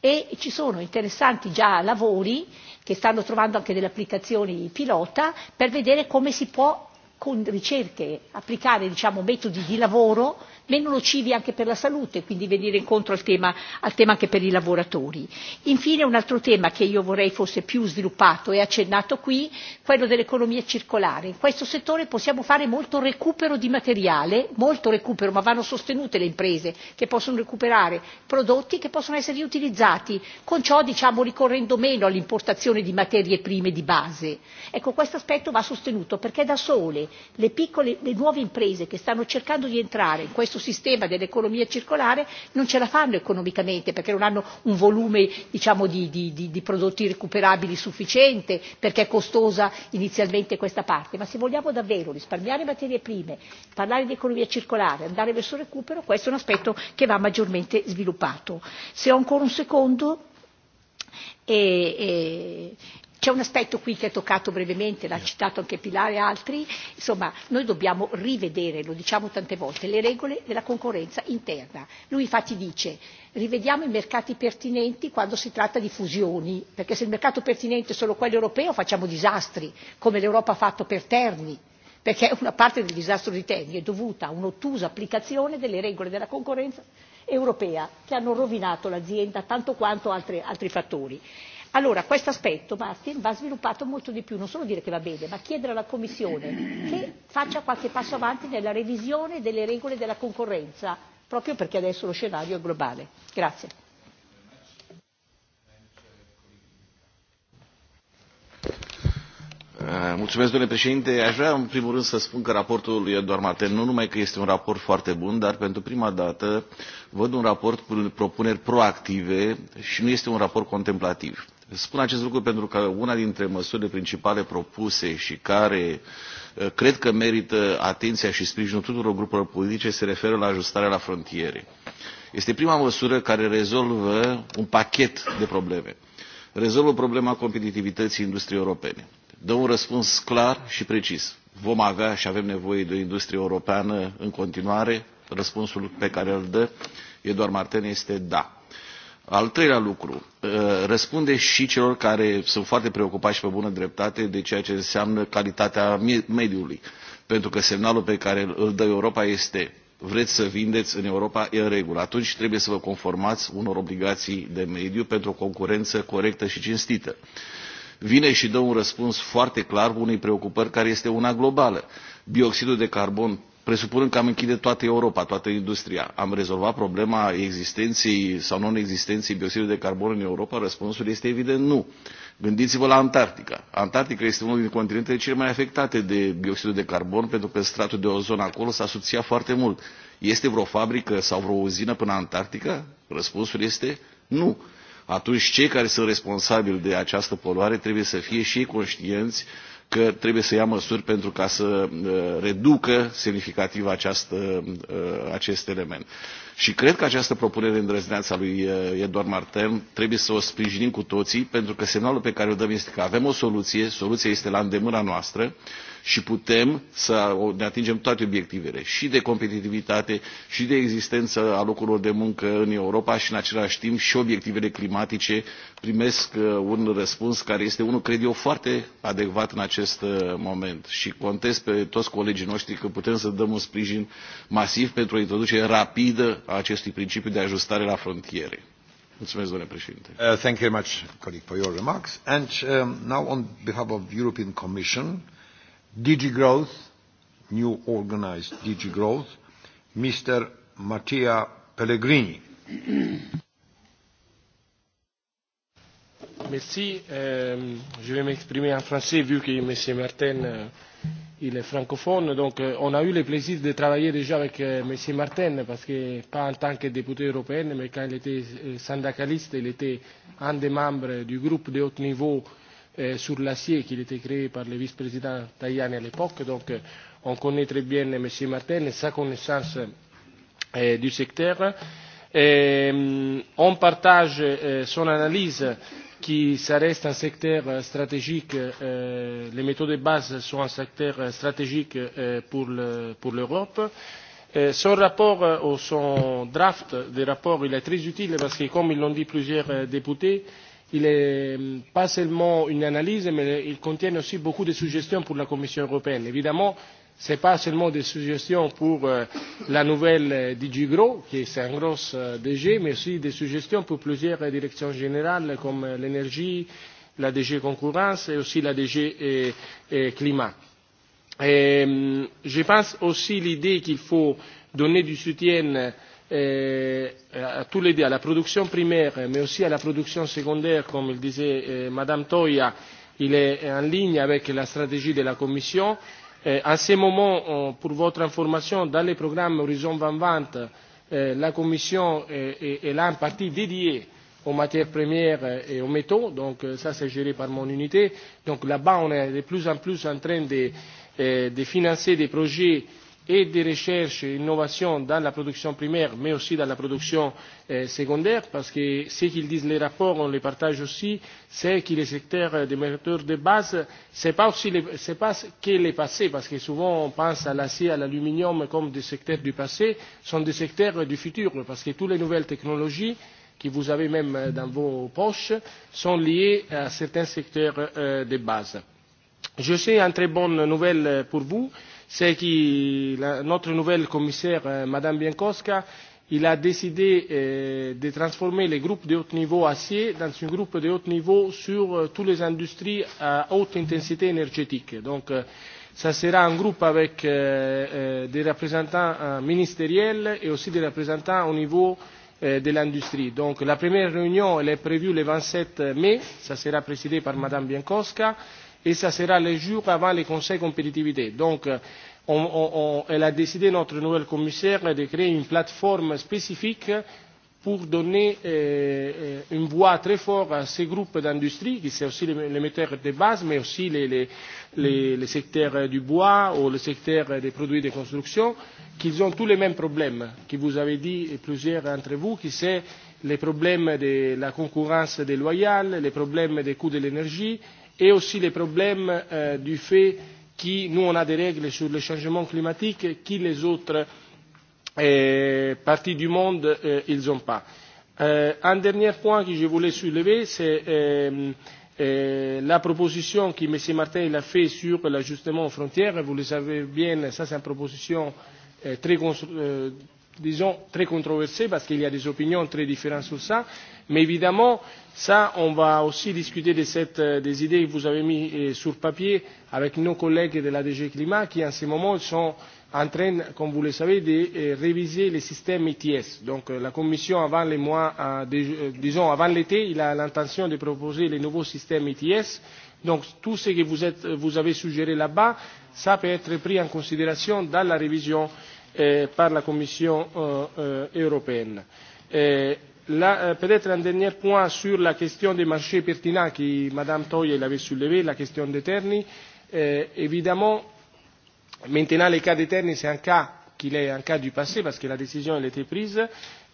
e ci sono interessanti già lavori che stanno trovando anche delle applicazioni pilota per vedere come si può con ricerche applicare diciamo metodi di lavoro meno nocivi anche per la salute quindi venire incontro al tema, anche per i lavoratori. infine un altro tema che io vorrei fosse più sviluppato e accennato qui quello dell'economia circolare. in questo settore possiamo fare molto recupero di materiale molto recupero ma vanno sostenute le imprese che possono recuperare prodotti che possono essere riutilizzati con ciò diciamo ricorrendo meno all'importazione di materie prime di base. ecco questo aspetto va sostenuto perché da sole le piccole le nuove imprese che stanno cercando di entrare in questo questo sistema dell'economia circolare non ce la fanno economicamente perché non hanno un volume diciamo di, prodotti recuperabili sufficiente perché è costosa inizialmente questa parte ma se vogliamo davvero risparmiare materie prime parlare di economia circolare andare verso il recupero questo è un aspetto che va maggiormente sviluppato. se ho ancora un secondo e c'è un aspetto qui che ha toccato brevemente l'ha citato anche Pilare e altri insomma noi dobbiamo rivedere lo diciamo tante volte le regole della concorrenza interna lui infatti dice rivediamo i mercati pertinenti quando si tratta di fusioni perché se il mercato pertinente è solo quello europeo facciamo disastri come l'Europa ha fatto per Terni perché una parte del disastro di Terni è dovuta a un'ottusa applicazione delle regole della concorrenza europea che hanno rovinato l'azienda tanto quanto altri altri fattori allora questo aspetto martin va sviluppato molto di più non solo dire che va bene ma chiedere alla commissione che faccia qualche passo avanti nella revisione delle regole della concorrenza proprio perché adesso lo scenario è globale. Grazie. Eh, domnule președinte. Aș vrea, în primul rând, să spun că raportul lui Eduard Martin, nu numai că este un raport foarte bun, dar pentru prima dată văd un raport cu propuneri proactive și nu este un raport contemplativ Spun acest lucru pentru că una dintre măsurile principale propuse și care e, cred că merită atenția și sprijinul tuturor grupurilor politice se referă la ajustarea la frontiere. Este prima măsură care rezolvă un pachet de probleme. Rezolvă problema competitivității industriei europene. Dă un răspuns clar și precis. Vom avea și avem nevoie de o industrie europeană în continuare? Răspunsul pe care îl dă Eduard Martin este da Al treilea lucru, uh, răspunde și celor care sunt foarte preocupați și pe bună dreptate de ceea ce înseamnă calitatea mediului. Pentru că semnalul pe care îl dă Europa este vreți să vindeți în Europa, e în regulă. Atunci trebuie să vă conformați unor obligații de mediu pentru o concurență corectă și cinstită. Vine și dă un răspuns foarte clar unei preocupări care este una globală. Bioxidul de carbon presupunând că am închide toată Europa, toată industria, am rezolvat problema existenței sau non-existenței bioxidului de carbon în Europa? Răspunsul este evident nu. Gândiți-vă la Antarctica. Antarctica este unul din continentele cele mai afectate de bioxidul de carbon pentru că stratul de ozon acolo s-a subțiat foarte mult. Este vreo fabrică sau vreo uzină până Antarctica? Răspunsul este nu. Atunci cei care sunt responsabili de această poluare trebuie să fie și ei conștienți că trebuie să ia măsuri pentru ca să uh, reducă semnificativ uh, uh, acest element. Și cred că această propunere îndrăzneață lui e, Eduard Martin trebuie să o sprijinim cu toții, pentru că semnalul pe care o dăm este că avem o soluție, soluția este la îndemâna noastră și putem să ne atingem toate obiectivele, și de competitivitate, și de existență a locurilor de muncă în Europa și în același timp și obiectivele climatice primesc e, un răspuns care este unul, cred eu, foarte adecvat în acest e, moment. Și contez pe toți colegii noștri că putem să dăm un sprijin masiv pentru o introducere rapidă a acestui principiu de ajustare la frontiere. Mulțumesc, domnule președinte. Uh, thank you very much, colleague, for your remarks. And um, now, on behalf of European Commission, DG Growth, new organized DG Growth, Mr. Mattia Pellegrini. Merci. Euh, je vais m'exprimer en français vu que M. Martin euh, il est francophone, donc euh, on a eu le plaisir de travailler déjà avec euh, M. Martin, parce que pas en tant que député européen, mais quand il était euh, syndicaliste, il était un des membres du groupe de haut niveau sur l'acier qui était créé par le vice-président Tajani à l'époque. Donc on connaît très bien M. Martin et sa connaissance du secteur. Et, on partage son analyse qui ça reste un secteur euh, stratégique euh, les métaux de base sont un secteur euh, stratégique pour l'europe. son rapport ou son draft de rapport il est très utile parce que comme l'ont dit plusieurs députés il n'est pas seulement une analyse mais il contient aussi beaucoup de suggestions pour la commission européenne. évidemment Ce n'est pas seulement des suggestions pour euh, la nouvelle euh, qui est un gros euh, DG, mais aussi des suggestions pour plusieurs directions générales comme euh, l'énergie, la DG concurrence et aussi la DG et, et climat. Et, je pense aussi l'idée qu'il faut donner du soutien à tous les deux, à la production primaire, mais aussi à la production secondaire, comme le disait Madame Toya, il est en ligne avec la stratégie de la Commission en eh, ce moment pour votre information dans le programme horizon deux mille vingt eh, la commission est a en partie dédiée aux matières premières eh, et aux métaux donc euh, ça c'est géré par mon unité donc là bas on est de plus en plus en train de, de financer des projets et de recherche et d'innovation dans la production primaire, mais aussi dans la production euh, secondaire, parce que ce qu'ils disent les rapports, on les partage aussi, c'est que les secteurs euh, des moteurs de base, ce n'est pas, pas que les passés, parce que souvent on pense à l'acier, à l'aluminium comme des secteurs du passé, sont des secteurs du futur, parce que toutes les nouvelles technologies que vous avez même euh, dans vos poches sont liées à certains secteurs euh, de base. Je sais une très bonne nouvelle euh, pour vous, c'est que la, notre nouvelle commissaire, euh, Madame Bienkowska, il a décidé euh, de transformer les groupes de haut niveau acier dans un groupe de haut niveau sur euh, toutes les industries à haute intensité énergétique. Donc, euh, ça sera un groupe avec euh, des représentants ministériels et aussi des représentants au niveau de l'industrie. Donc, la première réunion elle est prévue le 27 mai, ça sera présidé par Madame Bienkowska et ça sera le jour avant le Conseil compétitivité. Donc, euh, on, on, on, elle a décidé, notre nouvelle commissaire, de créer une plateforme spécifique pour donner euh, euh une voix très forte à ces groupes d'industrie, qui sont aussi les, les metteurs de base, mais aussi les, les, les, les secteurs du bois ou le secteur des produits de construction, qu'ils ont tous les mêmes problèmes, que vous avez dit plusieurs d'entre vous, qui c'est les problèmes de la concurrence déloyale, les problèmes des coûts de l'énergie, et aussi les problèmes euh, du fait que nous on a des règles sur le changement climatique qui les autres euh, parties du monde euh, ils n'ont pas. Euh, un dernier point que je voulais soulever, c'est la proposition que M. Martin a fait sur l'ajustement aux frontières. Vous le savez bien, ça c'est une proposition très disons, très controversé parce qu'il y a des opinions très différentes sur ça. Mais évidemment, ça, on va aussi discuter de cette, euh, des idées que vous avez mises euh, sur papier avec nos collègues de la DG Climat qui, en ce moment, sont en train, comme vous le savez, de euh, réviser les systèmes ETS. Donc, la Commission, avant les mois, disons, avant l'été, il a l'intention de proposer les nouveaux systèmes ETS. Donc, tout ce que vous, êtes, vous avez suggéré là-bas, ça peut être pris en considération dans la révision Eh, par la Commission euh, euh, européenne. Eh, la, euh, peut-être un dernier point sur la question des marchés pertinents que Madame toia avait soulevée, la question terni. Eh, évidemment, maintenant le cas terni c'est un cas qu'il est un cas du passé parce que la décision a était prise.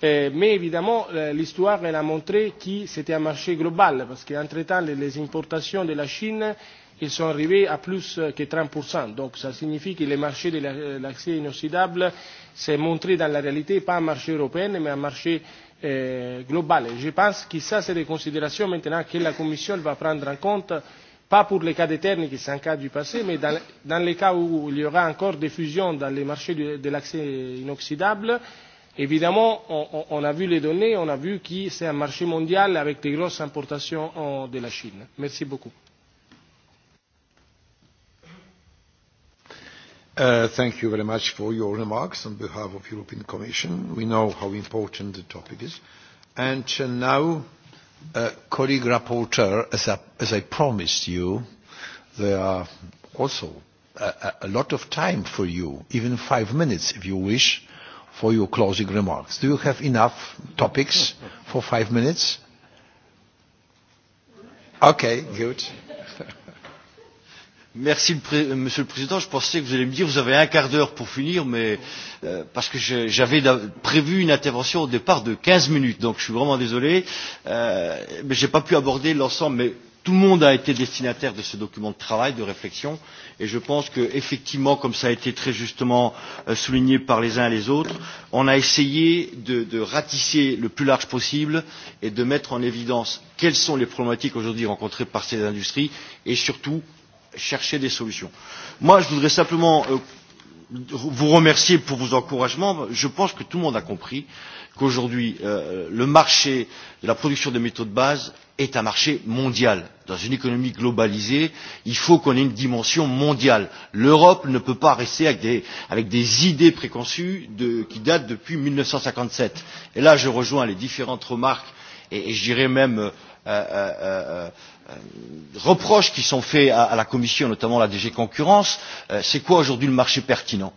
mais évidemment, l'histoire a montré que c'était un marché global parce qu'entre-temps, les importations de la Chine ils sont arrivés à plus que 30%. Donc ça signifie que le marché de euh, l'acier inoxydable s'est montré dans la réalité, pas un marché européen, mais un marché euh, global. je pense que ça, c'est des considérations maintenant que la Commission va prendre en compte, pas pour les cas d'éterne qui sont un cas du passé, mais dans, dans les cas où il y aura encore des fusions dans les marchés de, de l'accès inoxydable, Évidemment, on, on a vu les données, on a vu que c'est un marché mondial avec des grosses importations de la Chine. Merci beaucoup. Uh, thank you very much for your remarks on behalf of the European Commission. We know how important the topic is. And uh, now, uh, colleague rapporteur, as I, as I promised you, there are also a, a lot of time for you, even five minutes if you wish, for your closing remarks. Do you have enough topics for five minutes? Okay, good. Merci Monsieur le Président. Je pensais que vous allez me dire vous avez un quart d'heure pour finir, mais euh, parce que j'avais prévu une intervention au départ de quinze minutes, donc je suis vraiment désolé, euh, mais je n'ai pas pu aborder l'ensemble. Mais tout le monde a été destinataire de ce document de travail, de réflexion, et je pense qu'effectivement, comme ça a été très justement euh, souligné par les uns et les autres, on a essayé de, de ratisser le plus large possible et de mettre en évidence quelles sont les problématiques aujourd'hui rencontrées par ces industries et surtout chercher des solutions. Moi, je voudrais simplement euh, vous remercier pour vos encouragements. Je pense que tout le monde a compris qu'aujourd'hui, euh, le marché de la production des métaux de base est un marché mondial. Dans une économie globalisée, il faut qu'on ait une dimension mondiale. L'Europe ne peut pas rester avec des, avec des idées préconçues de, qui datent depuis 1957. Et là, je rejoins les différentes remarques et, et je dirais même euh, Euh, euh, euh, reproches qui sont faits à, la commission notamment à la dg concurrence c'est quoi aujourd'hui le marché pertinent?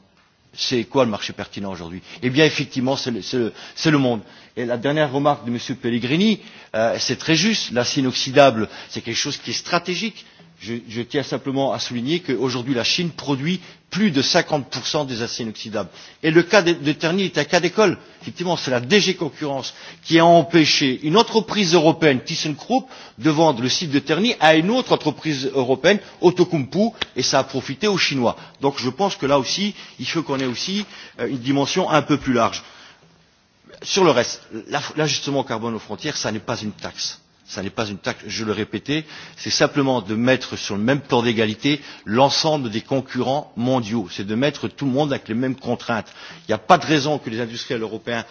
c'est quoi le marché pertinent aujourd'hui? eh bien effectivement c'est le, monde. et la dernière remarque de m. pellegrini c'est très juste l'acier inoxydable c'est quelque chose qui est stratégique je, tiens simplement à souligner qu'aujourd'hui la Chine produit plus de 50% des aciers inoxydables. Et le cas de, de Terni est un cas d'école. Effectivement, c'est la DG Concurrence qui a empêché une entreprise européenne, ThyssenKrupp, de vendre le site de Terni à une autre entreprise européenne, Otokumpu, et ça a profité aux Chinois. Donc je pense que là aussi, il faut qu'on ait aussi euh, une dimension un peu plus large. Sur le reste, l'ajustement carbone aux frontières, ça n'est pas une taxe ce n'est pas une taxe je le répétais c'est simplement de mettre sur le même plan d'égalité l'ensemble des concurrents mondiaux c'est de mettre tout le monde avec les mêmes contraintes. il n'y a pas de raison que les industriels européens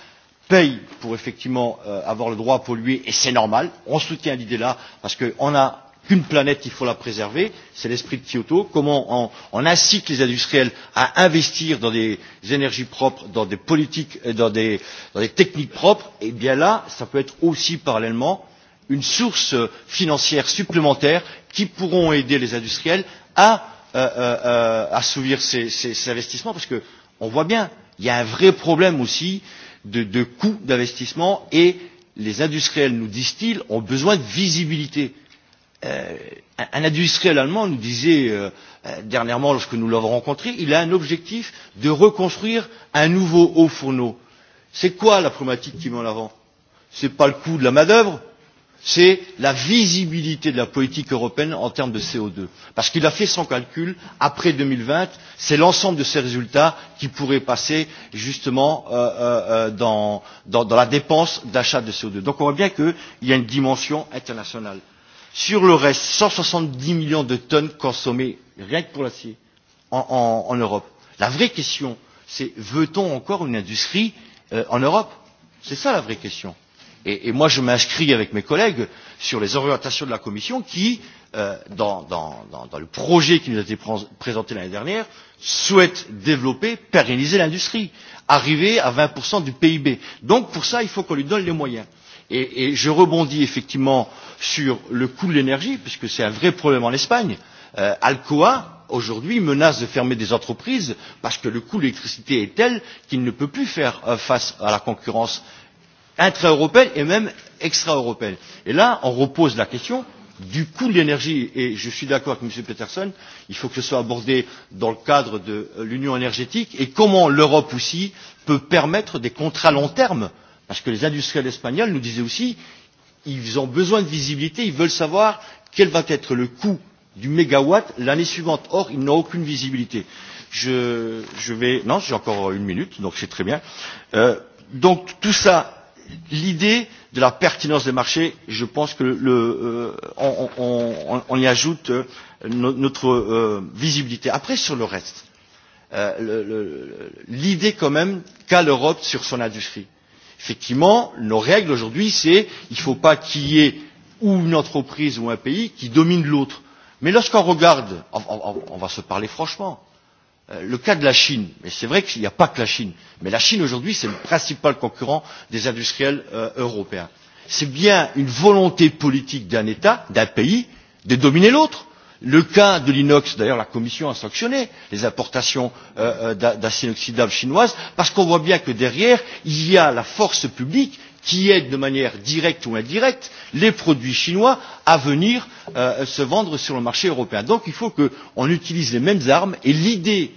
payent pour effectivement euh, avoir le droit à polluer et c'est normal on soutient l'idée là parce qu'on n'a qu'une planète il faut la préserver c'est l'esprit de kyoto comment on, on incite les industriels à investir dans des énergies propres dans des politiques euh, dans des, dans des techniques propres et eh bien là ça peut être aussi parallèlement une source financière supplémentaire qui pourront aider les industriels à euh, euh, assouvir ces, ces, investissements parce qu'on voit bien il y a un vrai problème aussi de, de coûts d'investissement et les industriels nous disent ils ont besoin de visibilité. Euh, un industriel allemand nous disait dernièrement lorsque nous l'avons rencontré il a un objectif de reconstruire un nouveau haut fourneau. c'est quoi la problématique qui met en avant? ce n'est pas le coût de la main d'œuvre c'est la visibilité de la politique européenne en termes de co deux parce qu'il a fait son calcul après deux mille vingt c'est l'ensemble de ces résultats qui pourraient passer justement euh, euh, euh, dans, dans, la dépense d'achat de co deux. donc on voit bien qu'il y a une dimension internationale. sur le reste cent soixante dix millions de tonnes consommées rien que pour l'acier en, en, europe. la vraie question c'est veut on encore une industrie en europe? c'est ça la vraie question et, et moi je m'inscris avec mes collègues sur les orientations de la commission qui euh, dans, dans, dans, le projet qui nous a été présenté l'année dernière souhaite développer pérenniser l'industrie arriver à 20% du pib donc pour ça il faut qu'on lui donne les moyens et, et je rebondis effectivement sur le coût de l'énergie puisque c'est un vrai problème en espagne euh, alcoa aujourd'hui menace de fermer des entreprises parce que le coût de l'électricité est tel qu'il ne peut plus faire euh, face à la concurrence intra-européenne et même extra-européenne. Et là, on repose la question du coût de l'énergie, et je suis d'accord avec M. Peterson, il faut que ce soit abordé dans le cadre de l'union énergétique, et comment l'Europe aussi peut permettre des contrats à long terme, parce que les industriels espagnols nous disaient aussi, ils ont besoin de visibilité, ils veulent savoir quel va être le coût du mégawatt l'année suivante. Or, ils n'ont aucune visibilité. Je, je vais... Non, j'ai encore une minute, donc c'est très bien. Euh, donc, tout ça l'idée de la pertinence des marchés, je pense que le, euh, on, on, on y ajoute euh, notre euh, visibilité. Après, sur le reste, l'idée quand même qu'a l'Europe sur son industrie. Effectivement, nos règles aujourd'hui, c'est qu'il ne faut pas qu'il y ait ou une entreprise ou un pays qui domine l'autre. Mais lorsqu'on regarde, on va se parler franchement, Euh, le cas de la Chine, et c'est vrai qu'il n'y a pas que la Chine, mais la Chine aujourd'hui c'est le principal concurrent des industriels euh, européens. C'est bien une volonté politique d'un État, d'un pays, de dominer l'autre. Le cas de l'inox, d'ailleurs la Commission a sanctionné les importations euh, euh d'acier inoxydable chinoises, parce qu'on voit bien que derrière, il y a la force publique qui aident de manière directe ou indirecte les produits chinois à venir euh, se vendre sur le marché européen. donc il faut qu'on utilise les mêmes armes et l'idée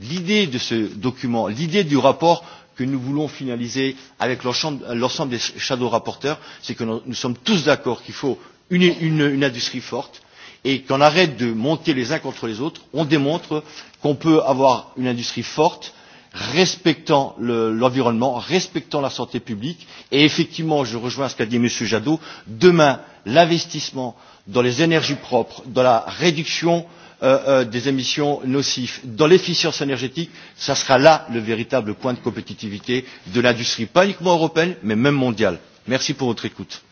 de ce document l'idée du rapport que nous voulons finaliser avec l'ensemble des shadow rapporteurs c'est que nous, sommes tous d'accord qu'il faut une, une, une industrie forte et qu'on arrête de monter les uns contre les autres on démontre qu'on peut avoir une industrie forte respectant l'environnement, respectant la santé publique. Et effectivement, je rejoins ce qu'a dit M. Jadot, demain, l'investissement dans les énergies propres, dans la réduction euh, euh, des émissions nocives, dans l'efficience énergétique, ce sera là le véritable point de compétitivité de l'industrie, pas uniquement européenne, mais même mondiale. Merci pour votre écoute.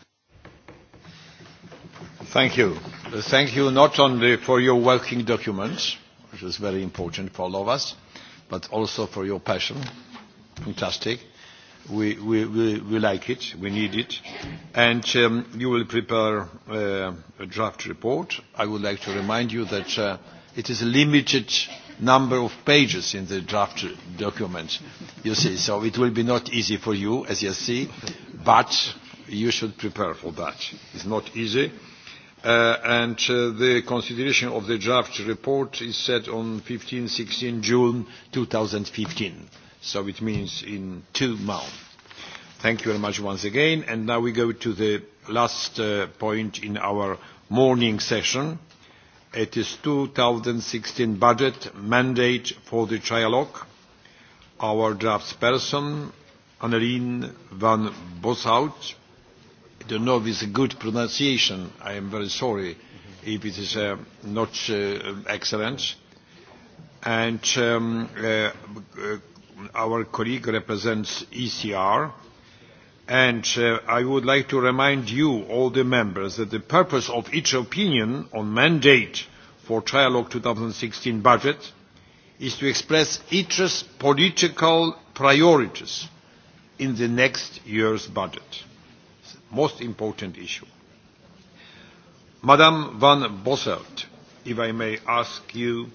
Thank you. Thank you not only for your documents, which is very important for all of us, but also for your passion. Fantastic. We, we, we, we like it. We need it. And um, you will prepare uh, a draft report. I would like to remind you that uh, it is a limited number of pages in the draft document. You see, so it will be not easy for you, as you see, but you should prepare for that. It's not easy Uh, and uh, the consideration of the draft report is set on 15 16 June 2015 so it means in two months thank you very much once again and now we go to the last uh, point in our morning session it is 2016 budget mandate for the trialogue our draftsperson Annelien van Boshout i don't know if it's a good pronunciation. I am very sorry if it is uh, not uh, excellent. And um, uh, uh our colleague represents ECR. And uh, I would like to remind you, all the members, that the purpose of each opinion on mandate for Trialogue 2016 budget is to express each political priorities in the next year's budget most important issue. Madam Van Bosselt, if I may ask you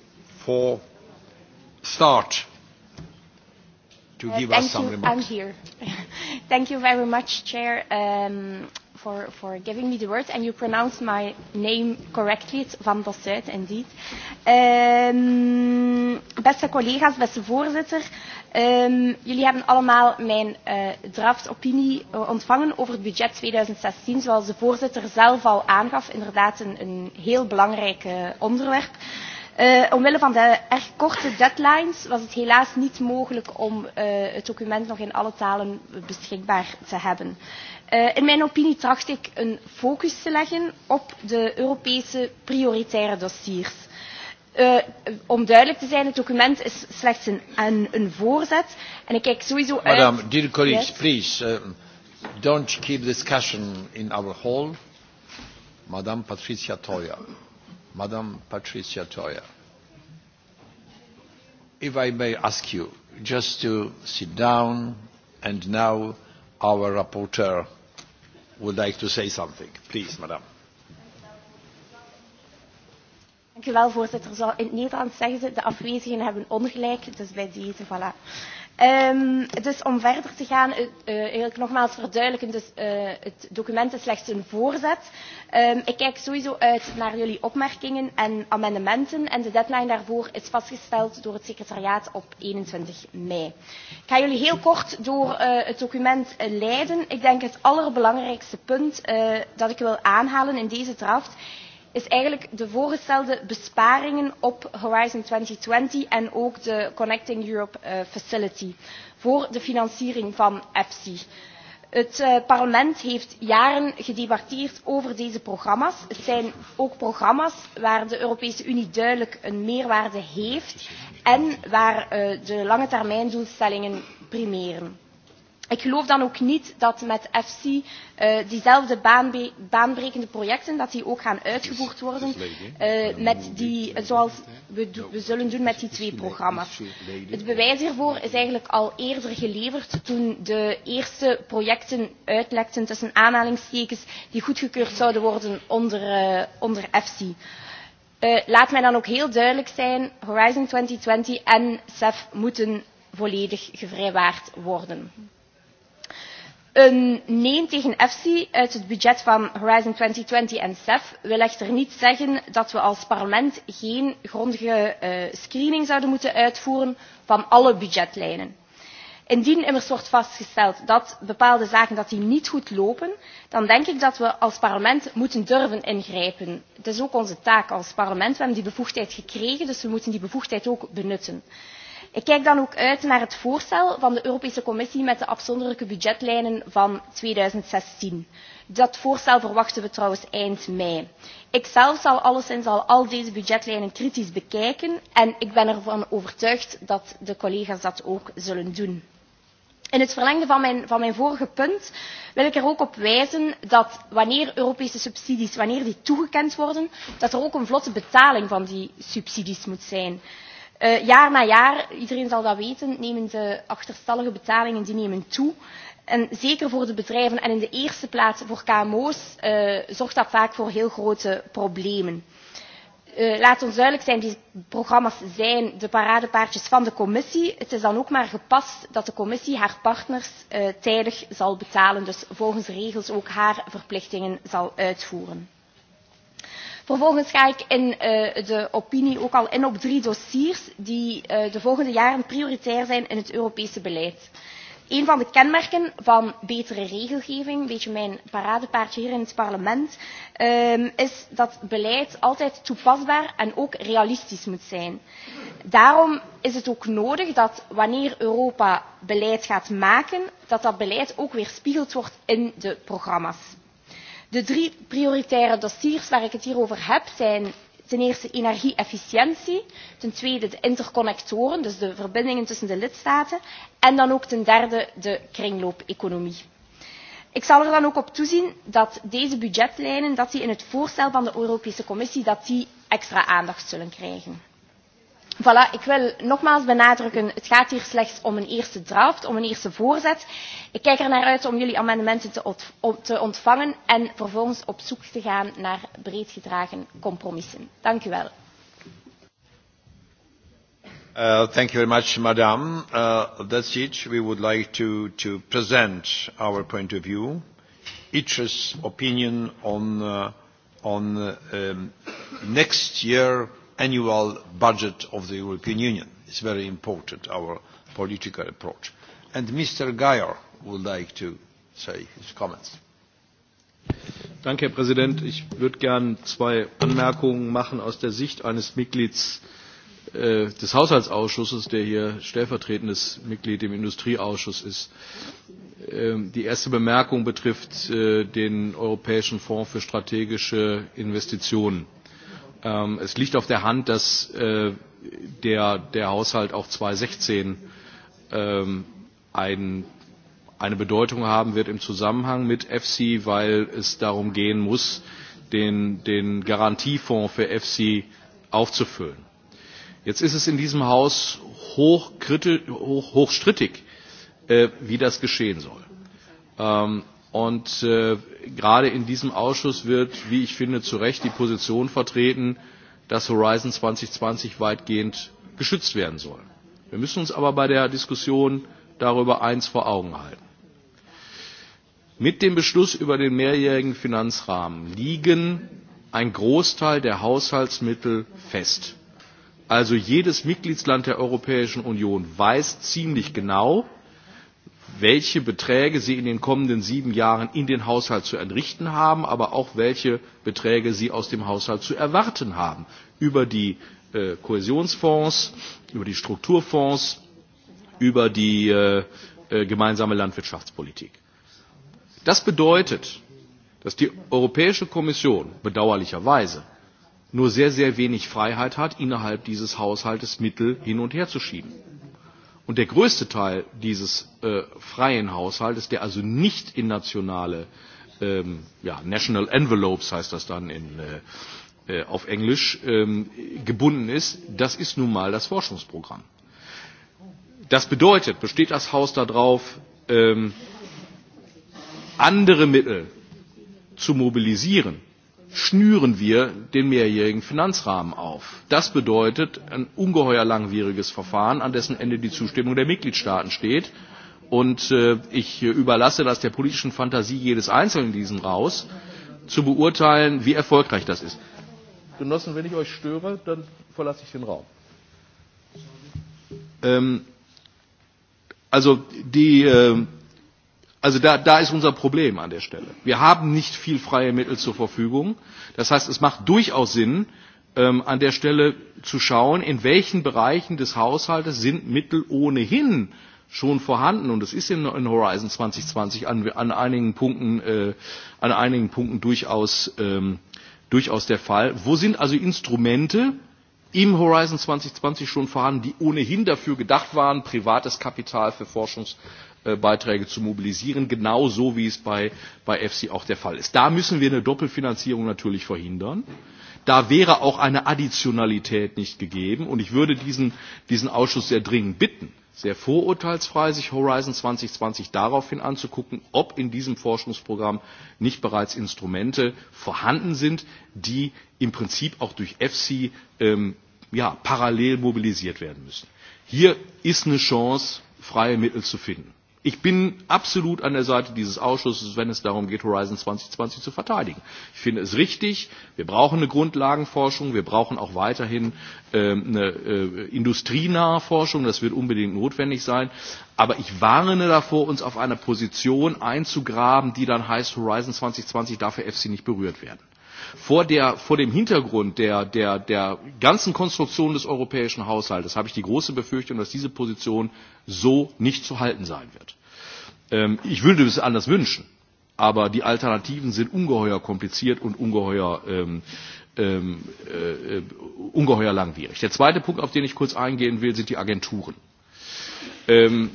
for start to uh, give uh, us some you. remarks. I'm here. thank you very much, Chair, um, for, for giving me the word. And you pronounced my name correctly. It's Van Bosselt, indeed. Um, beste collega's, beste voorzitter. Um, jullie hebben allemaal mijn uh, eh, draftopinie eh, ontvangen over het budget 2016, zoals de voorzitter zelf al aangaf. Inderdaad een, een heel belangrijk uh, onderwerp. Uh, omwille van de erg korte deadlines was het helaas niet mogelijk om het document nog in alle talen beschikbaar te hebben. In mijn opinie tracht ik een focus te leggen op de Europese prioritaire dossiers. Eh, om duidelijk te zijn het document is slechts een, voorzet en ik kijk sowieso uit... Madame, dear colleagues, please, um, don't keep discussion in our hall. Madame Patricia Toya. Madame Patricia Toya. If I may ask you just to sit down and now our rapporteur would like to say something. Please, madame. Dank u wel, voorzitter. Zo, in het Nederlands zeggen ze, de afwezigen hebben ongelijk, dus bij deze, voilà. Um, dus om verder te gaan, uh, nogmaals verduidelijken, dus, uh, het document is slechts een voorzet. Um, ik kijk sowieso uit naar jullie opmerkingen en amendementen en de deadline daarvoor is vastgesteld door het secretariaat op 21 mei. Ik ga jullie heel kort door het document leiden. Ik denk het allerbelangrijkste punt dat ik wil aanhalen in deze draft is eigenlijk de voorgestelde besparingen op Horizon 2020 en ook de Connecting Europe eh, Facility voor de financiering van EFSI. Het eh, parlement heeft jaren gedebatteerd over deze programma's. Het zijn ook programma's waar de Europese Unie duidelijk een meerwaarde heeft en waar eh, de lange termijn doelstellingen primeren ik geloof dan ook niet dat met efsi eh, diezelfde baanbrekende projecten ook gaan uitgevoerd worden eh, zoals we, zullen doen met die twee programma's. het bewijs hiervoor is eigenlijk al eerder geleverd toen de eerste projecten uitlekten tussen aanhalingstekens die goedgekeurd zouden worden onder efsi. Eh, laat mij dan ook heel duidelijk zijn horizon 2020 en cef e moeten volledig gevrijwaard worden een neen tegen efsi uit het budget van horizon 2020 en cef wil echter niet zeggen dat we als parlement geen grondige eh, screening zouden moeten uitvoeren van alle budgetlijnen. indien immers wordt vastgesteld dat bepaalde zaken dat die niet goed lopen dan denk ik dat we als parlement moeten durven ingrijpen. het is ook onze taak als parlement we hebben die bevoegdheid gekregen dus we moeten die bevoegdheid ook benutten ik kijk dan ook uit naar het voorstel van de europese commissie met de afzonderlijke budgetlijnen van. 2016. dat voorstel verwachten we trouwens eind mei. ikzelf zal alleszins al, al deze budgetlijnen kritisch bekijken en ik ben ervan overtuigd dat de collega's dat ook zullen doen. in het verlengde van mijn, van mijn vorige punt wil ik er ook op wijzen dat wanneer europese subsidies wanneer die toegekend worden dat er ook een vlotte betaling van die subsidies moet zijn. Eh, jaar na jaar, iedereen zal dat weten, nemen de achterstallige betalingen die nemen toe. En zeker voor de bedrijven en in de eerste plaats voor KMO's eh, zorgt dat vaak voor heel grote problemen. Uh, laat ons duidelijk zijn, die programma's zijn de paradepaardjes van de commissie. Het is dan ook maar gepast dat de commissie haar partners tijdig zal betalen, dus volgens regels ook haar verplichtingen zal uitvoeren Vervolgens ga ik in eh, de opinie ook al in op drie dossiers die eh, de volgende jaren prioritair zijn in het Europese beleid. Een van de kenmerken van betere regelgeving, een beetje mijn paradepaardje hier in het parlement, ehm, is dat beleid altijd toepasbaar en ook realistisch moet zijn. Daarom is het ook nodig dat wanneer Europa beleid gaat maken, dat dat beleid ook weer spiegeld wordt in de programma's de drie prioritaire dossiers waar ik het hier over heb zijn ten eerste energie efficiëntie ten tweede de interconnectoren dus de verbindingen tussen de lidstaten en dan ook ten derde de kringloopeconomie. ik zal er dan ook op toezien dat deze budgetlijnen dat in het voorstel van de europese commissie dat die extra aandacht zullen krijgen. Voilà, ik wil nogmaals benadrukken, het gaat hier slechts om een eerste draft, om een eerste voorzet. Ik kijk er naar uit om jullie amendementen te ontvangen en vervolgens op zoek te gaan naar breed gedragen compromissen. Dank u wel. Uh, thank you very much, madam. Uh, that's it. We would like to, to present our point of view, each's opinion on, uh, on uh, um, next year annual budget of the European Union. is very important, our political approach. And Mr. Geyer would like to say his comments. Danke, Herr Präsident. Ich würde gern zwei Anmerkungen machen aus der Sicht eines Mitglieds äh, des Haushaltsausschusses, der hier stellvertretendes Mitglied im Industrieausschuss ist. Ähm, die erste Bemerkung betrifft äh, den Europäischen Fonds für strategische Investitionen Ähm, es liegt auf der Hand, dass äh, der, der Haushalt auch 2016 ähm, ein, eine Bedeutung haben wird im Zusammenhang mit EFSI, weil es darum gehen muss, den, den Garantiefonds für EFSI aufzufüllen. Jetzt ist es in diesem Haus hochstrittig, hoch, äh, wie das geschehen soll. Ähm, Und äh, gerade in diesem Ausschuss wird, wie ich finde, zu Recht die Position vertreten, dass Horizon 2020 weitgehend geschützt werden soll. Wir müssen uns aber bei der Diskussion darüber eins vor Augen halten. Mit dem Beschluss über den mehrjährigen Finanzrahmen liegen ein Großteil der Haushaltsmittel fest. Also jedes Mitgliedsland der Europäischen Union weiß ziemlich genau, welche Beträge sie in den kommenden sieben Jahren in den Haushalt zu entrichten haben, aber auch welche Beträge sie aus dem Haushalt zu erwarten haben. Über die äh, Kohäsionsfonds, über die Strukturfonds, über die äh, äh gemeinsame Landwirtschaftspolitik. Das bedeutet, dass die Europäische Kommission bedauerlicherweise nur sehr, sehr wenig Freiheit hat, innerhalb dieses Haushaltes Mittel hin und her zu schieben. Und der größte Teil dieses äh, freien Haushaltes, der also nicht in nationale, ähm, ja, National Envelopes heißt das dann in, äh, äh, auf Englisch, ähm, gebunden ist, das ist nun mal das Forschungsprogramm. Das bedeutet, besteht das Haus darauf, ähm, andere Mittel zu mobilisieren, schnüren wir den mehrjährigen Finanzrahmen auf. Das bedeutet ein ungeheuer langwieriges Verfahren, an dessen Ende die Zustimmung der Mitgliedstaaten steht. Und äh, ich überlasse das der politischen Fantasie jedes Einzelnen in diesem Haus, zu beurteilen, wie erfolgreich das ist. Genossen, wenn ich euch störe, dann verlasse ich den Raum. Ähm, also die äh, Also da, da ist unser Problem an der Stelle. Wir haben nicht viel freie Mittel zur Verfügung. Das heißt, es macht durchaus Sinn, ähm, an der Stelle zu schauen, in welchen Bereichen des Haushaltes sind Mittel ohnehin schon vorhanden und es ist in, in Horizon 2020 an, an einigen Punkten, äh, an einigen Punkten durchaus, ähm, durchaus der Fall. Wo sind also Instrumente im Horizon 2020 schon vorhanden, die ohnehin dafür gedacht waren, privates Kapital für Forschungs- Äh, Beiträge zu mobilisieren, genauso wie es bei, bei EFSI auch der Fall ist. Da müssen wir eine Doppelfinanzierung natürlich verhindern. Da wäre auch eine Additionalität nicht gegeben. Und ich würde diesen, diesen Ausschuss sehr dringend bitten, sehr vorurteilsfrei sich Horizon 2020 daraufhin anzugucken, ob in diesem Forschungsprogramm nicht bereits Instrumente vorhanden sind, die im Prinzip auch durch EFSI ähm, ja, parallel mobilisiert werden müssen. Hier ist eine Chance, freie Mittel zu finden. Ich bin absolut an der Seite dieses Ausschusses, wenn es darum geht, Horizon 2020 zu verteidigen. Ich finde es richtig, wir brauchen eine Grundlagenforschung, wir brauchen auch weiterhin ähm, eine äh, industrienahe Forschung, das wird unbedingt notwendig sein. Aber ich warne davor, uns auf eine Position einzugraben, die dann heißt, Horizon 2020 darf für EFSI nicht berührt werden vor, der, vor dem Hintergrund der, der, der ganzen Konstruktion des europäischen Haushalts habe ich die große Befürchtung, dass diese Position so nicht zu halten sein wird. Ähm, ich würde es anders wünschen, aber die Alternativen sind ungeheuer kompliziert und ungeheuer ähm, ähm, äh, ungeheuer langwierig. Der zweite Punkt, auf den ich kurz eingehen will, sind die Agenturen. Ähm,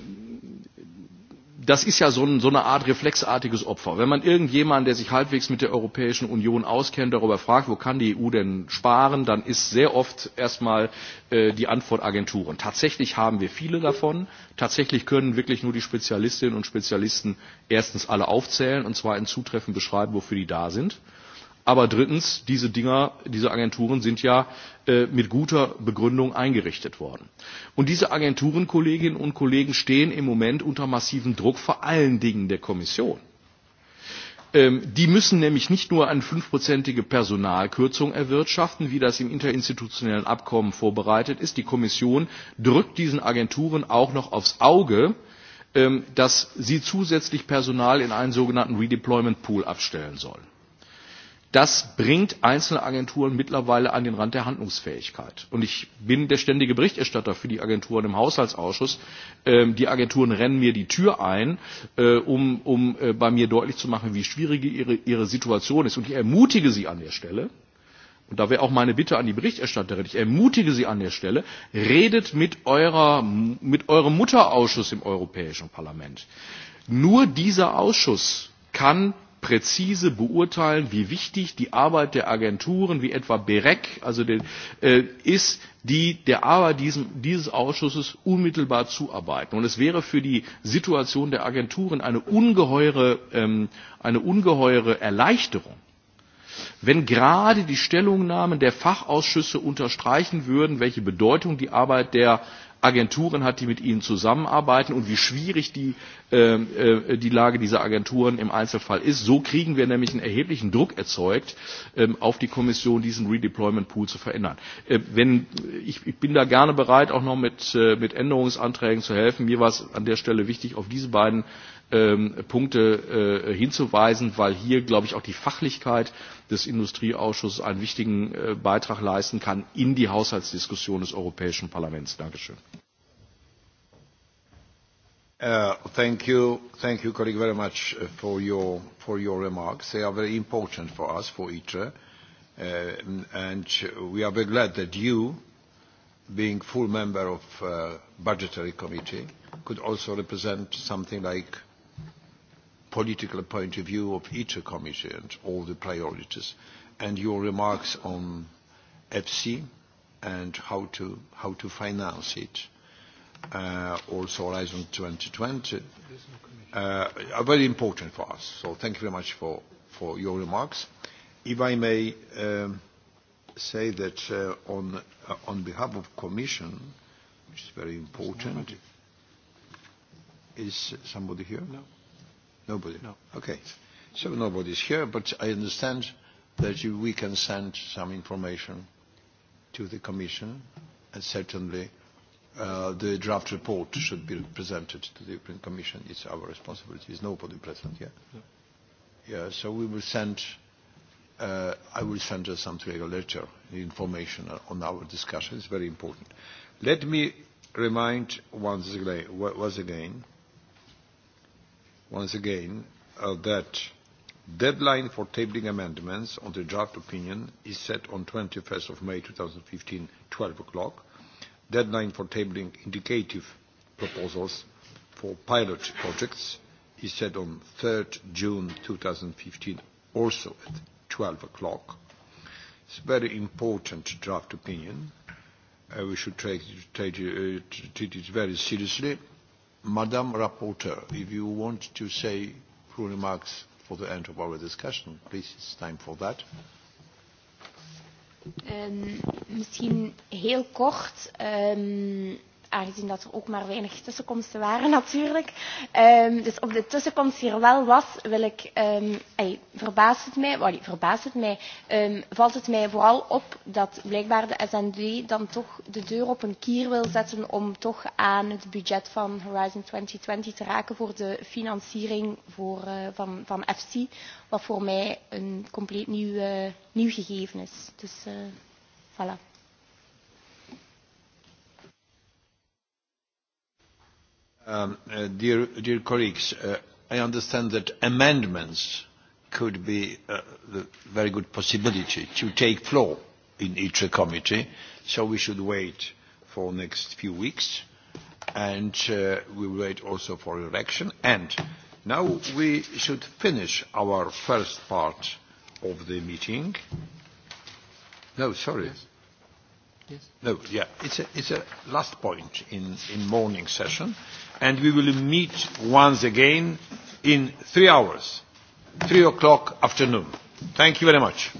das ist ja so, ein, so eine Art reflexartiges Opfer. Wenn man irgendjemanden, der sich halbwegs mit der Europäischen Union auskennt, darüber fragt, wo kann die EU denn sparen, dann ist sehr oft erstmal äh, die Antwort Agenturen. Tatsächlich haben wir viele davon. Tatsächlich können wirklich nur die Spezialistinnen und Spezialisten erstens alle aufzählen und zwar in Zutreffen beschreiben, wofür die da sind aber drittens diese dinger diese agenturen sind ja äh, mit guter begründung eingerichtet worden und diese agenturen kolleginnen und kollegen stehen im moment unter massivem druck vor allen dingen der kommission ähm, die müssen nämlich nicht nur eine fünfprozentige Personalkürzung erwirtschaften, wie das im interinstitutionellen Abkommen vorbereitet ist. Die Kommission drückt diesen Agenturen auch noch aufs Auge, ähm, dass sie zusätzlich Personal in einen sogenannten Redeployment Pool abstellen sollen. Das bringt einzelne Agenturen mittlerweile an den Rand der Handlungsfähigkeit. Und ich bin der ständige Berichterstatter für die Agenturen im Haushaltsausschuss. Ähm, die Agenturen rennen mir die Tür ein, äh, um, um äh, bei mir deutlich zu machen, wie schwierig ihre, ihre Situation ist. Und ich ermutige sie an der Stelle, und da wäre auch meine Bitte an die Berichterstatterin, ich ermutige Sie an der Stelle, redet mit, eurer, mit eurem Mutterausschuss im Europäischen Parlament. Nur dieser Ausschuss kann präzise beurteilen, wie wichtig die Arbeit der Agenturen wie etwa BEREC also den, äh, ist, die der Arbeit diesem, dieses Ausschusses unmittelbar zuarbeiten. Und es wäre für die Situation der Agenturen eine ungeheure, ähm, eine ungeheure Erleichterung, wenn gerade die Stellungnahmen der Fachausschüsse unterstreichen würden, welche Bedeutung die Arbeit der Agenturen hat, die mit ihnen zusammenarbeiten und wie schwierig die, ähm, äh, die Lage dieser Agenturen im Einzelfall ist. So kriegen wir nämlich einen erheblichen Druck erzeugt, ähm, auf die Kommission diesen Redeployment Pool zu verändern. Äh, wenn, ich, bin da gerne bereit, auch noch mit, äh, mit Änderungsanträgen zu helfen. Mir war es an der Stelle wichtig, auf diese beiden Ähm, Punkte äh, hinzuweisen, weil hier, glaube ich, auch die Fachlichkeit des Industrieausschusses einen wichtigen äh, Beitrag leisten kann in die Haushaltsdiskussion des Europäischen Parlaments. Dankeschön. Uh, thank you, thank you, colleague, very much uh, for your, for your remarks. They are very important for us, for ITRE, uh, and we are very glad that you, being full member of uh, budgetary committee, could also represent something like political point of view of each committee and all the priorities and your remarks on FC and how to how to finance it uh, also Horizon 2020 uh, are very important for us so thank you very much for for your remarks if I may um, say that uh, on uh, on behalf of Commission which is very important is somebody here no Nobody? No. Okay. So nobody's here, but I understand that you, we can send some information to the Commission, and certainly uh, the draft report should be presented to the European Commission. It's our responsibility. There's nobody present here. Yeah? yeah, so we will send, uh, I will send us some letter, information on our discussion. It's very important. Let me remind once again, once again once again uh, that deadline for tabling amendments on the draft opinion is set on 21st of May 2015, 12 o'clock. Deadline for tabling indicative proposals for pilot projects is set on 3rd June 2015, also at 12 o'clock. It's a very important draft opinion. Uh, we should take, uh, it very seriously Madam Rapporteur, if you want to say few remarks for the end of our discussion, please, it's time for that. Um, misschien heel kort. Um aangezien dat er ook maar weinig tussenkomsten waren natuurlijk. Um, dus op de tussenkomst hier wel was, wil ik, um, verbaast het mij, well, verbaast het mij um, valt het mij vooral op dat blijkbaar de SND dan toch de deur op een kier wil zetten om toch aan het budget van Horizon 2020 te raken voor de financiering voor, uh, van, van FC, wat voor mij een compleet nieuw, uh, nieuw gegeven is. Dus uh, voilà. Um, uh, dear, colleagues, uh, I understand that amendments could be a uh, very good possibility to take floor in each committee, so we should wait for the next few weeks and we will wait also for election. And now we should finish our first part of the meeting. No, sorry. yes. No, yeah, it's a, it's a last point in, in morning session and we will meet once again in three hours, three o'clock afternoon. Thank you very much.